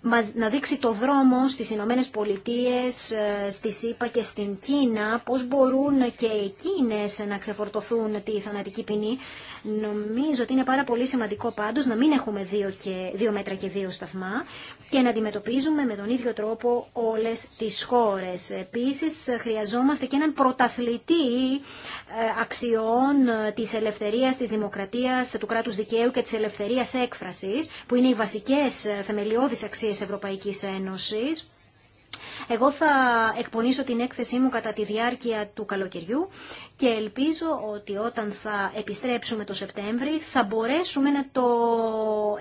μας, να δείξει το δρόμο στις Ηνωμένε Πολιτείες, ε, στη ΣΥΠΑ και στην Κίνα, πώς μπορούν και εκείνες να ξεφορτωθούν τη θανατική ποινή. Νομίζω ότι είναι πάρα πολύ σημαντικό πάντως να μην έχουμε δύο, και, δύο μέτρα και δύο σταθμά, και να αντιμετωπίζουμε με τον ίδιο τρόπο όλες τις χώρες. Επίσης, χρειαζόμαστε και έναν πρωταθλητή ε, αξιών ε, της ελευθερίας, της δημοκρατίας, του κράτους δικαίου και της ελευθερίας έκφρασης, που είναι οι βασικές ε, θεμελιώδεις αξίες Ευρωπαϊκής Ένωσης. Εγώ θα εκπονήσω την έκθεσή μου κατά τη διάρκεια του καλοκαιριού και ελπίζω ότι όταν θα επιστρέψουμε το Σεπτέμβρη θα μπορέσουμε να το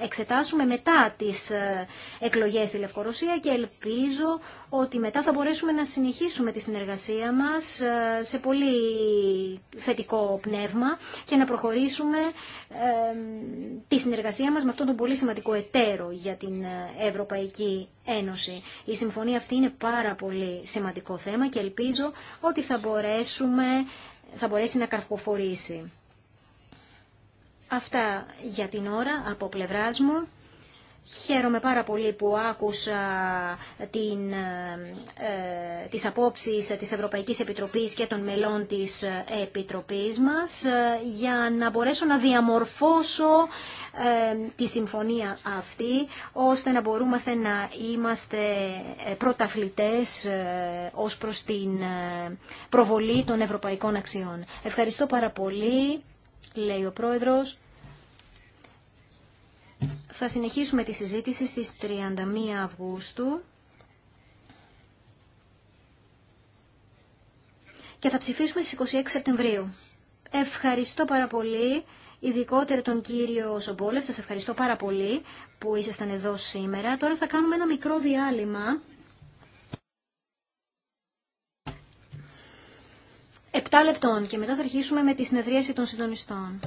εξετάσουμε μετά τις ε, εκλογές στη Λευκορωσία και ελπίζω ότι μετά θα μπορέσουμε να συνεχίσουμε τη συνεργασία μας ε, σε πολύ θετικό πνεύμα και να προχωρήσουμε ε, τη συνεργασία μας με αυτόν τον πολύ σημαντικό εταίρο για την Ευρωπαϊκή Ένωση. Η συμφωνία αυτή είναι πάρα πολύ σημαντικό θέμα και ελπίζω ότι θα μπορέσουμε θα μπορέσει να καρποφορήσει. Αυτά για την ώρα από πλευράς μου. Χαίρομαι πάρα πολύ που άκουσα την, ε, ε, τις απόψεις της Ευρωπαϊκής Επιτροπής και των μελών της Επιτροπής μας ε, για να μπορέσω να διαμορφώσω ε, τη συμφωνία αυτή ώστε να μπορούμε να είμαστε πρωταθλητές ε, ως προς την προβολή των ευρωπαϊκών αξιών. Ευχαριστώ πάρα πολύ, λέει ο Πρόεδρος. Θα συνεχίσουμε τη συζήτηση στις 31 Αυγούστου και θα ψηφίσουμε στις 26 Σεπτεμβρίου. Ευχαριστώ πάρα πολύ, ειδικότερα τον κύριο Σομπόλευ, σας ευχαριστώ πάρα πολύ που ήσασταν εδώ σήμερα. Τώρα θα κάνουμε ένα μικρό διάλειμμα. Επτά λεπτών και μετά θα αρχίσουμε με τη συνεδρίαση των συντονιστών.